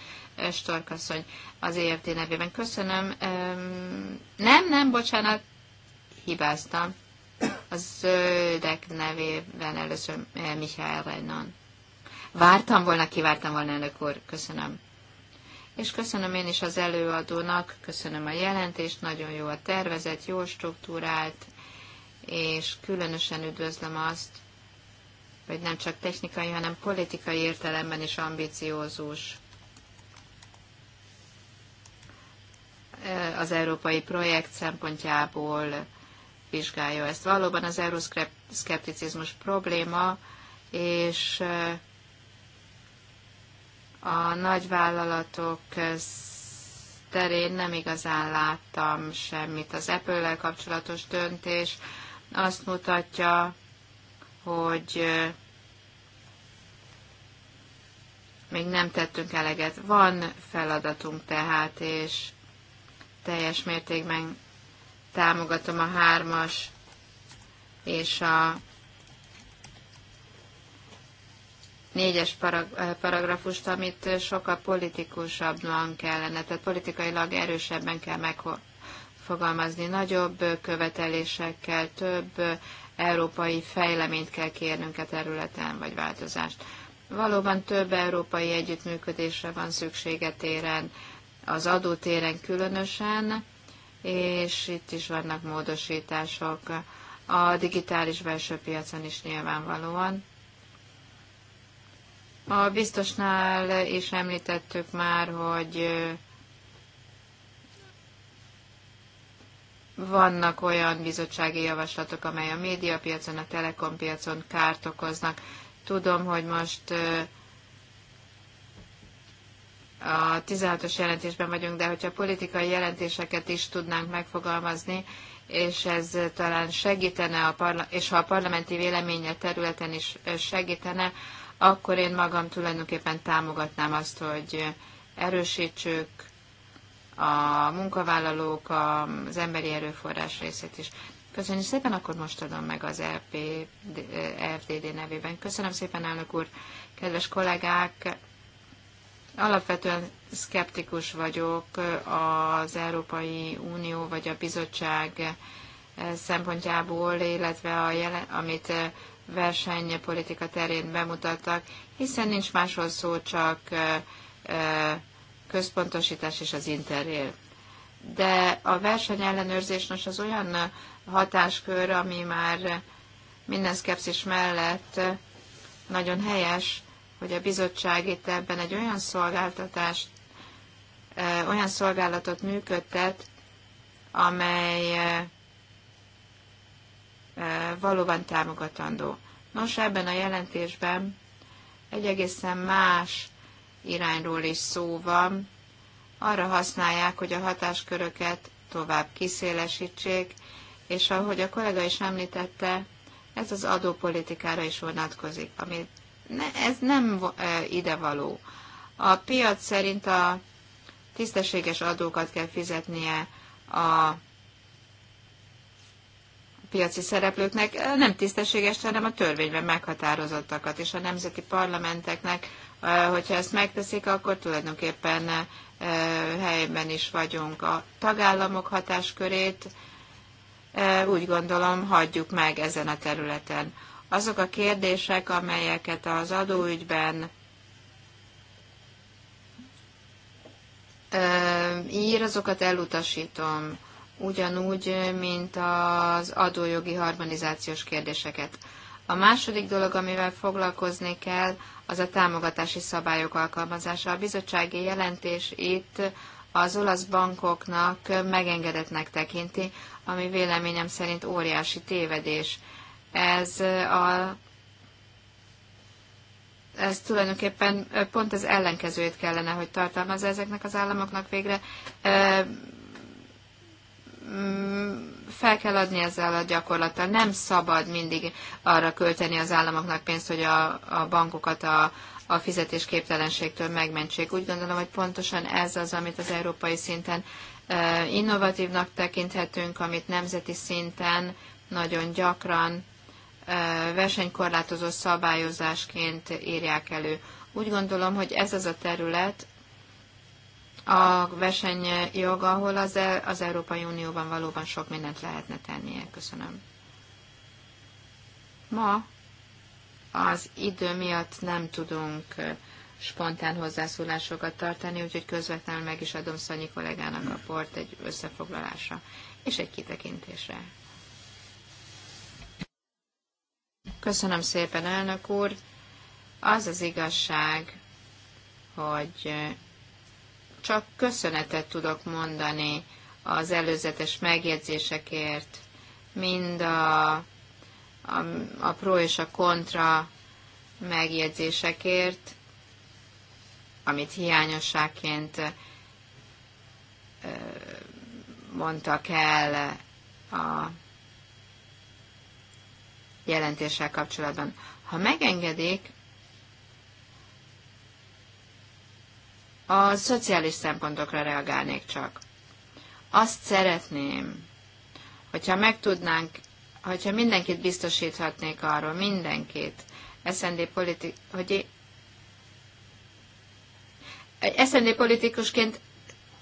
Storkasszony, az ERT nevében. Köszönöm. Nem, nem, bocsánat, hibáztam. A zöldek nevében először Michael Reynon. Vártam volna, kivártam volna, elnök úr. Köszönöm. És köszönöm én is az előadónak, köszönöm a jelentést, nagyon jó a tervezet, jó struktúrált, és különösen üdvözlöm azt, hogy nem csak technikai, hanem politikai értelemben is ambiciózus e, az európai projekt szempontjából vizsgálja ezt. Valóban az euroszkepticizmus probléma, és e, a nagyvállalatok eh, terén nem igazán láttam semmit. Az Apple-lel kapcsolatos döntés azt mutatja, hogy eh, még nem tettünk eleget. Van feladatunk tehát, és teljes mértékben támogatom a hármas és a négyes parag, eh, paragrafust, amit sokkal politikusabban kellene, tehát politikailag erősebben kell megfogalmazni, nagyobb követelésekkel, több európai fejleményt kell kérnünk a területen, vagy változást. Valóban több európai együttműködésre van szüksége téren, az adótéren különösen, és itt is vannak módosítások a digitális belső piacon is nyilvánvalóan a biztosnál is említettük már, hogy vannak olyan bizottsági javaslatok, amely a médiapiacon, a telekompiacon kárt okoznak. Tudom, hogy most a 16-os jelentésben vagyunk, de hogyha politikai jelentéseket is tudnánk megfogalmazni, és ez talán segítene, a parla- és ha a parlamenti véleménye területen is segítene, akkor én magam tulajdonképpen támogatnám azt, hogy erősítsük a munkavállalók, az emberi erőforrás részét is. Köszönjük szépen, akkor most adom meg az LP, FDD nevében. Köszönöm szépen, elnök úr, kedves kollégák! Alapvetően szkeptikus vagyok az Európai Unió vagy a bizottság szempontjából, illetve a jelen, amit versenypolitika terén bemutattak, hiszen nincs máshol szó, csak központosítás és az interél. De a versenyellenőrzés most az olyan hatáskör, ami már minden szkepszis mellett nagyon helyes, hogy a bizottság itt ebben egy olyan szolgáltatást, olyan szolgálatot működtet, amely E, valóban támogatandó. Nos, ebben a jelentésben egy egészen más irányról is szó van. Arra használják, hogy a hatásköröket tovább kiszélesítsék, és ahogy a kollega is említette, ez az adópolitikára is vonatkozik, ami ne, ez nem e, idevaló. A piac szerint a tisztességes adókat kell fizetnie a piaci szereplőknek eh, nem tisztességes, hanem a törvényben meghatározottakat, és a nemzeti parlamenteknek, eh, hogyha ezt megteszik, akkor tulajdonképpen eh, helyben is vagyunk. A tagállamok hatáskörét úgy gondolom hagyjuk meg ezen a területen. Azok a kérdések, amelyeket az adóügyben ír, azokat elutasítom ugyanúgy, mint az adójogi harmonizációs kérdéseket. A második dolog, amivel foglalkozni kell, az a támogatási szabályok alkalmazása. A bizottsági jelentés itt az olasz bankoknak megengedetnek tekinti, ami véleményem szerint óriási tévedés. Ez a ez tulajdonképpen pont az ellenkezőjét kellene, hogy tartalmazza ezeknek az államoknak végre Mm, fel kell adni ezzel a gyakorlattal. Nem szabad mindig arra költeni az államoknak pénzt, hogy a, a bankokat a, a fizetésképtelenségtől megmentsék. Úgy gondolom, hogy pontosan ez az, amit az európai szinten innovatívnak tekinthetünk, amit nemzeti szinten nagyon gyakran versenykorlátozó szabályozásként írják elő. Úgy gondolom, hogy ez az a terület, a versenyjog, ahol az, e az Európai Unióban valóban sok mindent lehetne tennie. Köszönöm. Ma az idő miatt nem tudunk spontán hozzászólásokat tartani, úgyhogy közvetlenül meg is adom Szanyi kollégának a port egy összefoglalásra és egy kitekintésre. Köszönöm szépen, elnök úr. Az az igazság, hogy csak köszönetet tudok mondani az előzetes megjegyzésekért, mind a, a, a pro és a kontra megjegyzésekért, amit hiányosságként mondtak el a jelentéssel kapcsolatban. Ha megengedik, A szociális szempontokra reagálnék csak. Azt szeretném, hogyha meg tudnánk, hogyha mindenkit biztosíthatnék arról, mindenkit, SND politi- hogy egy SND politikusként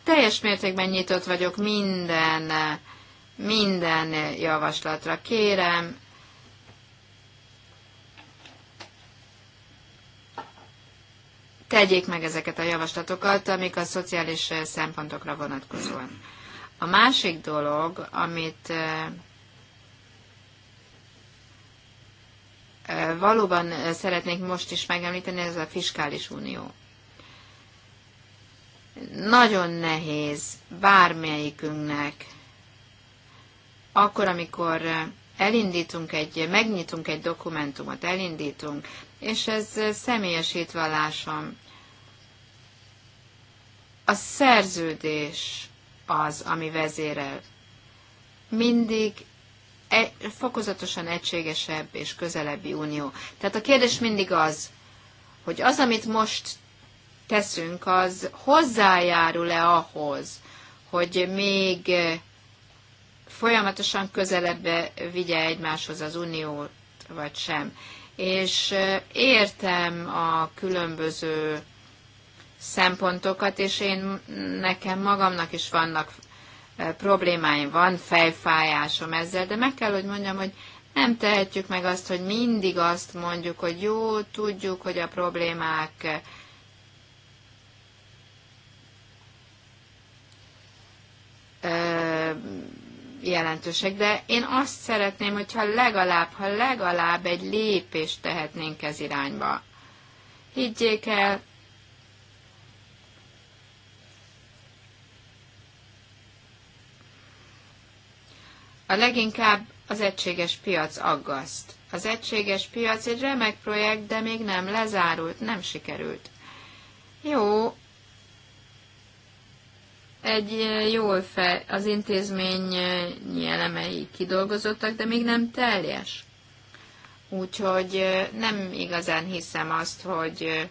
teljes mértékben nyitott vagyok minden, minden javaslatra. Kérem, tegyék meg ezeket a javaslatokat, amik a szociális eh, szempontokra vonatkozóan. A másik dolog, amit eh, eh, valóban szeretnék most is megemlíteni, ez a fiskális unió. Nagyon nehéz bármelyikünknek, akkor, amikor elindítunk egy, megnyitunk egy dokumentumot, elindítunk, és ez eh, személyesít vallásom. A szerződés az, ami vezérel. Mindig e- fokozatosan egységesebb és közelebbi unió. Tehát a kérdés mindig az, hogy az, amit most teszünk, az hozzájárul-e ahhoz, hogy még eh, folyamatosan közelebbe vigye egymáshoz az uniót, vagy sem és értem a különböző szempontokat, és én nekem magamnak is vannak problémáim, van fejfájásom ezzel, de meg kell, hogy mondjam, hogy nem tehetjük meg azt, hogy mindig azt mondjuk, hogy jó, tudjuk, hogy a problémák jelentősek, de én azt szeretném, hogyha legalább, ha legalább egy lépést tehetnénk ez irányba. Higgyék el, a leginkább az egységes piac aggaszt. Az egységes piac egy remek projekt, de még nem lezárult, nem sikerült. Jó, egy jól fel, az intézmény elemei kidolgozottak, de még nem teljes. Úgyhogy nem igazán hiszem azt, hogy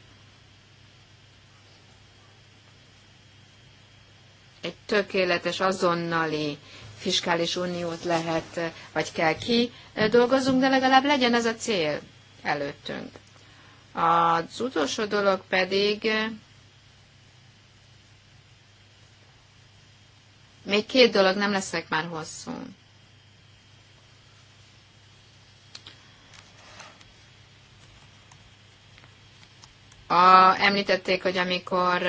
egy tökéletes, azonnali fiskális uniót lehet, vagy kell ki dolgozunk, de legalább legyen ez a cél előttünk. Az utolsó dolog pedig Még két dolog, nem leszek már hosszú. A, említették, hogy amikor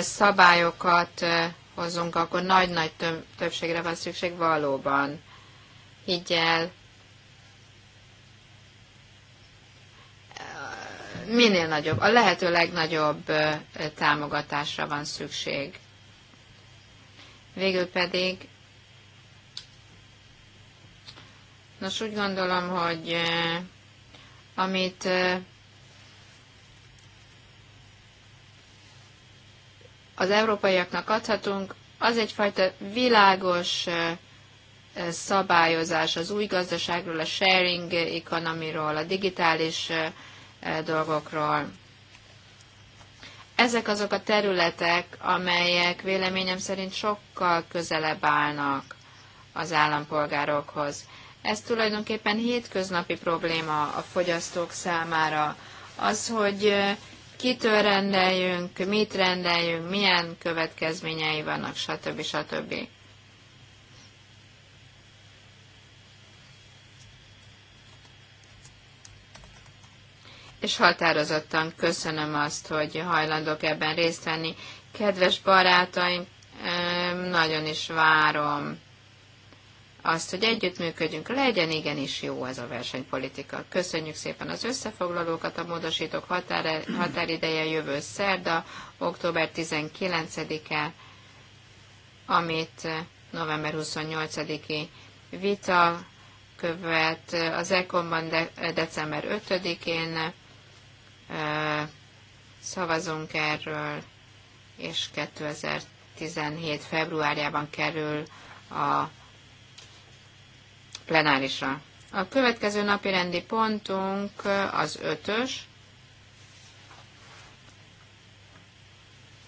szabályokat hozunk, akkor nagy-nagy többségre van szükség valóban. Higgyel, minél nagyobb, a lehető legnagyobb támogatásra van szükség. Végül pedig, nos úgy gondolom, hogy eh, amit eh, az európaiaknak adhatunk, az egyfajta világos eh, szabályozás az új gazdaságról, a sharing economy a digitális dolgokról. Ezek azok a területek, amelyek véleményem szerint sokkal közelebb állnak az állampolgárokhoz. Ez tulajdonképpen hétköznapi probléma a fogyasztók számára. Az, hogy kitől rendeljünk, mit rendeljünk, milyen következményei vannak, stb. stb. és határozottan köszönöm azt, hogy hajlandok ebben részt venni. Kedves barátaim, nagyon is várom azt, hogy együttműködjünk, legyen igenis jó ez a versenypolitika. Köszönjük szépen az összefoglalókat, a módosítók határ, határideje jövő szerda, október 19-e, amit november 28-i vita követ az ekonban de, december 5-én, Szavazunk erről, és 2017. februárjában kerül a plenárisra. A következő napi rendi pontunk az ötös.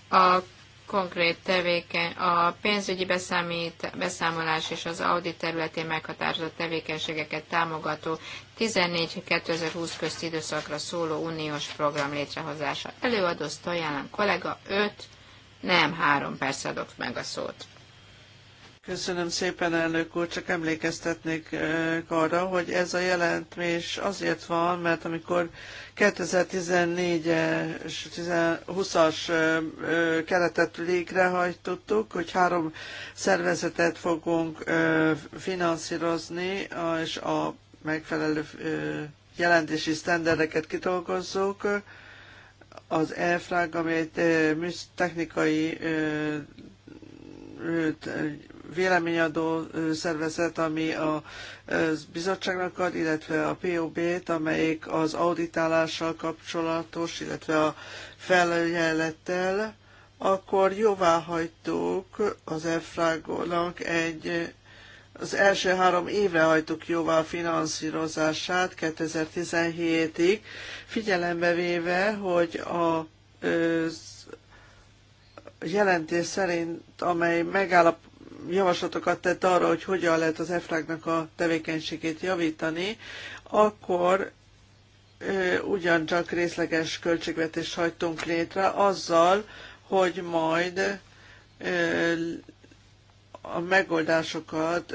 A konkrét tevékeny, a pénzügyi beszámít, beszámolás és az audit területén meghatározott tevékenységeket támogató 14-2020 közti időszakra szóló uniós program létrehozása. Előadó ajánlom, kollega 5, nem 3 perc adok meg a szót. Köszönöm szépen, elnök úr. Csak emlékeztetnék eh, arra, hogy ez a jelentés azért van, mert amikor 2014-es, 20-as eh, eh, keretet végrehajtottuk, hogy három szervezetet fogunk finanszírozni, és a megfelelő jelentési sztenderdeket kidolgozzuk, az EFRAG, ami egy technikai véleményadó szervezet, ami a bizottságnak ad, illetve a POB-t, amelyik az auditálással kapcsolatos, illetve a felügyelettel, akkor jóvá hagytuk az EFRAG-nak egy az első három évre hajtuk jóvá a finanszírozását 2017-ig, figyelembe véve, hogy a jelentés szerint, amely megállap, javaslatokat tett arra, hogy hogyan lehet az EFRAG-nak a tevékenységét javítani, akkor ugyancsak részleges költségvetést hagytunk létre azzal, hogy majd a megoldásokat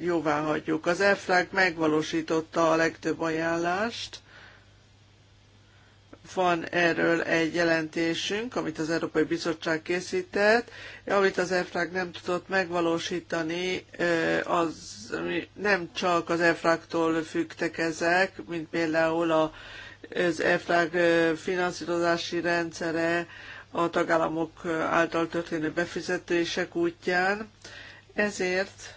jóvá hagyjuk. Az EFRAG megvalósította a legtöbb ajánlást, van erről egy jelentésünk, amit az Európai Bizottság készített, amit az EFRAG nem tudott megvalósítani, az nem csak az EFRAG-tól függtek ezek, mint például az EFRAG finanszírozási rendszere, a tagállamok által történő befizetések útján. Ezért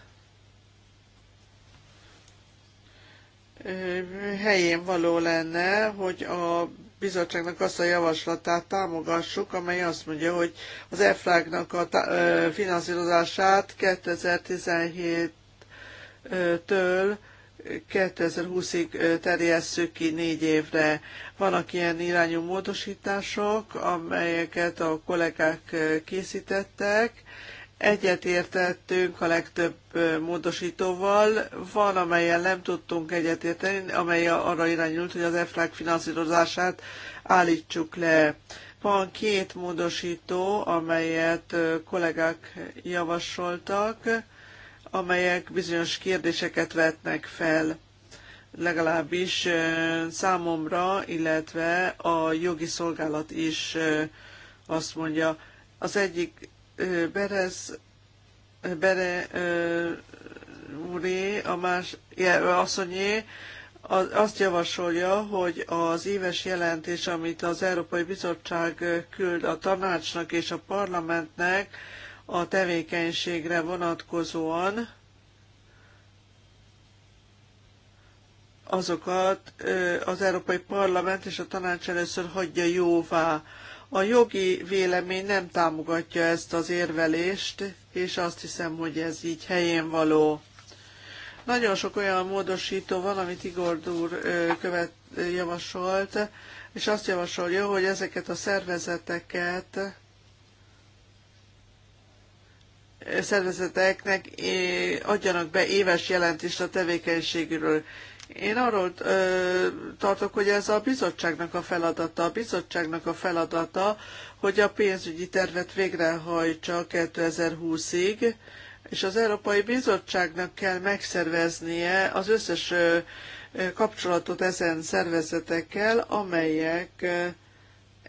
helyén való lenne, hogy a bizottságnak azt a javaslatát támogassuk, amely azt mondja, hogy az EFRAG-nak a finanszírozását 2017-től 2020-ig terjesszük ki négy évre. Vannak ilyen irányú módosítások, amelyeket a kollégák készítettek, Egyetértettünk a legtöbb módosítóval, van, amelyen nem tudtunk egyetérteni, amely arra irányult, hogy az EFRAG finanszírozását állítsuk le. Van két módosító, amelyet kollégák javasoltak, amelyek bizonyos kérdéseket vetnek fel legalábbis számomra, illetve a jogi szolgálat is azt mondja. Az egyik Berez, Bere úré, a más asszonyé, azt javasolja, hogy az éves jelentés, amit az Európai Bizottság küld a tanácsnak és a parlamentnek a tevékenységre vonatkozóan, azokat az Európai Parlament és a tanács először hagyja jóvá. A jogi vélemény nem támogatja ezt az érvelést, és azt hiszem, hogy ez így helyén való. Nagyon sok olyan módosító van, amit Igor úr követ, javasolt, és azt javasolja, hogy ezeket a szervezeteket szervezeteknek adjanak be éves jelentést a tevékenységről. Én arról ö, tartok, hogy ez a bizottságnak a feladata. A bizottságnak a feladata, hogy a pénzügyi tervet végrehajtsa 2020-ig, és az Európai Bizottságnak kell megszerveznie az összes ö, kapcsolatot ezen szervezetekkel, amelyek ö,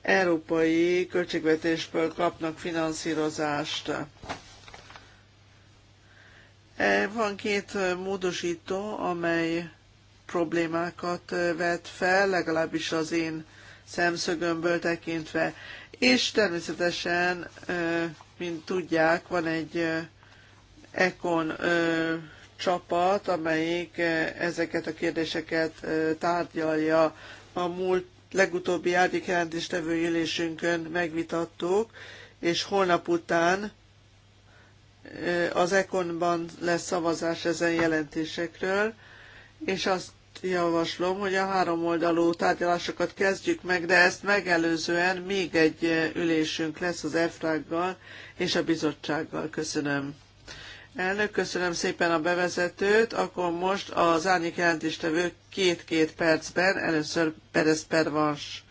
európai költségvetésből kapnak finanszírozást. E, van két módosító, amely problémákat vet fel, legalábbis az én szemszögömből tekintve. És természetesen, mint tudják, van egy Econ csapat, amelyik ezeket a kérdéseket tárgyalja. A múlt legutóbbi árnyékjelentéstevő ülésünkön megvitattuk, és holnap után az Econban lesz szavazás ezen jelentésekről, és azt javaslom, hogy a három oldalú tárgyalásokat kezdjük meg, de ezt megelőzően még egy ülésünk lesz az efrag gal és a bizottsággal. Köszönöm. Elnök, köszönöm szépen a bevezetőt. Akkor most az árnyék jelentéstevő két-két percben, először Perez Pervans.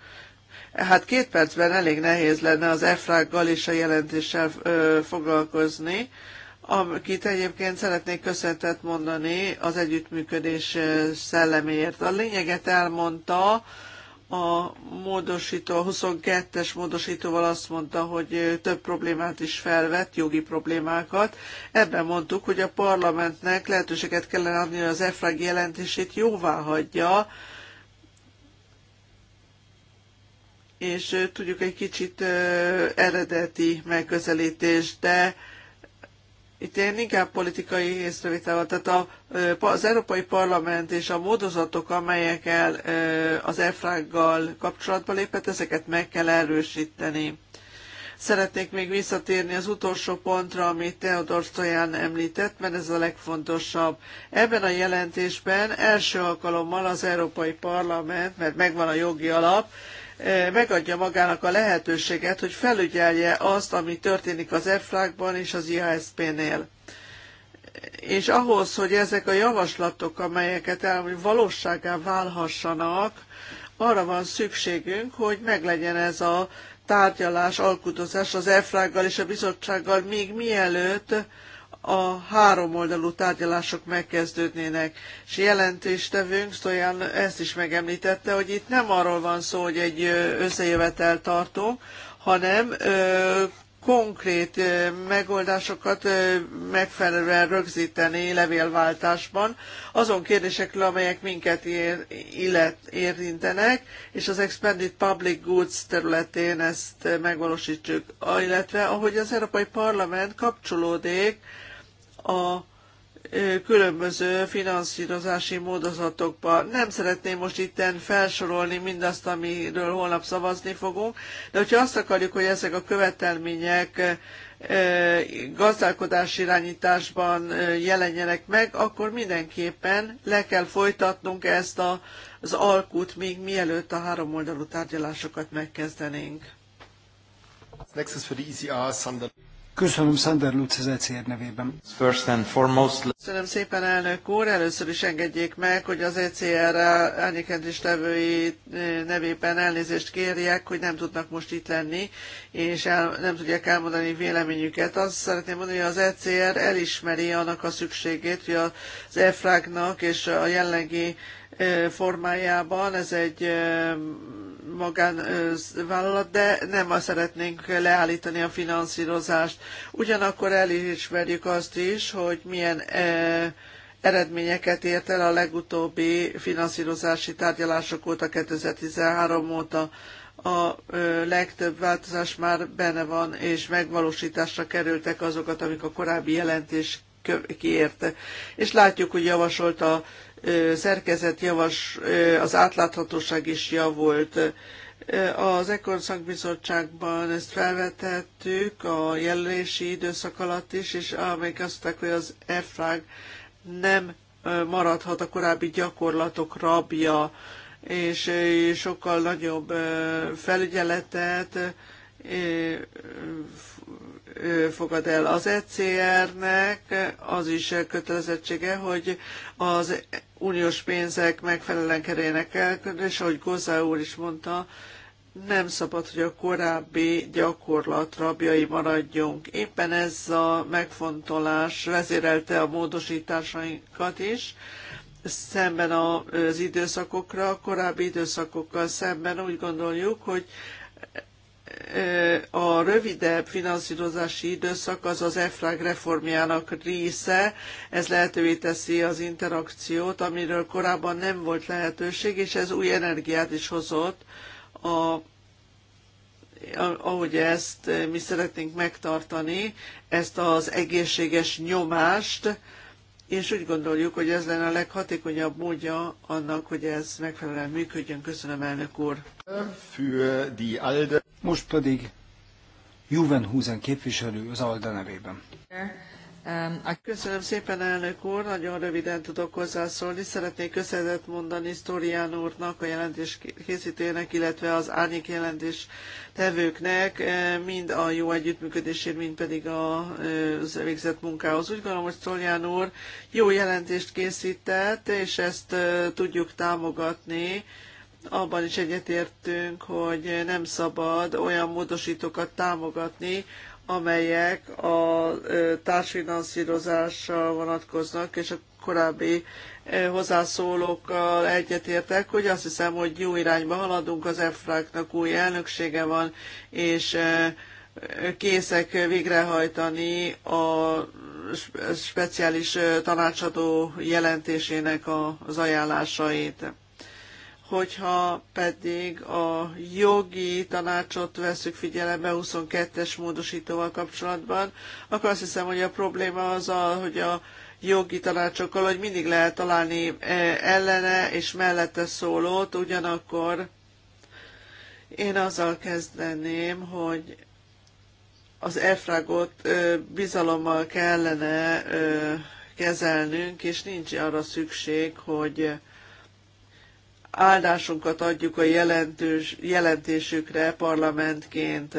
Hát két percben elég nehéz lenne az efrag gal és a jelentéssel ö, foglalkozni akit egyébként szeretnék köszönetet mondani az együttműködés szelleméért. A lényeget elmondta, a módosító, a 22-es módosítóval azt mondta, hogy több problémát is felvett, jogi problémákat. Ebben mondtuk, hogy a parlamentnek lehetőséget kellene adni, hogy az EFRAG jelentését jóvá hagyja, és tudjuk egy kicsit eredeti megközelítés, de itt én inkább politikai észrevétel, tehát a, az Európai Parlament és a módozatok, amelyekkel az EFRAG-gal kapcsolatba lépett, ezeket meg kell erősíteni. Szeretnék még visszatérni az utolsó pontra, amit Teodor Stoyan említett, mert ez a legfontosabb. Ebben a jelentésben első alkalommal az Európai Parlament, mert megvan a jogi alap, megadja magának a lehetőséget, hogy felügyelje azt, ami történik az EFRAG-ban és az IHSP-nél. És ahhoz, hogy ezek a javaslatok, amelyeket el, valóságá válhassanak, arra van szükségünk, hogy meglegyen ez a tárgyalás, alkudozás az efrag gal és a bizottsággal még mielőtt a háromoldalú tárgyalások megkezdődnének. És jelentéstevőnk Stojan ezt is megemlítette, hogy itt nem arról van szó, hogy egy összejövetel tartunk, hanem ö, konkrét ö, megoldásokat ö, megfelelően rögzíteni levélváltásban azon kérdésekről, amelyek minket ér, illet, érintenek, és az Expanded Public Goods területén ezt megvalósítsuk. Illetve, ahogy az Európai Parlament kapcsolódik, ö, a különböző finanszírozási módozatokba. Nem szeretném most itten felsorolni mindazt, amiről holnap szavazni fogunk, de hogyha azt akarjuk, hogy ezek a követelmények gazdálkodási irányításban jelenjenek meg, akkor mindenképpen le kell folytatnunk ezt a, az alkut még mielőtt a háromoldalú tárgyalásokat megkezdenénk. Next is for the ECR, Köszönöm Szander Lutz az ECR nevében. First and foremost... Köszönöm szépen, elnök úr. Először is engedjék meg, hogy az ECR árnyékentés tevői eh, nevében elnézést kérjek, hogy nem tudnak most itt lenni, és el, nem tudják elmondani véleményüket. Azt szeretném mondani, hogy az ECR elismeri annak a szükségét, hogy az EFRAG-nak és a jelenlegi formájában, ez egy magánvállalat, de nem azt szeretnénk leállítani a finanszírozást. Ugyanakkor elismerjük azt is, hogy milyen eredményeket ért el a legutóbbi finanszírozási tárgyalások óta, 2013 óta a legtöbb változás már benne van, és megvalósításra kerültek azokat, amik a korábbi jelentés kiérte. És látjuk, hogy javasolt a szerkezet javas, az átláthatóság is javult. Az Ekkor szakbizottságban ezt felvetettük a jelölési időszak alatt is, és amelyik azt mondták, hogy az EFRAG nem maradhat a korábbi gyakorlatok rabja, és sokkal nagyobb felügyeletet fogad el. Az ECR-nek az is kötelezettsége, hogy az uniós pénzek megfelelően kerüljenek el, és ahogy Gozá úr is mondta, nem szabad, hogy a korábbi gyakorlat rabjai maradjunk. Éppen ez a megfontolás vezérelte a módosításainkat is, szemben az időszakokra, a korábbi időszakokkal szemben úgy gondoljuk, hogy a rövidebb finanszírozási időszak az az EFRAG reformjának része, ez lehetővé teszi az interakciót, amiről korábban nem volt lehetőség, és ez új energiát is hozott, a, ahogy ezt mi szeretnénk megtartani, ezt az egészséges nyomást, és úgy gondoljuk, hogy ez lenne a leghatékonyabb módja annak, hogy ez megfelelően működjön. Köszönöm, elnök úr! Most pedig Juvenhusen képviselő az ALDE nevében. Um, Köszönöm szépen, elnök úr, nagyon röviden tudok hozzászólni. Szeretnék köszönetet mondani Sztorián úrnak, a jelentés készítőjének, illetve az árnyék jelentés tevőknek, eh, mind a jó együttműködésért, mind pedig az végzett munkához. Úgy gondolom, hogy Sztorián úr jó jelentést készített, és ezt eh, tudjuk támogatni abban is egyetértünk, hogy nem szabad olyan módosítókat támogatni, amelyek a társfinanszírozással vonatkoznak, és a korábbi hozzászólókkal egyetértek, hogy azt hiszem, hogy jó irányba haladunk, az EFRAK-nak új elnöksége van, és készek végrehajtani a speciális tanácsadó jelentésének az ajánlásait hogyha pedig a jogi tanácsot veszük figyelembe 22-es módosítóval kapcsolatban, akkor azt hiszem, hogy a probléma az, a, hogy a jogi tanácsokkal, hogy mindig lehet találni e, ellene és mellette szólót, ugyanakkor én azzal kezdeném, hogy az efragot bizalommal kellene kezelnünk, és nincs arra szükség, hogy áldásunkat adjuk a jelentős, jelentésükre parlamentként.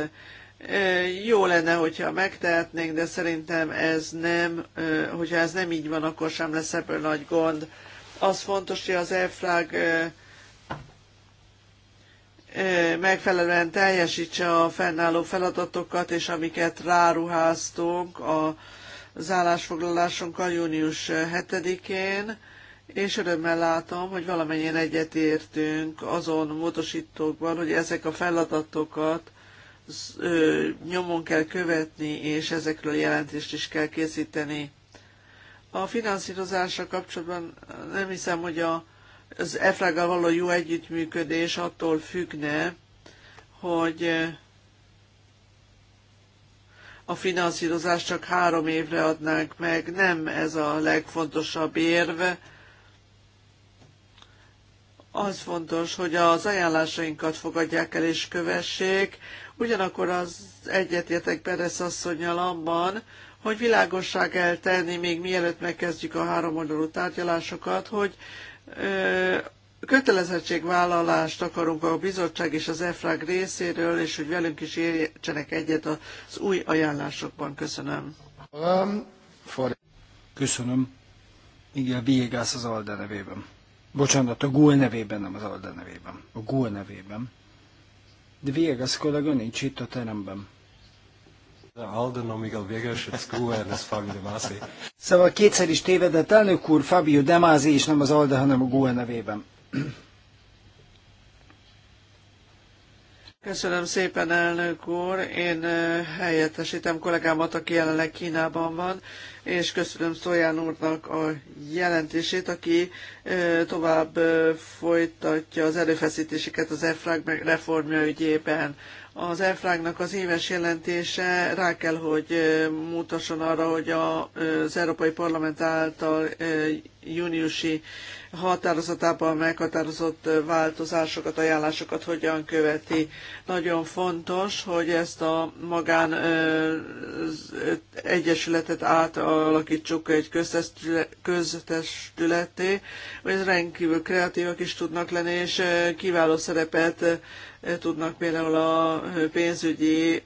Jó lenne, hogyha megtehetnénk, de szerintem ez nem, hogyha ez nem így van, akkor sem lesz ebből nagy gond. Az fontos, hogy az EFRAG megfelelően teljesítse a fennálló feladatokat, és amiket ráruháztunk az állásfoglalásunkkal június 7-én és örömmel látom, hogy valamennyien egyetértünk azon módosítókban, hogy ezek a feladatokat nyomon kell követni, és ezekről jelentést is kell készíteni. A finanszírozásra kapcsolatban nem hiszem, hogy a, az EFRAG-gal való jó együttműködés attól függne, hogy a finanszírozást csak három évre adnánk meg. Nem ez a legfontosabb érve, az fontos, hogy az ajánlásainkat fogadják el és kövessék, ugyanakkor az egyetértek Peres asszonynal abban, hogy világossá kell tenni, még mielőtt megkezdjük a háromoldalú tárgyalásokat, hogy ö, kötelezettségvállalást akarunk a bizottság és az EFRAG részéről, és hogy velünk is értsenek egyet az új ajánlásokban. Köszönöm. for Köszönöm. Igen, Biegász az Alde nevében. Bocsánat, a Gól nevében, nem az Alda nevében. A Gól nevében. De Viegas kollega nincs itt a teremben. Alda a Miguel ez it's ez Fabio De Masi. Szóval kétszer is tévedett elnök úr, Fabio De Masi, és nem az Alda, hanem a Gól nevében. Köszönöm szépen, elnök úr. Én helyettesítem kollégámat, aki jelenleg Kínában van, és köszönöm Szolján úrnak a jelentését, aki tovább folytatja az erőfeszítéseket az EFRAG reformja ügyében az EFRÁG-nak az éves jelentése rá kell, hogy mutasson arra, hogy az Európai Parlament által júniusi határozatában meghatározott változásokat, ajánlásokat hogyan követi. Nagyon fontos, hogy ezt a magán egyesületet átalakítsuk egy köztestületé, hogy ez rendkívül kreatívak is tudnak lenni, és kiváló szerepet tudnak például a pénzügyi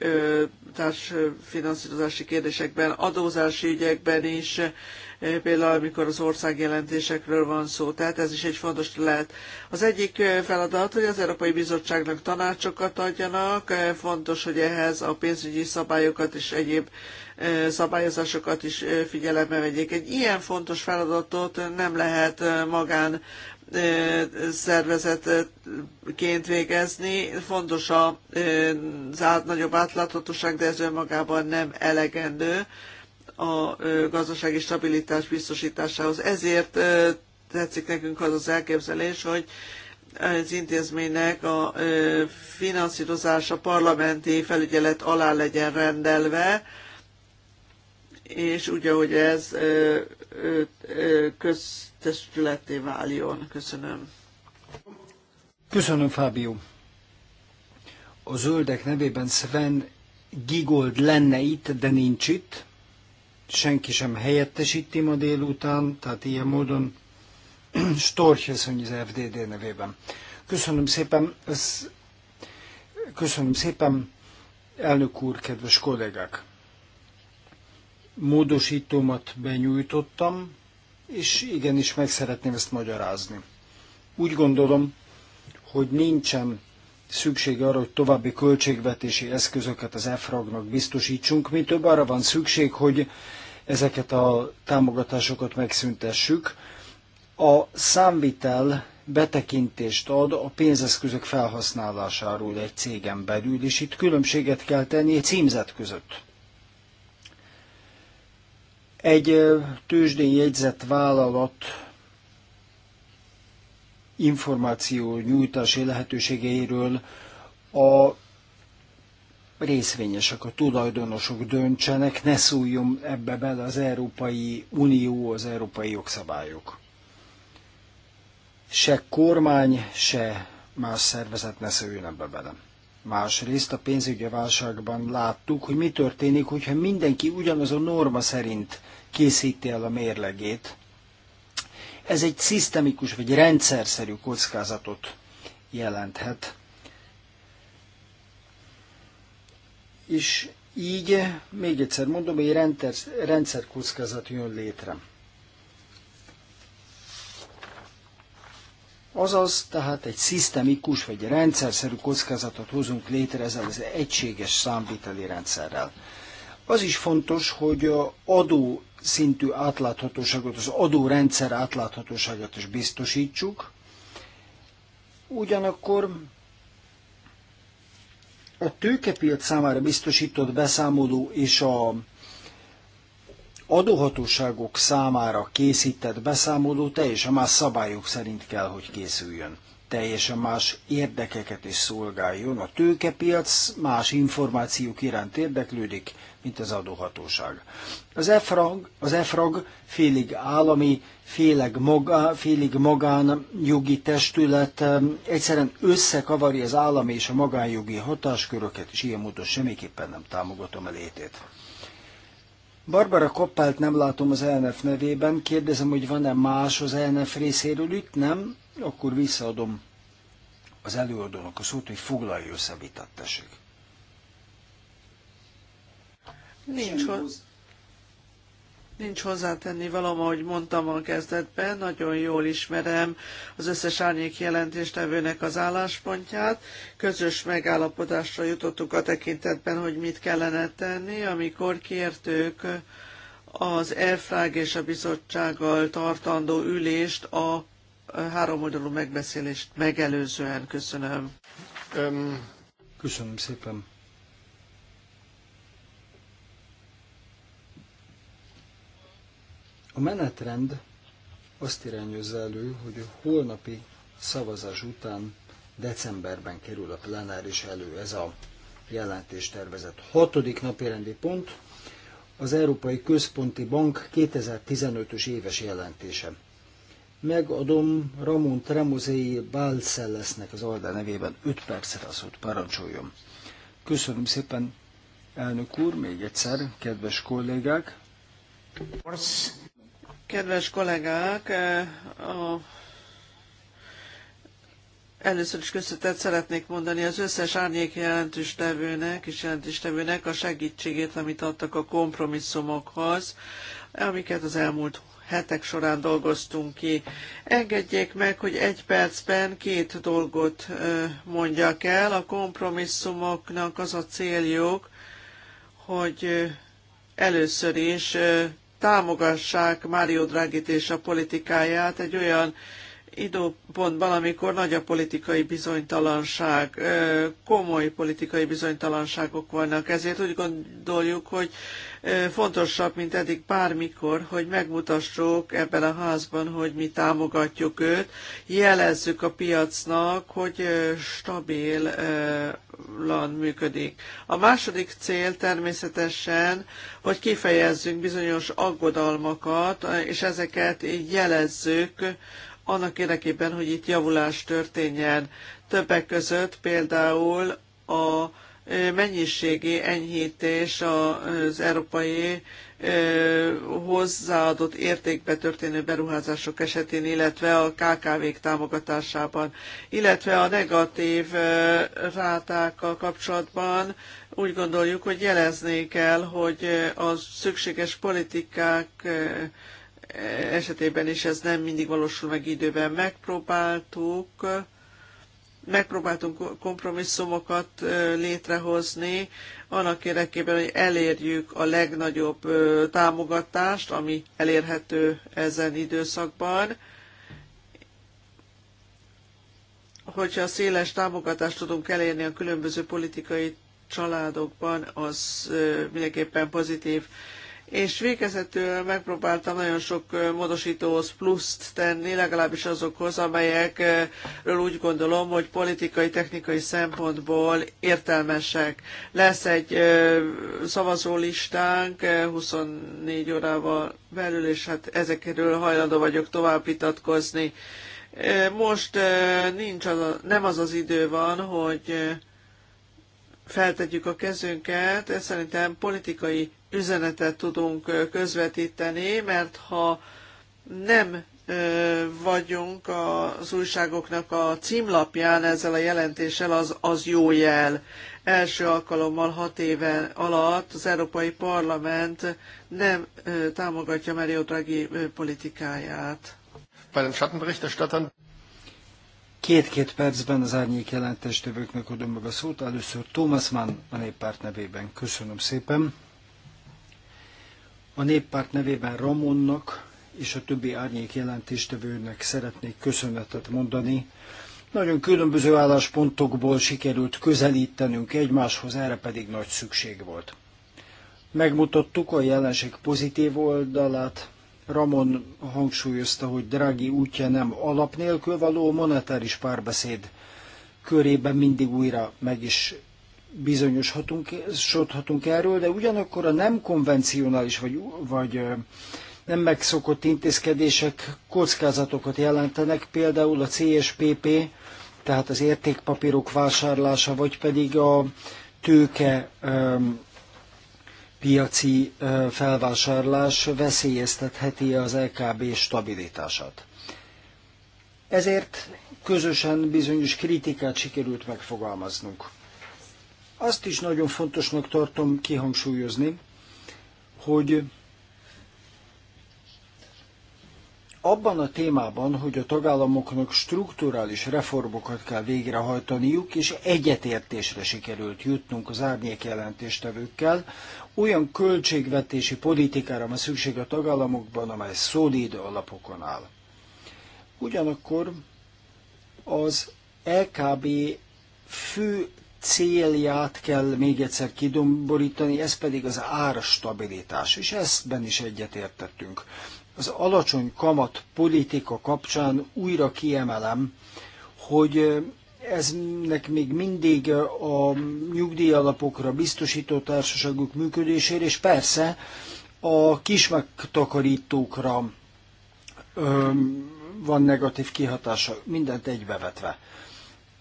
társfinanszírozási kérdésekben, adózási ügyekben is, például amikor az országjelentésekről van szó. Tehát ez is egy fontos lehet. Az egyik feladat, hogy az Európai Bizottságnak tanácsokat adjanak, fontos, hogy ehhez a pénzügyi szabályokat és egyéb szabályozásokat is figyelembe vegyék. Egy ilyen fontos feladatot nem lehet magán szervezetként végezni. Fontos az át, nagyobb átláthatóság, de ez önmagában nem elegendő a gazdasági stabilitás biztosításához. Ezért tetszik nekünk az az elképzelés, hogy az intézménynek a finanszírozása parlamenti felügyelet alá legyen rendelve, és úgy, ahogy ez köz testületé váljon. Köszönöm. Köszönöm, Fábio. A zöldek nevében Sven Gigold lenne itt, de nincs itt. Senki sem helyettesíti ma délután, tehát ilyen módon Storcheszony az FDD nevében. Köszönöm szépen, ez, köszönöm szépen, elnök úr, kedves kollégák! Módosítómat benyújtottam, és igenis meg szeretném ezt magyarázni. Úgy gondolom, hogy nincsen szükség arra, hogy további költségvetési eszközöket az EFRAG-nak biztosítsunk, mi több arra van szükség, hogy ezeket a támogatásokat megszüntessük. A számvitel betekintést ad a pénzeszközök felhasználásáról egy cégen belül, és itt különbséget kell tenni egy címzet között. Egy tőzsdén jegyzett vállalat információ nyújtási lehetőségeiről a részvényesek, a tulajdonosok döntsenek, ne szújjon ebbe bele az Európai Unió, az európai jogszabályok. Se kormány, se más szervezet ne szőjön ebbe bele. Másrészt a pénzügyi válságban láttuk, hogy mi történik, hogyha mindenki ugyanaz a norma szerint készíti el a mérlegét. Ez egy szisztemikus vagy rendszerszerű kockázatot jelenthet. És így, még egyszer mondom, egy rendszer, kockázat jön létre. Azaz, tehát egy szisztemikus vagy rendszerszerű kockázatot hozunk létre ezzel az egységes számviteli rendszerrel. Az is fontos, hogy a adó szintű átláthatóságot, az adórendszer átláthatóságát is biztosítsuk. Ugyanakkor a tőkepiac számára biztosított beszámoló és a adóhatóságok számára készített beszámoló teljesen más szabályok szerint kell, hogy készüljön teljesen más érdekeket is szolgáljon. A tőkepiac más információk iránt érdeklődik, mint az adóhatóság. Az EFRAG, az EFRAG félig állami, félig, maga, félig magán jogi testület egyszerűen összekavarja az állami és a magánjogi hatásköröket, és ilyen módon semmiképpen nem támogatom a létét. Barbara Koppelt nem látom az ELNF nevében, kérdezem, hogy van-e más az ELNF részéről itt, nem? akkor visszaadom az előadónak a szót, hogy foglalja össze vitat, tessék. Nincs, hoz, nincs hozzátenni valam, ahogy mondtam a kezdetben, nagyon jól ismerem az összes árnyék jelentéstevőnek az álláspontját. Közös megállapodásra jutottuk a tekintetben, hogy mit kellene tenni, amikor kértők az Elfrág és a bizottsággal tartandó ülést a háromoldalú megbeszélést megelőzően. Köszönöm. Köszönöm szépen. A menetrend azt irányozza elő, hogy a holnapi szavazás után decemberben kerül a plenáris elő ez a jelentés tervezett Hatodik napi rendi pont az Európai Központi Bank 2015-ös éves jelentése megadom Ramon Tremozei Bálszellesznek az Alda nevében 5 percet az, hogy parancsoljon. Köszönöm szépen, elnök úr, még egyszer, kedves kollégák. Kedves kollégák, eh, a Először is köszönetet szeretnék mondani az összes árnyék jelentőstevőnek és jelentéstevőnek a segítségét, amit adtak a kompromisszumokhoz, amiket az elmúlt hetek során dolgoztunk ki. Engedjék meg, hogy egy percben két dolgot mondjak el. A kompromisszumoknak az a céljuk, hogy először is támogassák Mário Dragit és a politikáját egy olyan időpontban, amikor nagy a politikai bizonytalanság, komoly politikai bizonytalanságok vannak. Ezért úgy gondoljuk, hogy fontosabb, mint eddig bármikor, hogy megmutassuk ebben a házban, hogy mi támogatjuk őt, jelezzük a piacnak, hogy stabilan működik. A második cél természetesen, hogy kifejezzünk bizonyos aggodalmakat, és ezeket jelezzük annak érdekében, hogy itt javulás történjen. Többek között például a e, mennyiségi enyhítés az európai e, hozzáadott értékbe történő beruházások esetén, illetve a KKV-k támogatásában, illetve a negatív e, rátákkal kapcsolatban úgy gondoljuk, hogy jelezni kell, hogy a szükséges politikák esetében is ez nem mindig valósul meg időben. Megpróbáltuk, megpróbáltunk kompromisszumokat létrehozni annak érdekében, hogy elérjük a legnagyobb támogatást, ami elérhető ezen időszakban. Hogyha széles támogatást tudunk elérni a különböző politikai családokban, az mindenképpen pozitív és végezetül megpróbáltam nagyon sok módosítóhoz pluszt tenni, legalábbis azokhoz, amelyekről úgy gondolom, hogy politikai, technikai szempontból értelmesek. Lesz egy szavazólistánk 24 órával belül, és hát ezekről hajlandó vagyok tovább vitatkozni. Most nincs az a, nem az az idő van, hogy feltegyük a kezünket, ez szerintem politikai üzenetet tudunk közvetíteni, mert ha nem vagyunk az újságoknak a címlapján ezzel a jelentéssel, az, az jó jel. Első alkalommal hat éven alatt az Európai Parlament nem támogatja Mario Draghi politikáját. Két-két percben az árnyék jelentéstevőknek adom meg a szót. Először Thomas Mann a néppárt nevében. Köszönöm szépen. A néppárt nevében Ramonnak és a többi árnyék jelentéstevőnek szeretnék köszönetet mondani. Nagyon különböző álláspontokból sikerült közelítenünk egymáshoz, erre pedig nagy szükség volt. Megmutattuk a jelenség pozitív oldalát, Ramon hangsúlyozta, hogy Draghi útja nem alap nélkül való monetáris párbeszéd körében mindig újra meg is bizonyosodhatunk erről, de ugyanakkor a nem konvencionális vagy, vagy nem megszokott intézkedések kockázatokat jelentenek, például a CSPP, tehát az értékpapírok vásárlása, vagy pedig a tőke piaci felvásárlás veszélyeztetheti az LKB stabilitását. Ezért közösen bizonyos kritikát sikerült megfogalmaznunk. Azt is nagyon fontosnak tartom kihangsúlyozni, hogy abban a témában, hogy a tagállamoknak strukturális reformokat kell végrehajtaniuk, és egyetértésre sikerült jutnunk az árnyék jelentéstevőkkel, olyan költségvetési politikára van szükség a tagállamokban, amely szolid alapokon áll. Ugyanakkor az LKB e fő célját kell még egyszer kidomborítani, ez pedig az árstabilitás, és eztben is egyetértettünk. Az alacsony kamat politika kapcsán újra kiemelem, hogy eznek még mindig a nyugdíjalapokra biztosító társaságok működésére, és persze a kismegtakarítókra van negatív kihatása, mindent egybevetve.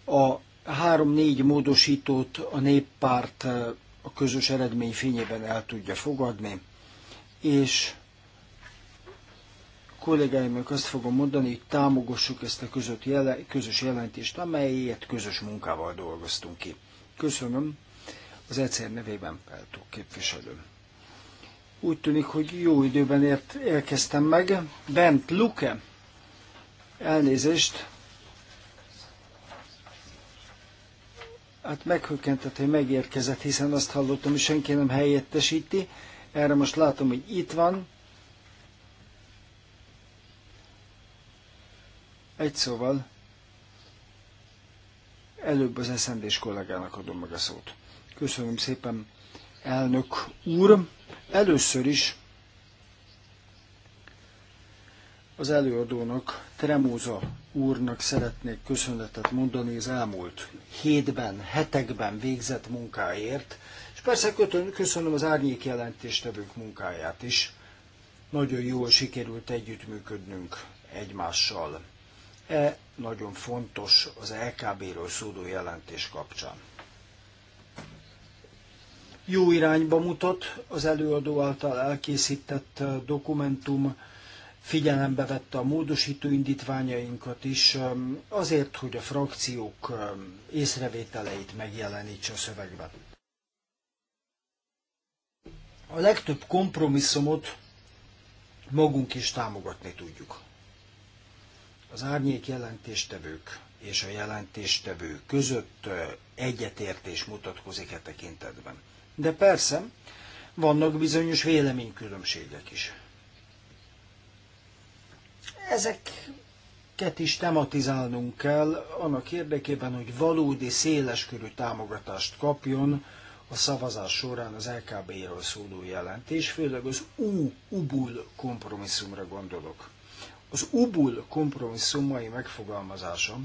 A Három-négy módosítót a néppárt a közös eredmény fényében el tudja fogadni, és kollégáimnak azt fogom mondani, hogy támogassuk ezt a között jele, közös jelentést, amelyet közös munkával dolgoztunk ki. Köszönöm az egyszer nevében Peltó képviselő. Úgy tűnik, hogy jó időben ért, érkeztem meg. Bent Luke, elnézést, Hát meghökkentett, hogy megérkezett, hiszen azt hallottam, hogy senki nem helyettesíti. Erre most látom, hogy itt van. Egy szóval, előbb az eszendés kollégának adom meg a szót. Köszönöm szépen, elnök úr. Először is az előadónak, Tremóza úrnak szeretnék köszönetet mondani az elmúlt hétben, hetekben végzett munkáért, és persze köszönöm az árnyék jelentéstevők munkáját is. Nagyon jól sikerült együttműködnünk egymással. E nagyon fontos az LKB-ről szóló jelentés kapcsán. Jó irányba mutat az előadó által elkészített dokumentum, figyelembe vette a módosító indítványainkat is, um, azért, hogy a frakciók um, észrevételeit megjelenítse a szövegben. A legtöbb kompromisszumot magunk is támogatni tudjuk. Az árnyék jelentéstevők és a jelentéstevő között uh, egyetértés mutatkozik e tekintetben. De persze, vannak bizonyos véleménykülönbségek is. Ezeket is tematizálnunk kell annak érdekében, hogy valódi széleskörű támogatást kapjon a szavazás során az LKB-ről szóló jelentés, főleg az U-ubul kompromisszumra gondolok. Az ubul mai megfogalmazása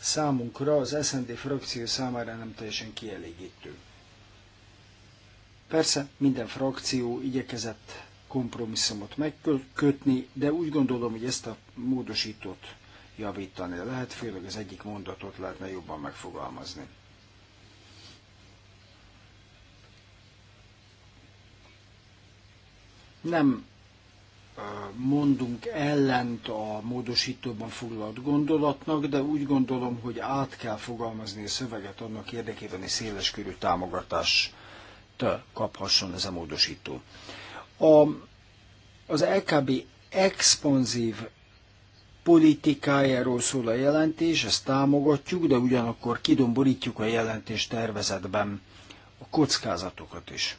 számunkra, az SND frakció számára nem teljesen kielégítő. Persze minden frakció igyekezett kompromisszumot megkötni, de úgy gondolom, hogy ezt a módosítót javítani lehet, főleg az egyik mondatot lehetne jobban megfogalmazni. Nem mondunk ellent a módosítóban foglalt gondolatnak, de úgy gondolom, hogy át kell fogalmazni a szöveget annak érdekében, hogy széles körű támogatást kaphasson ez a módosító. A, az LKB expanzív politikájáról szól a jelentés, ezt támogatjuk, de ugyanakkor kidomborítjuk a jelentés tervezetben a kockázatokat is.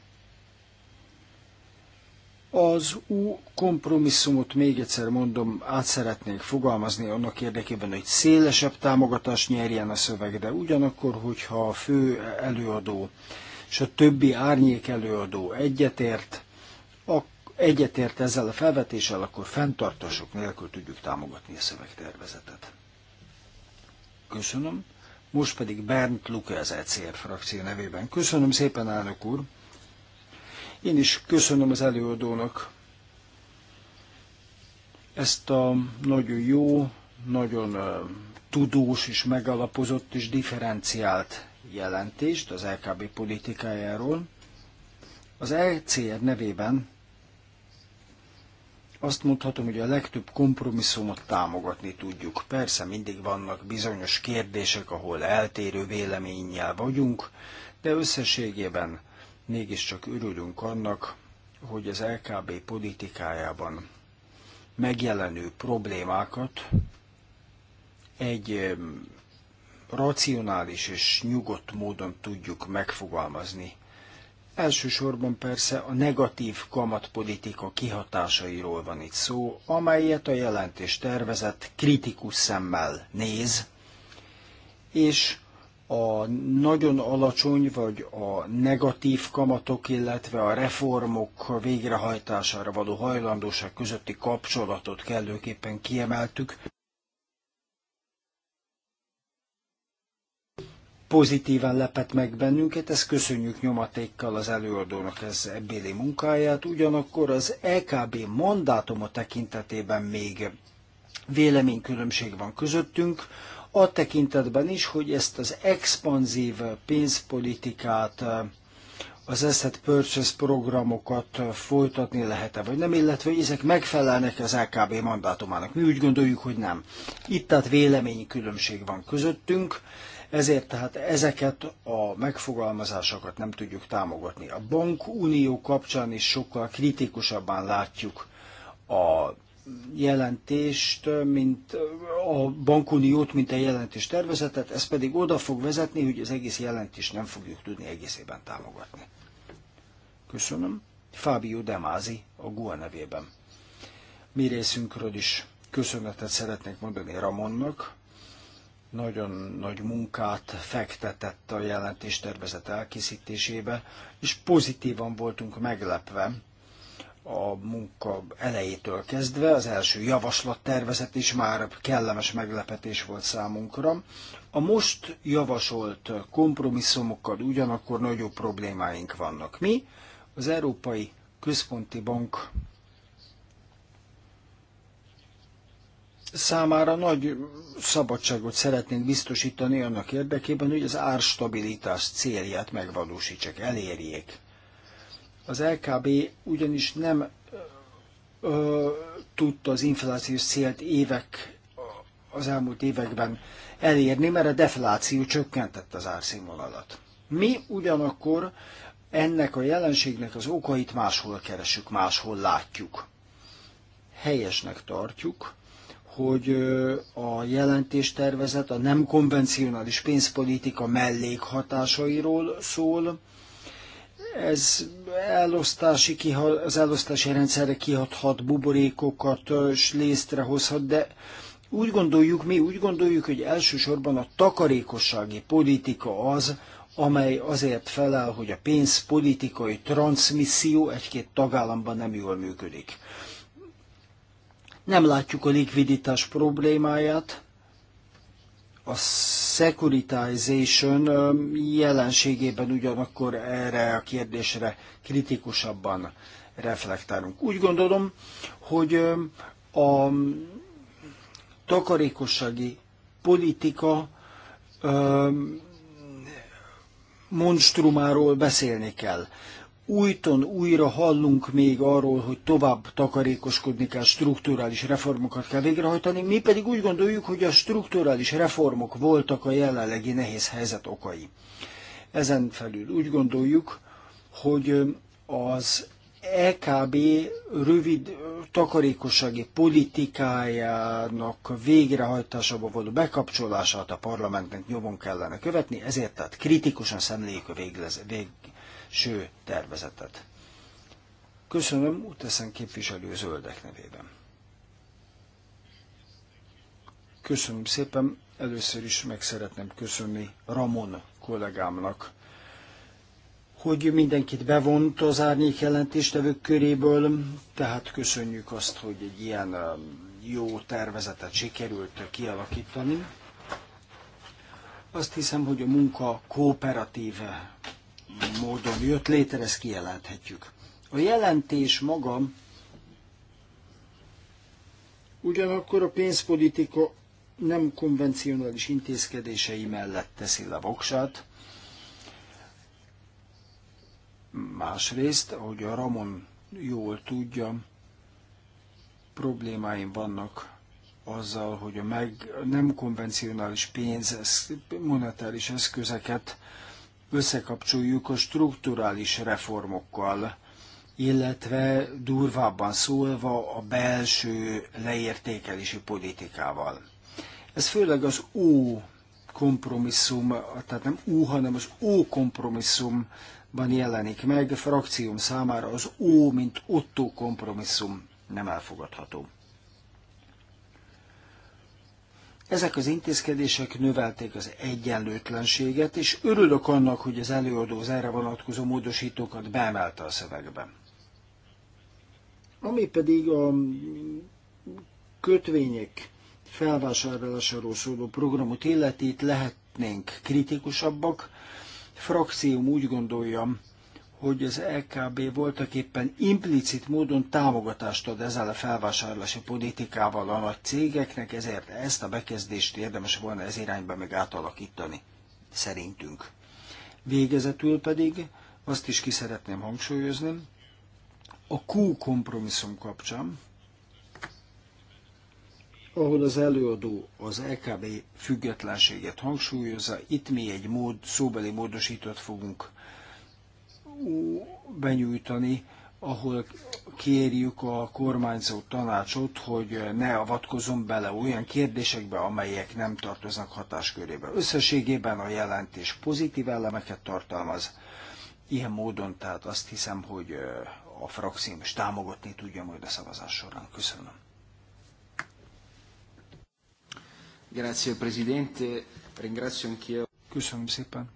Az U kompromisszumot még egyszer mondom, át szeretnék fogalmazni annak érdekében, hogy szélesebb támogatást nyerjen a szöveg, de ugyanakkor, hogyha a fő előadó és a többi árnyék előadó egyetért, egyetért ezzel a felvetéssel, akkor fenntartások nélkül tudjuk támogatni a szövegtervezetet. Köszönöm. Most pedig Bernd Luke az ECR frakció nevében. Köszönöm szépen, elnök úr. Én is köszönöm az előadónak ezt a nagyon jó, nagyon tudós és megalapozott és differenciált jelentést az LKB politikájáról. Az ECR nevében azt mondhatom, hogy a legtöbb kompromisszumot támogatni tudjuk. Persze mindig vannak bizonyos kérdések, ahol eltérő véleménnyel vagyunk, de összességében mégiscsak örülünk annak, hogy az LKB politikájában megjelenő problémákat egy racionális és nyugodt módon tudjuk megfogalmazni Elsősorban persze a negatív kamatpolitika kihatásairól van itt szó, amelyet a jelentés tervezett kritikus szemmel néz, és a nagyon alacsony vagy a negatív kamatok, illetve a reformok végrehajtására való hajlandóság közötti kapcsolatot kellőképpen kiemeltük. pozitívan lepett meg bennünket, ezt köszönjük nyomatékkal az előadónak ez ebbéli munkáját, ugyanakkor az EKB mandátuma tekintetében még véleménykülönbség van közöttünk, a tekintetben is, hogy ezt az expanzív pénzpolitikát, az asset purchase programokat folytatni lehet-e, vagy nem, illetve hogy ezek megfelelnek az LKB e mandátumának. Mi úgy gondoljuk, hogy nem. Itt tehát véleménykülönbség van közöttünk, ezért tehát ezeket a megfogalmazásokat nem tudjuk támogatni. A bankunió kapcsán is sokkal kritikusabban látjuk a jelentést, mint a bankuniót, mint a jelentés tervezetet, ez pedig oda fog vezetni, hogy az egész jelentést nem fogjuk tudni egészében támogatni. Köszönöm. Fábio Demázi a GUA nevében. Mi részünkről is köszönetet szeretnék mondani Ramonnak, nagyon nagy munkát fektetett a jelentés tervezet elkészítésébe, és pozitívan voltunk meglepve a munka elejétől kezdve, az első javaslattervezet is már kellemes meglepetés volt számunkra. A most javasolt kompromisszumokkal ugyanakkor nagyobb problémáink vannak. Mi, az Európai Központi Bank számára nagy szabadságot szeretnénk biztosítani annak érdekében, hogy az árstabilitás célját megvalósítsák, elérjék. Az LKB ugyanis nem ö, tudta az inflációs célt évek, az elmúlt években elérni, mert a defláció csökkentette az árszínvonalat. Mi ugyanakkor ennek a jelenségnek az okait máshol keresünk, máshol látjuk. Helyesnek tartjuk, hogy a jelentéstervezet a nem konvencionális pénzpolitika mellékhatásairól szól. Ez elosztási az elosztási rendszerre kihathat buborékokat, és létrehozhat, de úgy gondoljuk, mi úgy gondoljuk, hogy elsősorban a takarékossági politika az, amely azért felel, hogy a pénzpolitikai transmisszió egy-két tagállamban nem jól működik. Nem látjuk a likviditás problémáját. A securitization jelenségében ugyanakkor erre a kérdésre kritikusabban reflektálunk. Úgy gondolom, hogy a takarékossági politika monstrumáról beszélni kell újton újra hallunk még arról, hogy tovább takarékoskodni kell, strukturális reformokat kell végrehajtani, mi pedig úgy gondoljuk, hogy a strukturális reformok voltak a jelenlegi nehéz helyzet okai. Ezen felül úgy gondoljuk, hogy az EKB rövid takarékossági politikájának végrehajtásába való bekapcsolását a parlamentnek nyomon kellene követni, ezért tehát kritikusan szemléljük a véglez, vég, ső tervezetet. Köszönöm, Uteszen képviselő zöldek nevében. Köszönöm szépen, először is meg szeretném köszönni Ramon kollégámnak, hogy mindenkit bevont az árnyék jelentéstevők köréből, tehát köszönjük azt, hogy egy ilyen um, jó tervezetet sikerült kialakítani. Azt hiszem, hogy a munka kooperatív módon jött létre, ezt kijelenthetjük. A jelentés maga ugyanakkor a pénzpolitika nem konvencionális intézkedései mellett teszi le voksát. Másrészt, ahogy a Ramon jól tudja, problémáim vannak azzal, hogy a meg nem konvencionális pénz, monetáris eszközeket összekapcsoljuk a strukturális reformokkal, illetve durvábban szólva a belső leértékelési politikával. Ez főleg az ó kompromisszum, tehát nem ó, hanem az ó kompromisszumban jelenik meg, a frakcióm számára az ó, mint ottó kompromisszum nem elfogadható. Ezek az intézkedések növelték az egyenlőtlenséget, és örülök annak, hogy az előadó az erre vonatkozó módosítókat beemelte a szövegbe. Ami pedig a kötvények felvásárlásáról szóló programot illeti, itt lehetnénk kritikusabbak. Frakcióm úgy gondolja, hogy az LKB e voltak éppen implicit módon támogatást ad ezzel a felvásárlási politikával a nagy cégeknek, ezért ezt a bekezdést érdemes volna ez irányba meg átalakítani, szerintünk. Végezetül pedig azt is ki szeretném hangsúlyozni, a Q kompromisszum kapcsán, ahol az előadó az LKB e függetlenséget hangsúlyozza, itt mi egy mód, szóbeli módosítót fogunk benyújtani, ahol kérjük a kormányzó tanácsot, hogy ne avatkozzon bele olyan kérdésekbe, amelyek nem tartoznak hatáskörébe. Összességében a jelentés pozitív elemeket tartalmaz. Ilyen módon tehát azt hiszem, hogy a frakcióm is támogatni tudja majd a szavazás során. Köszönöm. Grazie, Presidente. Ringrazio anch'io. Köszönöm szépen.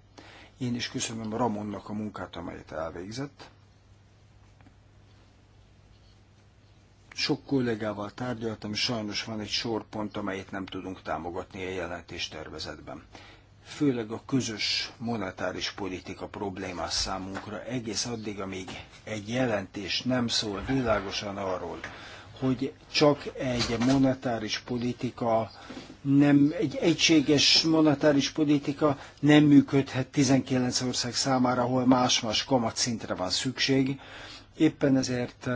Én is köszönöm Ramonnak a munkát, amelyet elvégzett. Sok kollégával tárgyaltam, sajnos van egy sorpont, amelyet nem tudunk támogatni a jelentéstervezetben. Főleg a közös monetáris politika problémás számunkra egész addig, amíg egy jelentés nem szól világosan arról, hogy csak egy monetáris politika, nem, egy egységes monetáris politika nem működhet 19 ország számára, ahol más-más kamatszintre van szükség. Éppen ezért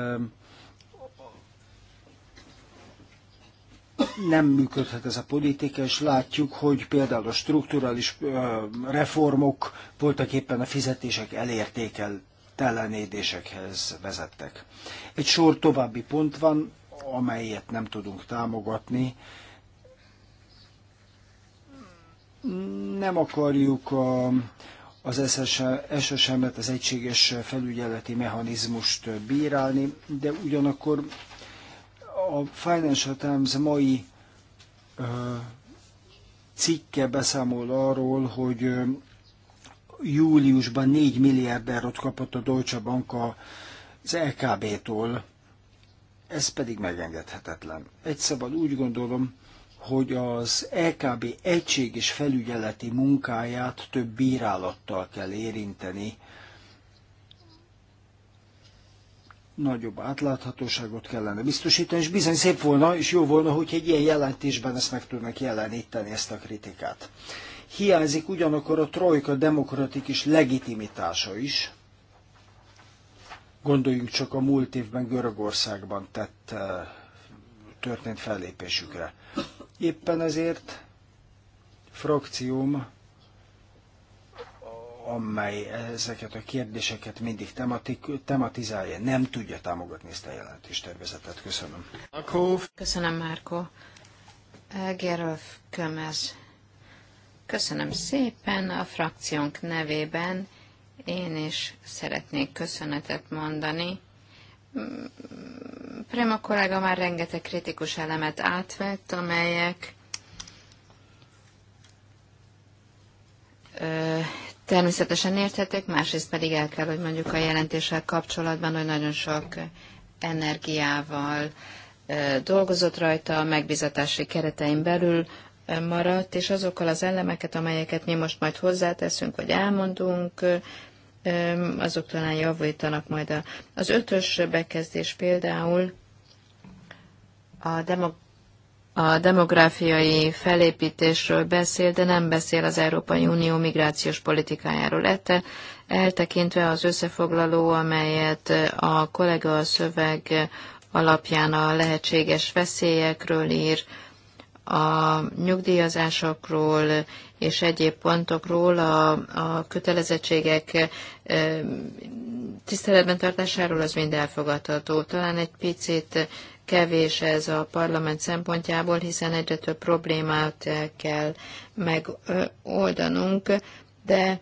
nem működhet ez a politika, és látjuk, hogy például a strukturális reformok voltak éppen a fizetések elértékel, ellenédésekhez vezettek. Egy sor további pont van, amelyet nem tudunk támogatni. Nem akarjuk a, az SSM-et, az egységes felügyeleti mechanizmust bírálni, de ugyanakkor a Financial Times mai ö, cikke beszámol arról, hogy júliusban 4 milliárd eurót kapott a Deutsche Bank az LKB-tól, ez pedig megengedhetetlen. Egy szabad úgy gondolom, hogy az LKB egység és felügyeleti munkáját több bírálattal kell érinteni, nagyobb átláthatóságot kellene biztosítani, és bizony szép volna, és jó volna, hogy egy ilyen jelentésben ezt meg tudnak jeleníteni, ezt a kritikát. Hiányzik ugyanakkor a trojka demokratikus legitimitása is. Gondoljunk csak a múlt évben Görögországban tett eh, történt fellépésükre. Éppen ezért frakcióm, amely ezeket a kérdéseket mindig tematik, tematizálja, nem tudja támogatni ezt a jelentéstervezetet. Köszönöm. Köszönöm, Márko. Eh, Gerolf Kömez Köszönöm szépen a frakciónk nevében. Én is szeretnék köszönetet mondani. Mm, Prema kollega már rengeteg kritikus elemet átvett, amelyek ö, természetesen érthetik, másrészt pedig el kell, hogy mondjuk a jelentéssel kapcsolatban, hogy nagyon sok energiával ö, dolgozott rajta a megbizatási keretein belül, maradt, és azokkal az elemeket, amelyeket mi most majd hozzáteszünk, vagy elmondunk, azok talán javítanak majd. Az ötös bekezdés például a, demo, a demográfiai felépítésről beszél, de nem beszél az Európai Unió migrációs politikájáról. Ette eltekintve az összefoglaló, amelyet a kollega a szöveg alapján a lehetséges veszélyekről ír, a nyugdíjazásokról és egyéb pontokról, a, a kötelezettségek tiszteletben tartásáról az mind elfogadható. Talán egy picit kevés ez a parlament szempontjából, hiszen egyre több problémát kell megoldanunk, de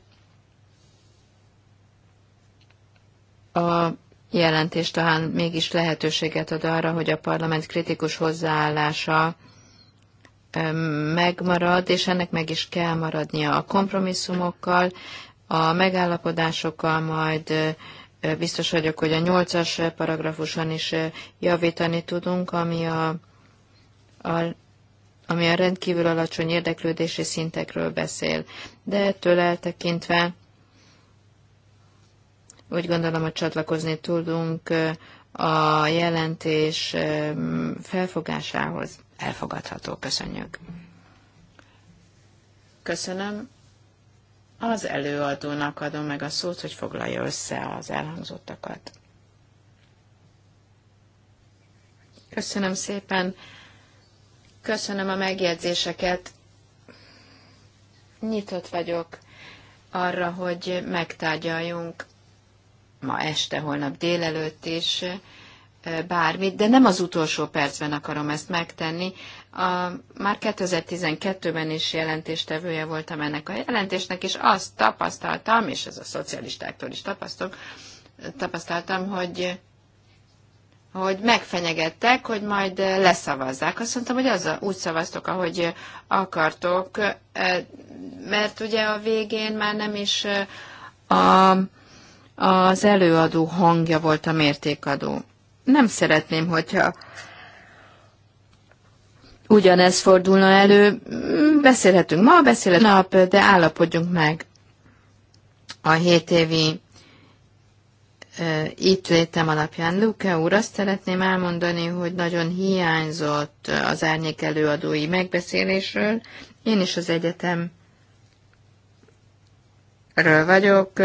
a jelentés talán mégis lehetőséget ad arra, hogy a parlament kritikus hozzáállása megmarad, és ennek meg is kell maradnia a kompromisszumokkal, a megállapodásokkal majd biztos vagyok, hogy a nyolcas paragrafuson is javítani tudunk, ami a, a ami a rendkívül alacsony érdeklődési szintekről beszél. De ettől eltekintve úgy gondolom, hogy csatlakozni tudunk a jelentés felfogásához elfogadható. Köszönjük. Köszönöm. Az előadónak adom meg a szót, hogy foglalja össze az elhangzottakat. Köszönöm szépen. Köszönöm a megjegyzéseket. Nyitott vagyok arra, hogy megtárgyaljunk ma este, holnap délelőtt is bármit, de nem az utolsó percben akarom ezt megtenni. A, már 2012-ben is jelentéstevője voltam ennek a jelentésnek, és azt tapasztaltam, és ez a szocialistáktól is tapasztalok, tapasztaltam, hogy hogy megfenyegettek, hogy majd leszavazzák. Azt mondtam, hogy az a úgy szavaztok, ahogy akartok, mert ugye a végén már nem is a, az előadó hangja volt a mértékadó nem szeretném, hogyha ugyanez fordulna elő. Mm, beszélhetünk ma, beszélhetünk nap, de állapodjunk meg a hét évi itt létem alapján. Luke úr, azt szeretném elmondani, hogy nagyon hiányzott az árnyék előadói megbeszélésről. Én is az egyetem vagyok,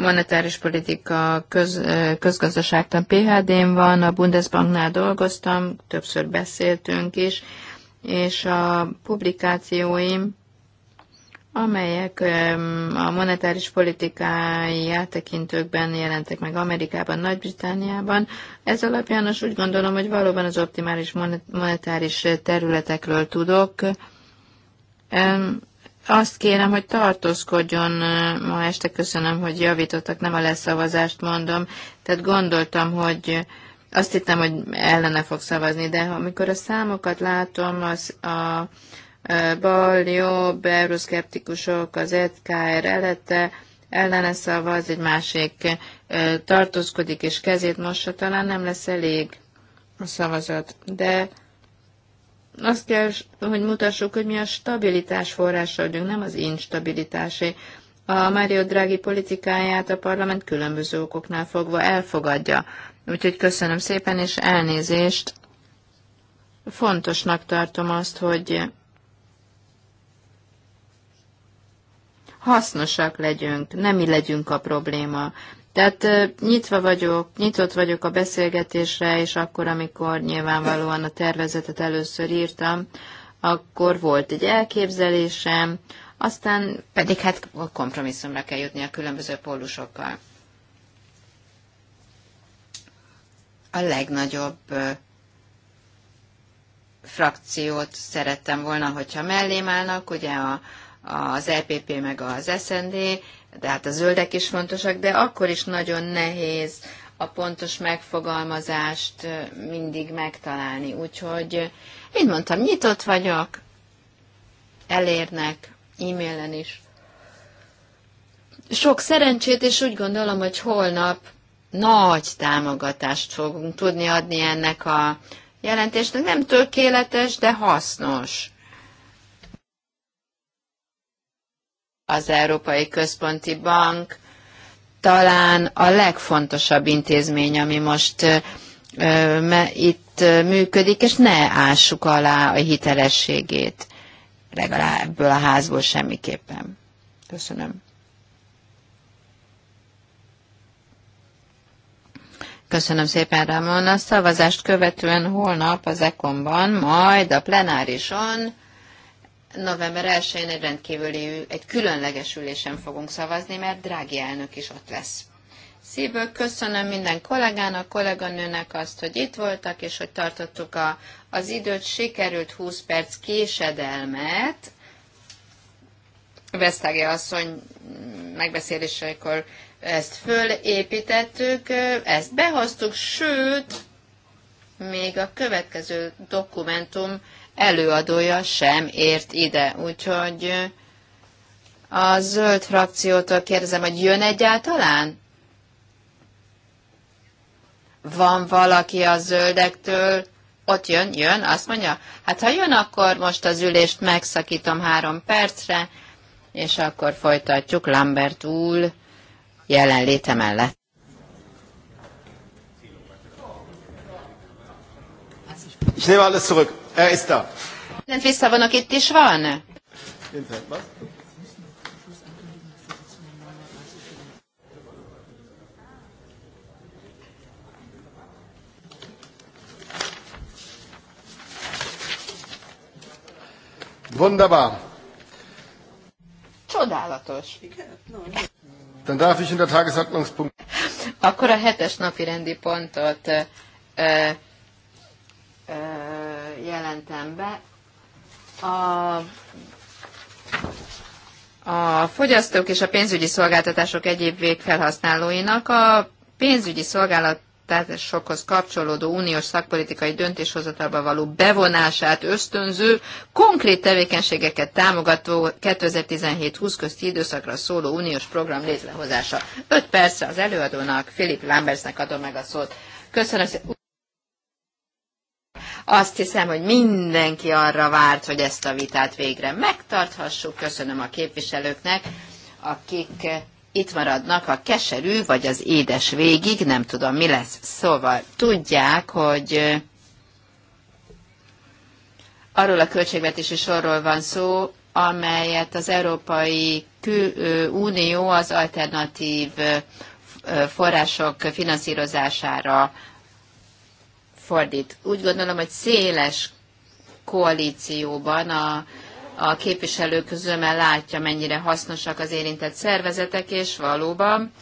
monetáris politika, köz, közgazdaságtan PHD-n van, a Bundesbanknál dolgoztam, többször beszéltünk is, és a publikációim, amelyek a monetáris politikai áttekintőkben jelentek meg Amerikában, Nagy-Britániában. Ez alapján úgy gondolom, hogy valóban az optimális monetáris területekről tudok. Azt kérem, hogy tartózkodjon ma este, köszönöm, hogy javítottak, nem a leszavazást mondom. Tehát gondoltam, hogy azt hittem, hogy ellene fog szavazni, de amikor a számokat látom, az a bal, jobb, euroszkeptikusok, az EKR elete, ellene szavaz, egy másik tartózkodik és kezét mossa, talán nem lesz elég a szavazat. De azt kell, hogy mutassuk, hogy mi a stabilitás forrása vagyunk, nem az instabilitásé. A Mário Draghi politikáját a parlament különböző okoknál fogva elfogadja. Úgyhogy köszönöm szépen, és elnézést. Fontosnak tartom azt, hogy hasznosak legyünk, nem mi legyünk a probléma. Tehát nyitva vagyok, nyitott vagyok a beszélgetésre, és akkor, amikor nyilvánvalóan a tervezetet először írtam, akkor volt egy elképzelésem, aztán pedig hát kompromisszumra kell jutni a különböző pólusokkal. A legnagyobb frakciót szerettem volna, hogyha mellém állnak, ugye a, az EPP meg az SND, de hát a zöldek is fontosak, de akkor is nagyon nehéz a pontos megfogalmazást mindig megtalálni. Úgyhogy, mint mondtam, nyitott vagyok, elérnek e-mailen is. Sok szerencsét, és úgy gondolom, hogy holnap nagy támogatást fogunk tudni adni ennek a jelentésnek. Nem tökéletes, de hasznos. az Európai Központi Bank talán a legfontosabb intézmény, ami most itt működik, és ne ássuk alá a hitelességét, legalább ebből a házból semmiképpen. Köszönöm. Köszönöm szépen, Ramon. A szavazást követően holnap az Ekonban, majd a plenárison november 1-én egy rendkívüli, egy különleges ülésen fogunk szavazni, mert Drági elnök is ott lesz. Szívből köszönöm minden kollégának, kolléganőnek azt, hogy itt voltak, és hogy tartottuk a, az időt. Sikerült 20 perc késedelmet. Vesztágja asszony megbeszéléseikor, ezt fölépítettük, ezt behoztuk, sőt, még a következő dokumentum előadója sem ért ide. Úgyhogy a zöld frakciótól kérdezem, hogy jön egyáltalán? Van valaki a zöldektől? Ott jön, jön, azt mondja, hát ha jön, akkor most az ülést megszakítom három percre, és akkor folytatjuk Lambert úr jelenléte mellett. Ich nehme alles zurück. Er ist da. Mindent visszavonok, itt is van? Wunderbar. Csodálatos. Dann darf ich in der Tagesordnungspunkt. Akkor a hetes napi rendi pontot ö, ö, jelentem be. A a fogyasztók és a pénzügyi szolgáltatások egyéb végfelhasználóinak a pénzügyi szolgálat sokhoz kapcsolódó uniós szakpolitikai döntéshozatalba való bevonását ösztönző, konkrét tevékenységeket támogató 2017-20 közti időszakra szóló uniós program létrehozása. 5 perc az előadónak, Filip Lambersnek adom meg a szót. Köszönöm szépen. Azt hiszem, hogy mindenki arra várt, hogy ezt a vitát végre megtarthassuk. Köszönöm a képviselőknek, akik itt maradnak a keserű vagy az édes végig, nem tudom mi lesz. Szóval tudják, hogy arról a költségvetési sorról van szó, amelyet az Európai Unió az alternatív források finanszírozására fordít. Úgy gondolom, hogy széles koalícióban a, a képviselők közömmel látja, mennyire hasznosak az érintett szervezetek, és valóban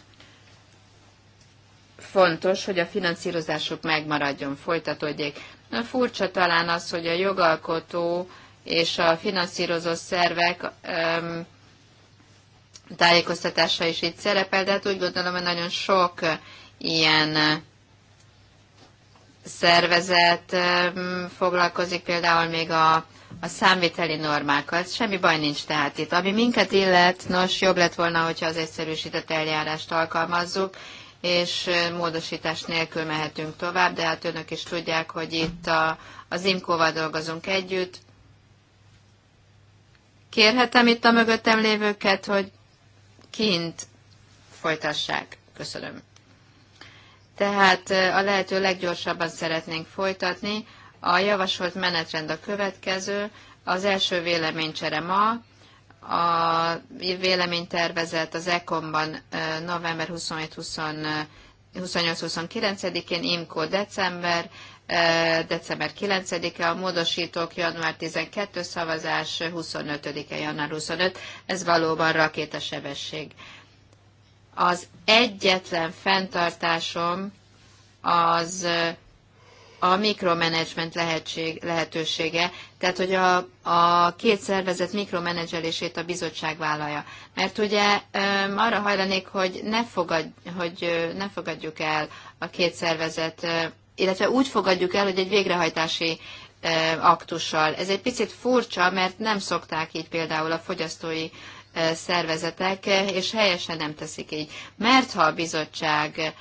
fontos, hogy a finanszírozásuk megmaradjon, folytatódjék. Na, furcsa talán az, hogy a jogalkotó és a finanszírozó szervek öm, tájékoztatása is itt szerepel, de hát úgy gondolom, hogy nagyon sok ilyen szervezet foglalkozik például még a, a számviteli normákat. Semmi baj nincs tehát itt. Ami minket illet, nos, jobb lett volna, hogyha az egyszerűsített eljárást alkalmazzuk, és módosítás nélkül mehetünk tovább, de hát önök is tudják, hogy itt a, az IMCO-val dolgozunk együtt. Kérhetem itt a mögöttem lévőket, hogy kint folytassák. Köszönöm. Tehát a lehető leggyorsabban szeretnénk folytatni. A javasolt menetrend a következő. Az első véleménycsere ma, a véleménytervezet az ECOM-ban november 28-29-én, IMCO december, december 9-e, a módosítók január 12 szavazás, 25-e január 25, ez valóban rakétasebesség. Az egyetlen fenntartásom az a mikromanagement lehetség, lehetősége, tehát hogy a, a két szervezet mikromenedzselését a bizottság vállalja. Mert ugye öm, arra hajlanék, hogy ne, fogadj, hogy ne fogadjuk el a két szervezet, illetve úgy fogadjuk el, hogy egy végrehajtási aktussal. Ez egy picit furcsa, mert nem szokták így például a fogyasztói szervezetek, és helyesen nem teszik így. Mert ha a bizottság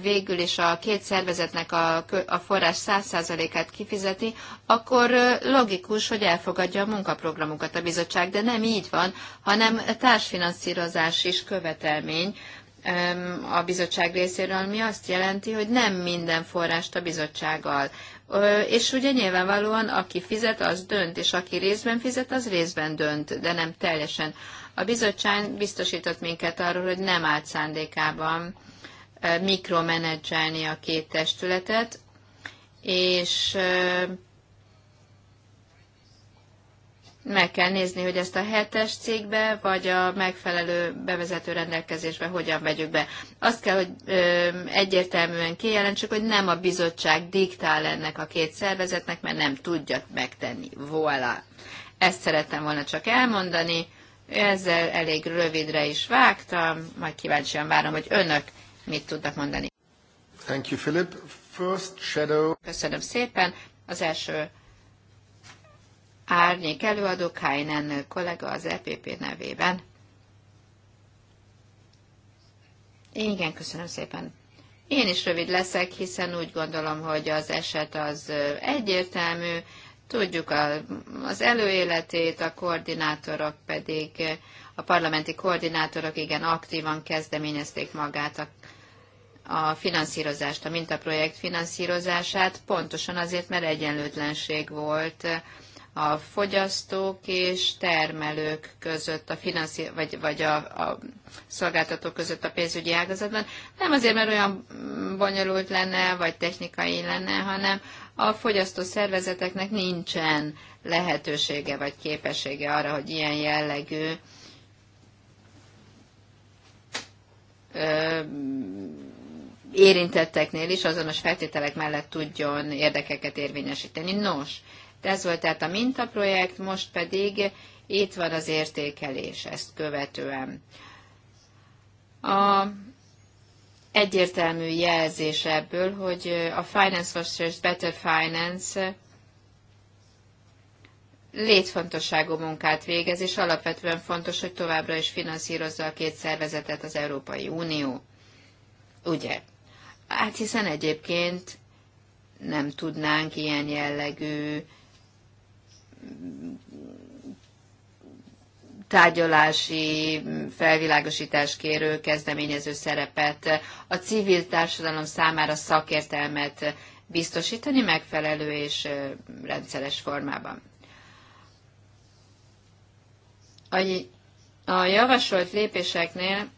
végül is a két szervezetnek a, a forrás 100%-át kifizeti, akkor logikus, hogy elfogadja a munkaprogramokat a bizottság, de nem így van, hanem társfinanszírozás is követelmény a bizottság részéről, ami azt jelenti, hogy nem minden forrást a bizottsággal és ugye nyilvánvalóan aki fizet, az dönt, és aki részben fizet, az részben dönt, de nem teljesen. A bizottság biztosított minket arról, hogy nem állt szándékában mikromenedzselni a két testületet, és meg kell nézni, hogy ezt a hetes cégbe, vagy a megfelelő bevezető rendelkezésbe hogyan vegyük be. Azt kell, hogy ö, egyértelműen kijelentsük, hogy nem a bizottság diktál ennek a két szervezetnek, mert nem tudja megtenni. Voilà. Ezt szerettem volna csak elmondani. Ezzel elég rövidre is vágtam, majd kíváncsian várom, hogy önök mit tudnak mondani. Thank you, Philip. First shadow. Köszönöm szépen. Az első Árnyék előadó Kájnen kollega az EPP nevében. Igen, köszönöm szépen. Én is rövid leszek, hiszen úgy gondolom, hogy az eset az egyértelmű, tudjuk a, az előéletét, a koordinátorok pedig, a parlamenti koordinátorok igen aktívan kezdeményezték magát a, a finanszírozást, a mintaprojekt finanszírozását, pontosan azért, mert egyenlőtlenség volt a fogyasztók és termelők között, a finanszí- vagy, vagy a, a szolgáltatók között a pénzügyi ágazatban. Nem azért, mert olyan bonyolult lenne, vagy technikai lenne, hanem a fogyasztó szervezeteknek nincsen lehetősége vagy képessége arra, hogy ilyen jellegű érintetteknél is azonos feltételek mellett tudjon érdekeket érvényesíteni. Nos, de ez volt tehát a mintaprojekt, most pedig itt van az értékelés ezt követően. A egyértelmű jelzés ebből, hogy a Finance for Better Finance létfontosságú munkát végez, és alapvetően fontos, hogy továbbra is finanszírozza a két szervezetet az Európai Unió. Ugye? Hát hiszen egyébként nem tudnánk ilyen jellegű tárgyalási felvilágosítás kérő kezdeményező szerepet, a civil társadalom számára szakértelmet biztosítani megfelelő és rendszeres formában. A javasolt lépéseknél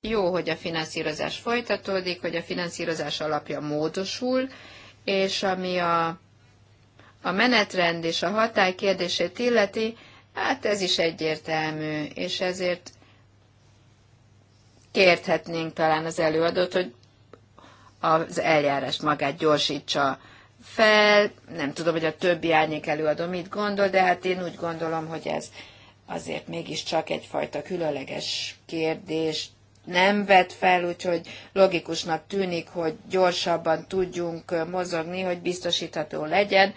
jó, hogy a finanszírozás folytatódik, hogy a finanszírozás alapja módosul, és ami a a menetrend és a hatály kérdését illeti, hát ez is egyértelmű, és ezért kérthetnénk talán az előadót, hogy az eljárást magát gyorsítsa fel. Nem tudom, hogy a többi árnyék előadó mit gondol, de hát én úgy gondolom, hogy ez azért mégiscsak egyfajta különleges kérdés nem vet fel, úgyhogy logikusnak tűnik, hogy gyorsabban tudjunk mozogni, hogy biztosítható legyen,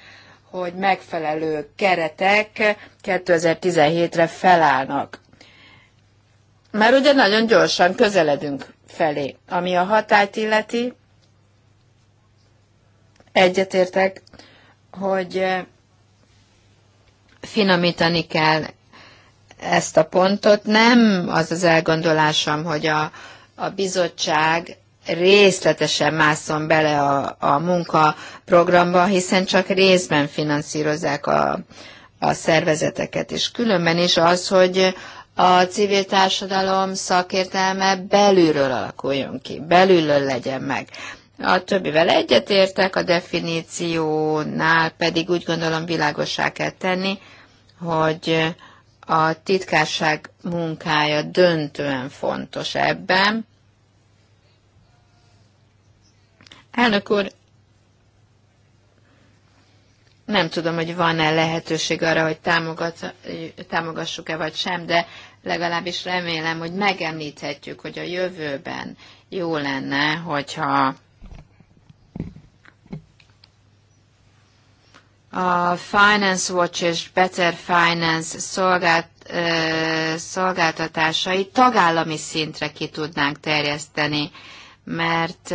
hogy megfelelő keretek 2017-re felállnak. Már ugye nagyon gyorsan közeledünk felé, ami a hatályt illeti. Egyetértek, hogy finomítani kell ezt a pontot. Nem az az elgondolásom, hogy a, a bizottság részletesen mászom bele a, a munkaprogramba, hiszen csak részben finanszírozzák a, a szervezeteket. És különben is az, hogy a civil társadalom szakértelme belülről alakuljon ki, belülről legyen meg. A többivel egyetértek, a definíciónál pedig úgy gondolom világosá kell tenni, hogy a titkárság munkája döntően fontos ebben, Elnök úr, nem tudom, hogy van-e lehetőség arra, hogy támogassuk-e vagy sem, de legalábbis remélem, hogy megemlíthetjük, hogy a jövőben jó lenne, hogyha a Finance Watch és Better Finance szolgált, szolgáltatásai tagállami szintre ki tudnánk terjeszteni, mert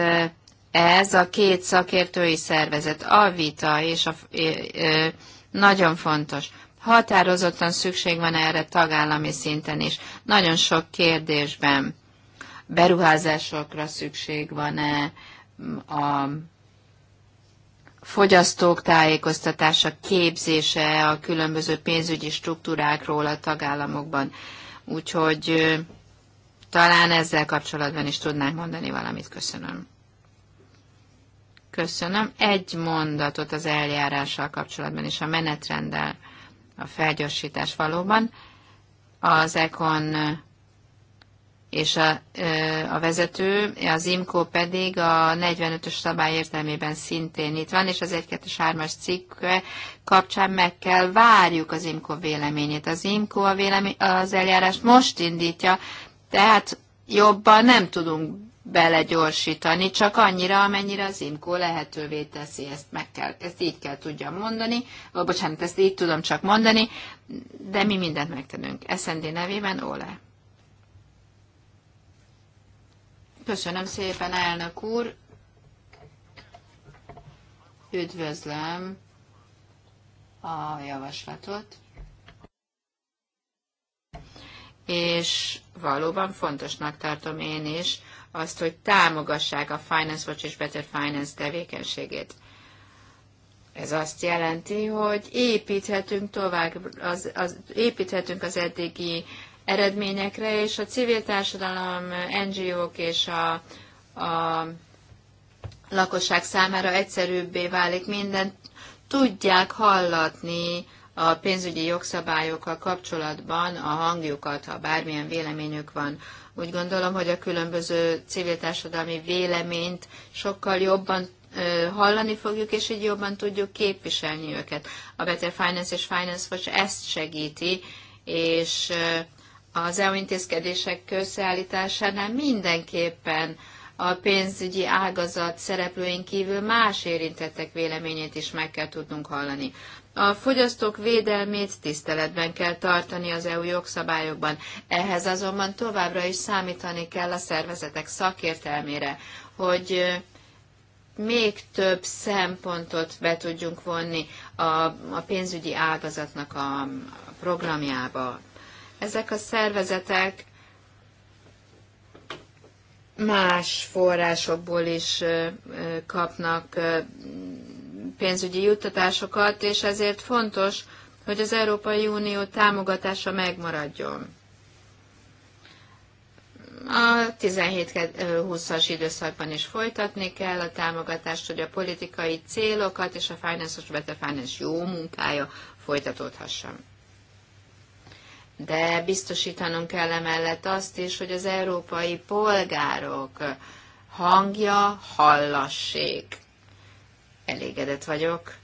ez a két szakértői szervezet, a vita és a, nagyon fontos. Határozottan szükség van erre tagállami szinten is. Nagyon sok kérdésben beruházásokra szükség van-e, a fogyasztók tájékoztatása, képzése a különböző pénzügyi struktúrákról a tagállamokban. Úgyhogy talán ezzel kapcsolatban is tudnánk mondani valamit. Köszönöm. Köszönöm. Egy mondatot az eljárással kapcsolatban és a menetrenddel a felgyorsítás valóban. Az ECON és a, a vezető, az IMCO pedig a 45-ös szabály értelmében szintén itt van, és az 1-2-3-as cikk kapcsán meg kell várjuk az IMCO véleményét. Az IMCO a vélemény, az eljárást most indítja, tehát jobban nem tudunk belegyorsítani, csak annyira, amennyire az imkó lehetővé teszi, ezt, meg kell, ezt így kell tudjam mondani, vagy bocsánat, ezt így tudom csak mondani, de mi mindent megtenünk. SND nevében Ole. Köszönöm szépen, elnök úr. Üdvözlöm a javaslatot. És valóban fontosnak tartom én is, azt, hogy támogassák a Finance Watch és Better Finance tevékenységét. Ez azt jelenti, hogy építhetünk tovább, az, az, építhetünk az eddigi eredményekre, és a civil társadalom, NGO-k és a, a lakosság számára egyszerűbbé válik minden, tudják hallatni a pénzügyi jogszabályokkal kapcsolatban a hangjukat, ha bármilyen véleményük van. Úgy gondolom, hogy a különböző civil társadalmi véleményt sokkal jobban hallani fogjuk, és így jobban tudjuk képviselni őket. A Better Finance és Finance Watch ezt segíti, és az EU intézkedések összeállításánál mindenképpen a pénzügyi ágazat szereplőink kívül más érintettek véleményét is meg kell tudnunk hallani. A fogyasztók védelmét tiszteletben kell tartani az EU jogszabályokban. Ehhez azonban továbbra is számítani kell a szervezetek szakértelmére, hogy még több szempontot be tudjunk vonni a, a pénzügyi ágazatnak a programjába. Ezek a szervezetek más forrásokból is kapnak pénzügyi juttatásokat, és ezért fontos, hogy az Európai Unió támogatása megmaradjon. A 17-20-as időszakban is folytatni kell a támogatást, hogy a politikai célokat és a Finance of Better Finance jó munkája folytatódhasson. De biztosítanunk kell emellett azt is, hogy az európai polgárok hangja hallassék elégedett vagyok,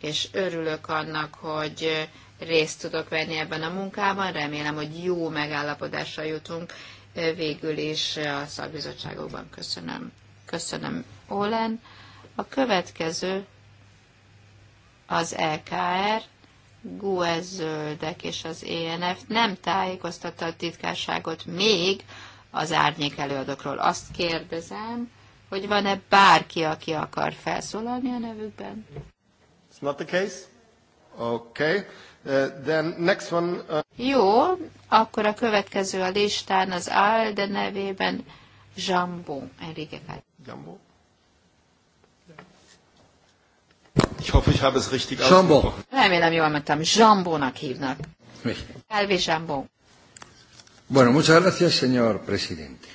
és örülök annak, hogy részt tudok venni ebben a munkában. Remélem, hogy jó megállapodásra jutunk végül is a szakbizottságokban. Köszönöm. Köszönöm, Olen. A következő az LKR, GUE zöldek és az ENF nem tájékoztatta a titkárságot még az árnyék előadókról. Azt kérdezem, hogy van-e bárki, aki akar felszólalni a nevükben. It's not the case? Okay. Uh, then next one, uh... Jó, akkor a következő a listán az ALDE nevében Jambó Enrique Jambó? Ich hoffe, ich habe es richtig Jambó. Remélem jól mondtam, Jambónak hívnak. Elvi Jambó. Bueno, muchas gracias, señor presidente.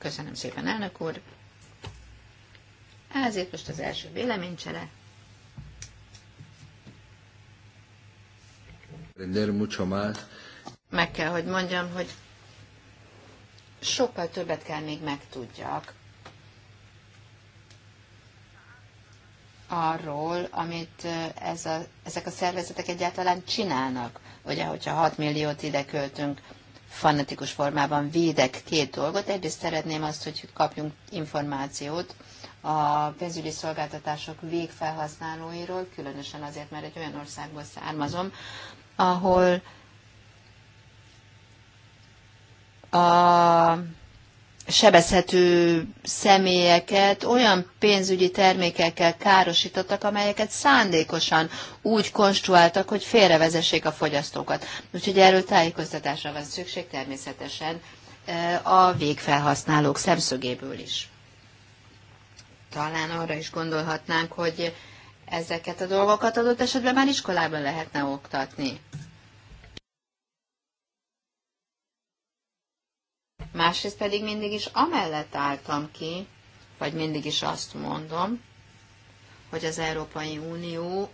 Köszönöm szépen, elnök úr. Ezért most az első véleménycsere. Meg kell, hogy mondjam, hogy sokkal többet kell még megtudjak arról, amit ez a, ezek a szervezetek egyáltalán csinálnak. Ugye, hogyha 6 milliót ide költünk fanatikus formában védek két dolgot. Egyrészt szeretném azt, hogy kapjunk információt a pénzügyi szolgáltatások végfelhasználóiról, különösen azért, mert egy olyan országból származom, ahol a sebezhető személyeket olyan pénzügyi termékekkel károsítottak, amelyeket szándékosan úgy konstruáltak, hogy félrevezessék a fogyasztókat. Úgyhogy erről tájékoztatásra van szükség természetesen eh, a végfelhasználók szemszögéből is. Talán arra is gondolhatnánk, hogy ezeket a dolgokat adott esetben már iskolában lehetne oktatni. másrészt pedig mindig is amellett álltam ki, vagy mindig is azt mondom, hogy az Európai Unió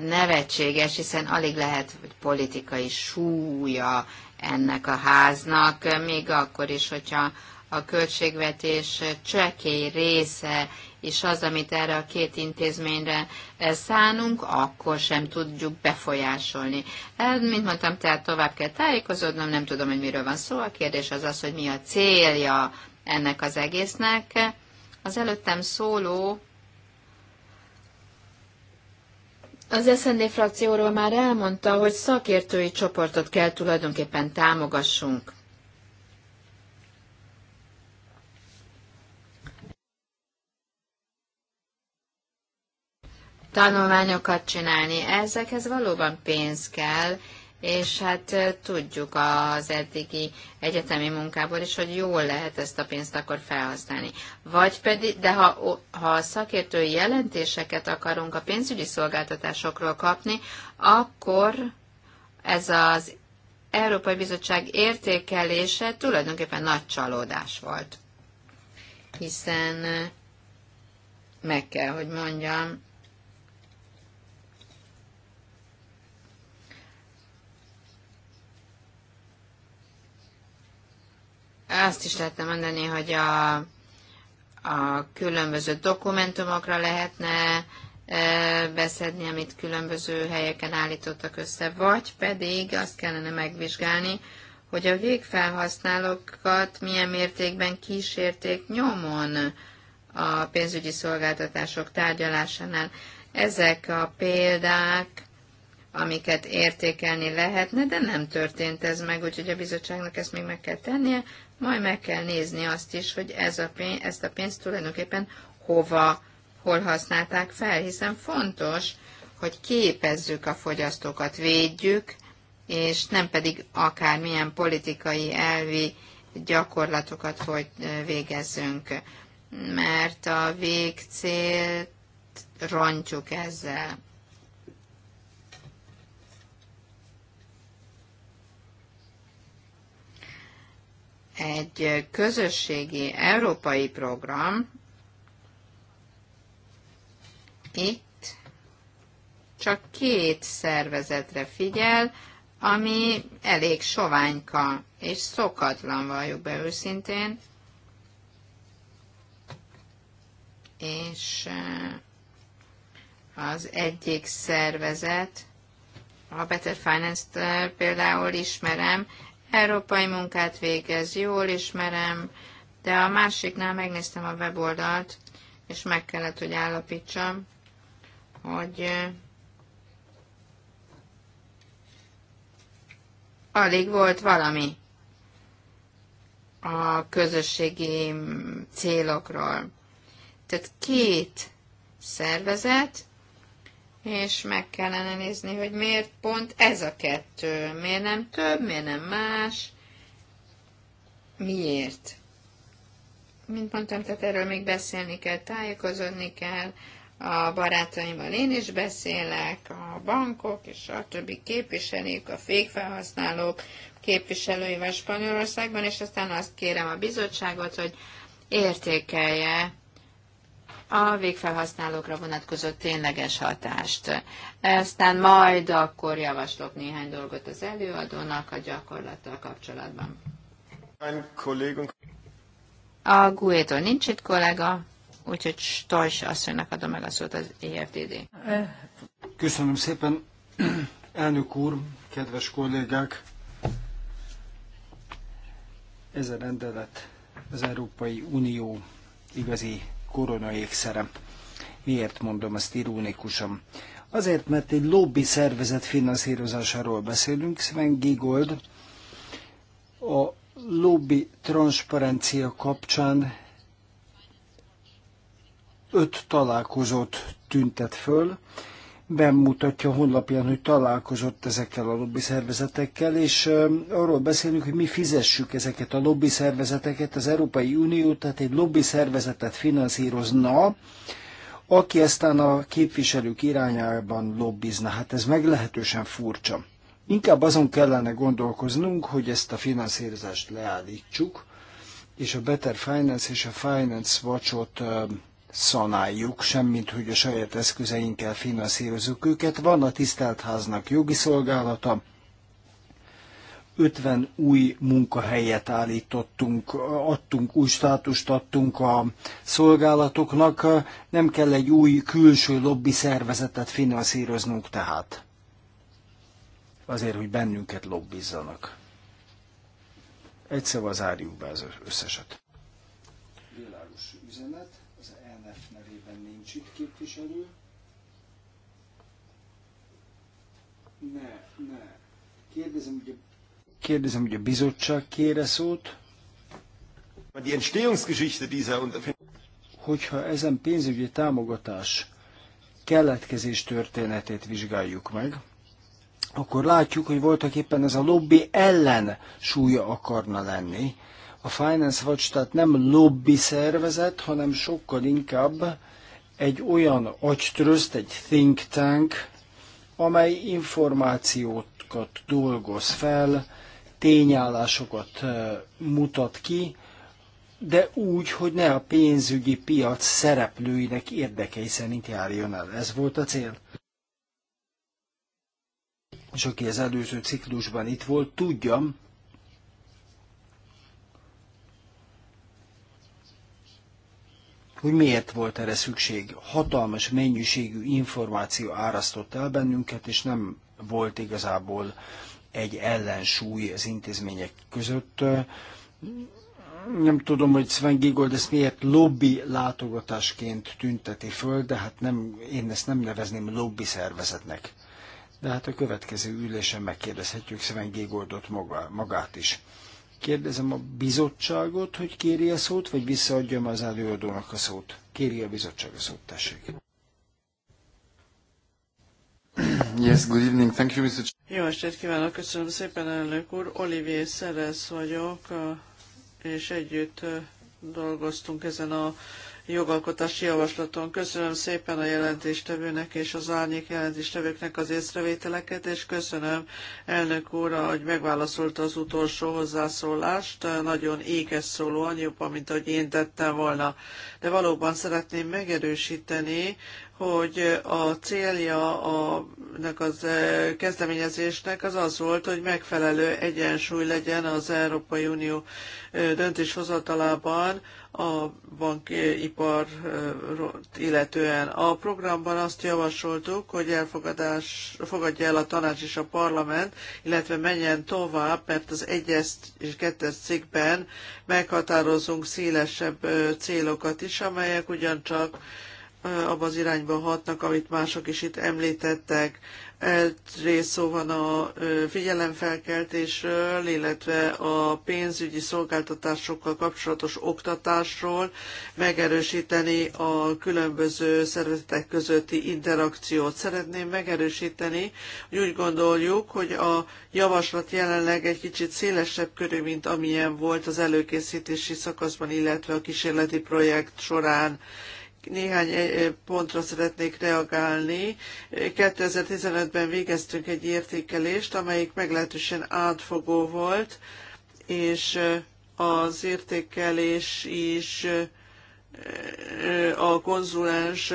nevetséges, hiszen alig lehet hogy politikai súlya ennek a háznak, még akkor is, hogyha a költségvetés csekély része és az, amit erre a két intézményre e, szánunk, akkor sem tudjuk befolyásolni. E, mint mondtam, tehát tovább kell tájékozódnom, nem tudom, hogy miről van szó. A kérdés az az, hogy mi a célja ennek az egésznek. Az előttem szóló Az SZND frakcióról már elmondta, hogy szakértői csoportot kell tulajdonképpen támogassunk. tanulmányokat csinálni. Ezekhez valóban pénz kell, és hát tudjuk az eddigi egyetemi munkából is, hogy jól lehet ezt a pénzt akkor felhasználni. Vagy pedig, de ha, ha a szakértői jelentéseket akarunk a pénzügyi szolgáltatásokról kapni, akkor ez az Európai Bizottság értékelése tulajdonképpen nagy csalódás volt. Hiszen meg kell, hogy mondjam, Azt is lehetne mondani, hogy a, a különböző dokumentumokra lehetne beszedni, amit különböző helyeken állítottak össze, vagy pedig azt kellene megvizsgálni, hogy a végfelhasználókat milyen mértékben kísérték nyomon a pénzügyi szolgáltatások tárgyalásánál. Ezek a példák amiket értékelni lehetne, de nem történt ez meg, úgyhogy a bizottságnak ezt még meg kell tennie, majd meg kell nézni azt is, hogy ez a pénz, ezt a pénzt tulajdonképpen hova, hol használták fel, hiszen fontos, hogy képezzük a fogyasztókat, védjük, és nem pedig akármilyen politikai elvi gyakorlatokat hogy végezzünk, mert a végcélt rontjuk ezzel. egy közösségi európai program, itt csak két szervezetre figyel, ami elég soványka és szokatlan, valljuk be őszintén, és eh, az egyik szervezet, a Better Finance-t eh, például ismerem, európai munkát végez, jól ismerem, de a másiknál megnéztem a weboldalt, és meg kellett, hogy állapítsam, hogy alig volt valami a közösségi célokról. Tehát két szervezet, és meg kellene nézni, hogy miért pont ez a kettő, miért nem több, miért nem más, miért. Mint mondtam, tehát erről még beszélni kell, tájékozódni kell, a barátaimmal én is beszélek, a bankok és a többi képviselők, a fékfelhasználók képviselőivel Spanyolországban, és aztán azt kérem a bizottságot, hogy értékelje a végfelhasználókra vonatkozó tényleges hatást. Aztán majd akkor javaslok néhány dolgot az előadónak a gyakorlattal kapcsolatban. A Guétól nincs itt kollega, úgyhogy Stojs asszonynak adom meg a szót az EFTD. Köszönöm szépen, elnök úr, kedves kollégák! Ez a rendelet az Európai Unió igazi korona ékszere. Miért mondom ezt irónikusan? Azért, mert egy lobby szervezet finanszírozásáról beszélünk. Sven Gigold a lobby transzparencia kapcsán öt találkozót tüntet föl, bemutatja a honlapján, hogy találkozott ezekkel a lobby szervezetekkel, és arról beszélünk, hogy mi fizessük ezeket a lobby szervezeteket. Az Európai Unió tehát egy lobby szervezetet finanszírozna, aki aztán a képviselők irányában lobbizna. Hát ez meglehetősen furcsa. Inkább azon kellene gondolkoznunk, hogy ezt a finanszírozást leállítsuk, és a Better Finance és a Finance Watch-ot szanáljuk, semmint hogy a saját eszközeinkkel finanszírozunk őket. Van a tisztelt háznak jogi szolgálata, 50 új munkahelyet állítottunk, adtunk, új státust adtunk a szolgálatoknak, nem kell egy új külső lobby szervezetet finanszíroznunk tehát. Azért, hogy bennünket lobbizzanak. Egy zárjuk be az összeset. Világos üzenet keserű. Ne, ne. Kérdezem, hogy a, kérdezem, hogy a bizottság kére szót. Die Entstehungsgeschichte dieser Hogyha ezen pénzügyi támogatás keletkezés történetét vizsgáljuk meg, akkor látjuk, hogy voltak éppen ez a lobby ellen súlya akarna lenni. A Finance Watch tehát nem lobby szervezet, hanem sokkal inkább egy olyan agytrözt, egy think tank, amely információkat dolgoz fel, tényállásokat eh, mutat ki, de úgy, hogy ne a pénzügyi piac szereplőinek érdekei szerint járjon el. Ez volt a cél. És aki az előző ciklusban itt volt, tudja, hogy miért volt erre szükség. Hatalmas mennyiségű információ árasztott el bennünket, és nem volt igazából egy ellensúly az intézmények között. Nem tudom, hogy Sven Gigold ezt miért lobby látogatásként tünteti föl, de hát nem, én ezt nem nevezném lobby szervezetnek. De hát a következő ülésen megkérdezhetjük Sven Gigoldot maga, magát is. Kérdezem a bizottságot, hogy kéri a szót, vagy visszaadjam az előadónak a szót. Kéri a bizottság a szót, tessék. Yes, good evening. Thank you, Mr. Jó estét kívánok, köszönöm szépen, elnök úr. Olivier Szerez vagyok, és együtt dolgoztunk ezen a jogalkotási javaslaton. Köszönöm szépen a jelentéstevőnek és az árnyék jelentéstevőknek az észrevételeket, és köszönöm elnök úr, hogy megválaszolta az utolsó hozzászólást, nagyon ékes szólóan, jobban, mint ahogy én tettem volna. De valóban szeretném megerősíteni, hogy a célja a, nek az e, kezdeményezésnek az az volt, hogy megfelelő egyensúly legyen az Európai Unió e, döntéshozatalában a ipar illetően. A programban azt javasoltuk, hogy elfogadás, fogadja el a tanács és a parlament, illetve menjen tovább, mert az egyes és kettes cikkben meghatározunk szélesebb célokat is, amelyek ugyancsak abban az irányba hatnak, amit mások is itt említettek. Egyrészt szó van a figyelemfelkeltésről, illetve a pénzügyi szolgáltatásokkal kapcsolatos oktatásról, megerősíteni a különböző szervezetek közötti interakciót. Szeretném megerősíteni, hogy úgy gondoljuk, hogy a javaslat jelenleg egy kicsit szélesebb körű, mint amilyen volt az előkészítési szakaszban, illetve a kísérleti projekt során néhány eh, eh, pontra szeretnék reagálni. 2015-ben végeztünk egy értékelést, amelyik meglehetősen átfogó volt, és eh, az értékelés is a konzulens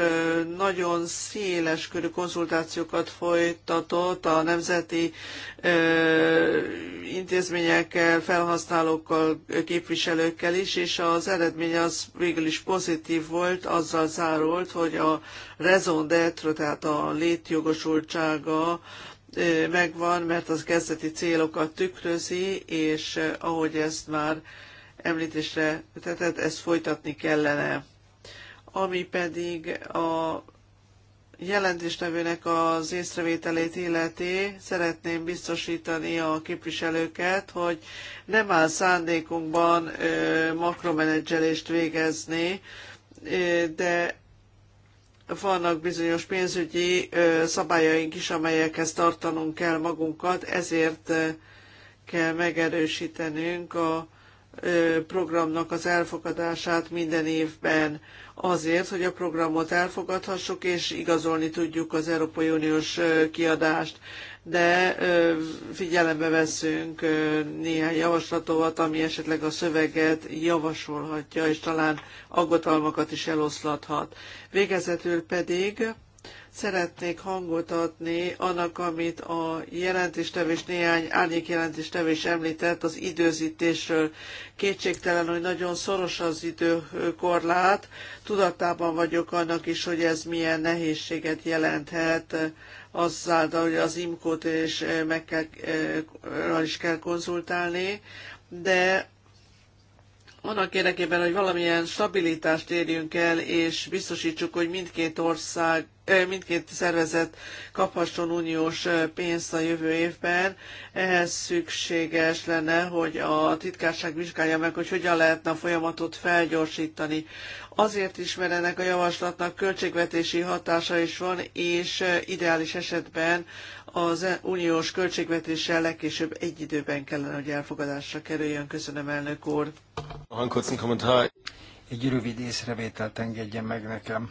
nagyon széles körű konzultációkat folytatott a nemzeti intézményekkel, felhasználókkal, képviselőkkel is, és az eredmény az végül is pozitív volt, azzal zárult, hogy a raison d'être, tehát a létjogosultsága megvan, mert az kezdeti célokat tükrözi, és ahogy ezt már említésre tetett, ezt folytatni kellene. Ami pedig a jelentéstevőnek az észrevételét illeti, szeretném biztosítani a képviselőket, hogy nem áll szándékunkban ö, makromenedzselést végezni, ö, de vannak bizonyos pénzügyi ö, szabályaink is, amelyekhez tartanunk kell magunkat, ezért ö, kell megerősítenünk a programnak az elfogadását minden évben azért, hogy a programot elfogadhassuk és igazolni tudjuk az Európai Uniós kiadást. De figyelembe veszünk néhány javaslatot, ami esetleg a szöveget javasolhatja, és talán aggodalmakat is eloszlathat. Végezetül pedig Szeretnék hangot adni annak, amit a jelentéstevés néhány árnyék jelentéstevés említett az időzítésről. Kétségtelen, hogy nagyon szoros az időkorlát. Tudatában vagyok annak is, hogy ez milyen nehézséget jelenthet azáltal, hogy az imkót is meg kell, eh, is kell konzultálni, de annak érdekében, hogy valamilyen stabilitást érjünk el, és biztosítsuk, hogy mindkét ország, mindkét szervezet kaphasson uniós pénzt a jövő évben, ehhez szükséges lenne, hogy a titkárság vizsgálja meg, hogy hogyan lehetne a folyamatot felgyorsítani. Azért is, mert ennek a javaslatnak költségvetési hatása is van, és ideális esetben az uniós költségvetéssel legkésőbb egy időben kellene, hogy elfogadásra kerüljön. Köszönöm, elnök úr. Egy rövid észrevételt engedjen meg nekem.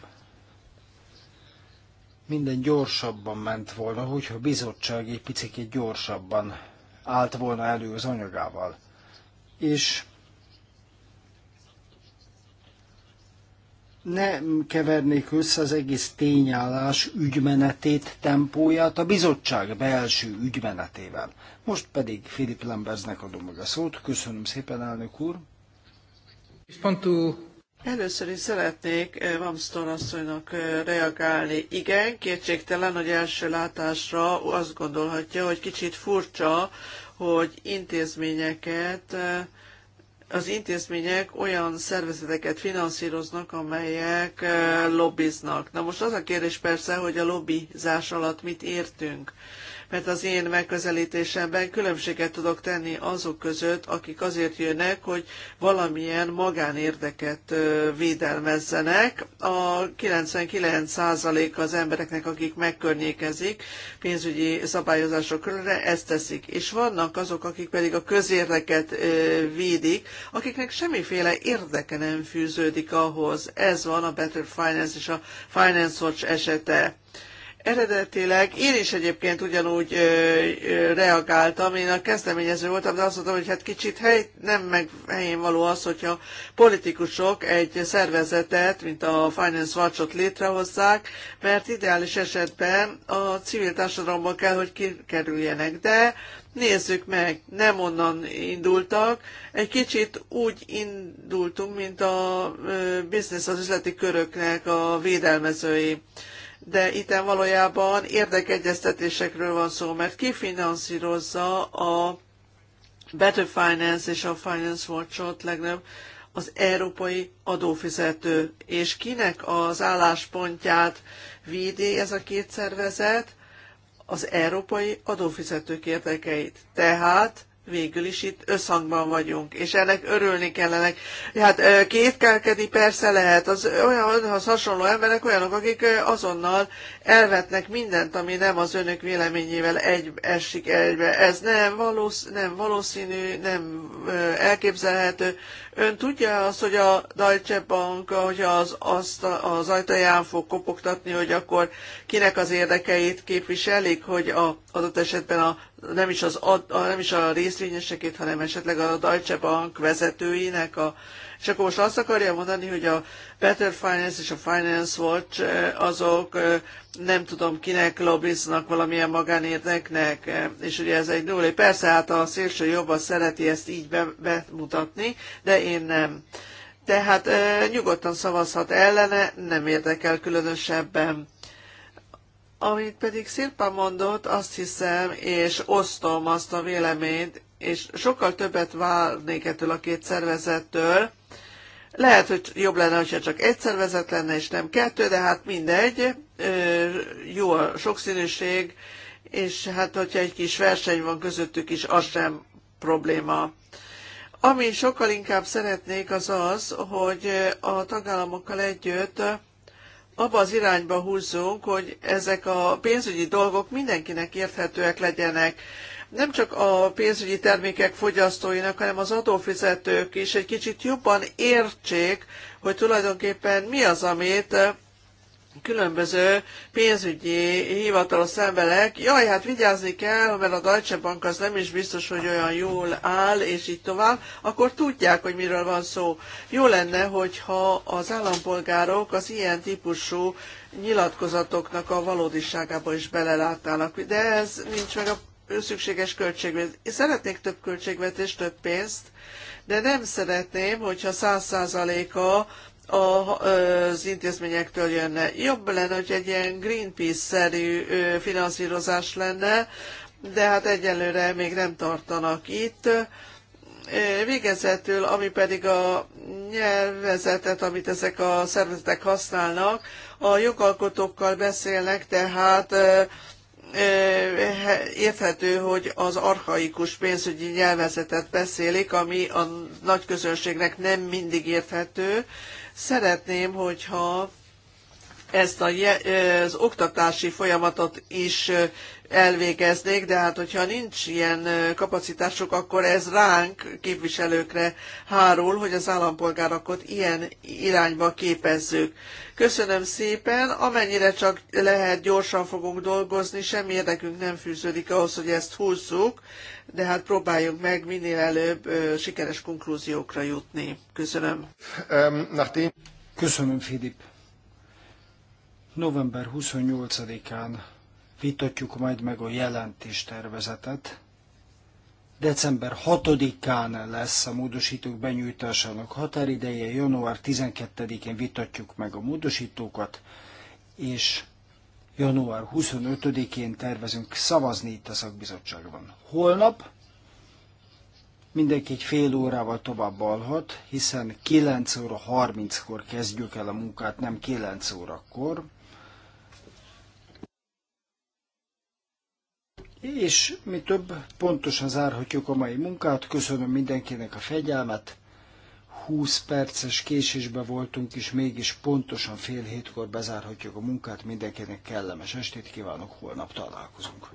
Minden gyorsabban ment volna, hogyha a bizottság egy picit gyorsabban állt volna elő az anyagával. És nem kevernék össze az egész tényállás ügymenetét, tempóját a bizottság belső ügymenetével. Most pedig Filip Lembersnek adom meg a szót. Köszönöm szépen, elnök úr. Először is szeretnék Vamston eh, asszonynak eh, reagálni. Igen, kétségtelen, hogy első látásra azt gondolhatja, hogy kicsit furcsa, hogy intézményeket eh, az intézmények olyan szervezeteket finanszíroznak, amelyek lobbiznak. Na most az a kérdés persze, hogy a lobbizás alatt mit értünk mert az én megközelítésemben különbséget tudok tenni azok között, akik azért jönnek, hogy valamilyen magánérdeket védelmezzenek. A 99% az embereknek, akik megkörnyékezik pénzügyi szabályozások körülre, ezt teszik. És vannak azok, akik pedig a közérdeket védik, akiknek semmiféle érdeke nem fűződik ahhoz. Ez van a Better Finance és a Finance Watch esete. Eredetileg én is egyébként ugyanúgy ö, ö, reagáltam, én a kezdeményező voltam, de azt mondtam, hogy hát kicsit hely, nem meg helyén való az, hogyha politikusok egy szervezetet, mint a Finance Watch-ot létrehozzák, mert ideális esetben a civil társadalomban kell, hogy kikerüljenek. De nézzük meg, nem onnan indultak, egy kicsit úgy indultunk, mint a ö, business, az üzleti köröknek a védelmezői. Ö, de itt valójában érdekegyeztetésekről van szó, mert ki finanszírozza a Better Finance és a Finance Watch-ot legnagyobb az európai adófizető, és kinek az álláspontját védi ez a két szervezet, az európai adófizetők érdekeit. Tehát végül is itt összhangban vagyunk, és ennek örülni kellene. Hát kétkelkedni persze lehet, az olyan, az hasonló emberek olyanok, akik azonnal elvetnek mindent, ami nem az önök véleményével egy, esik egybe. Ez nem, valósz, nem valószínű, nem elképzelhető. Ön tudja azt, hogy a Deutsche Bank, hogy az, azt az ajtaján fog kopogtatni, hogy akkor kinek az érdekeit képviselik, hogy a adott esetben a nem is, az a nem is a részvényesekét, hanem esetleg a Deutsche Bank vezetőinek. A, és akkor most azt akarja mondani, hogy a Better Finance és a Finance Watch eh, azok eh, nem tudom kinek lobbiznak valamilyen magánérdeknek, eh, és ugye ez egy nulla. Persze hát a szélső jobban szereti ezt így bemutatni, de én nem. Tehát nyugodtan szavazhat ellene, nem érdekel különösebben. Amit pedig Szirpa mondott, azt hiszem, és osztom azt a véleményt, és sokkal többet várnék ettől a két szervezettől. Lehet, hogy jobb lenne, ha csak egy szervezet lenne, és nem kettő, de hát mindegy, jó a sokszínűség, és hát hogyha egy kis verseny van közöttük is, az sem probléma. Ami sokkal inkább szeretnék, az az, hogy a tagállamokkal együtt abba az irányba húzzunk, hogy ezek a pénzügyi dolgok mindenkinek érthetőek legyenek. Nem csak a pénzügyi termékek fogyasztóinak, hanem az adófizetők is egy kicsit jobban értsék, hogy tulajdonképpen mi az, amit különböző pénzügyi hivatalos szembelek. jaj, hát vigyázni kell, mert a Deutsche Bank az nem is biztos, hogy olyan jól áll, és így tovább, akkor tudják, hogy miről van szó. Jó lenne, hogyha az állampolgárok az ilyen típusú nyilatkozatoknak a valódiságába is belelátnának, de ez nincs meg a szükséges költségvetés. Én szeretnék több költségvetést, több pénzt, de nem szeretném, hogyha száz százaléka a, az intézményektől jönne. Jobb lenne, hogy egy ilyen Greenpeace-szerű finanszírozás lenne, de hát egyelőre még nem tartanak itt. Végezetül, ami pedig a nyelvezetet, amit ezek a szervezetek használnak, a jogalkotókkal beszélnek, tehát érthető, hogy az archaikus pénzügyi nyelvezetet beszélik, ami a nagy közönségnek nem mindig érthető, Szeretném, hogyha ezt a, az oktatási folyamatot is elvégeznék, de hát hogyha nincs ilyen kapacitások, akkor ez ránk, képviselőkre hárul, hogy az állampolgárokat ilyen irányba képezzük. Köszönöm szépen, amennyire csak lehet gyorsan fogunk dolgozni, semmi érdekünk nem fűződik ahhoz, hogy ezt húzzuk, de hát próbáljunk meg minél előbb sikeres konklúziókra jutni. Köszönöm. Köszönöm, Filip. November 28-án vitatjuk majd meg a jelentéstervezetet. December 6-án lesz a módosítók benyújtásának határideje, január 12-én vitatjuk meg a módosítókat, és január 25-én tervezünk szavazni itt a szakbizottságban. Holnap mindenki egy fél órával tovább alhat, hiszen 9 óra 30-kor kezdjük el a munkát, nem 9 órakor. és mi több pontosan zárhatjuk a mai munkát. Köszönöm mindenkinek a fegyelmet. 20 perces késésbe voltunk, és mégis pontosan fél hétkor bezárhatjuk a munkát. Mindenkinek kellemes estét kívánok, holnap találkozunk.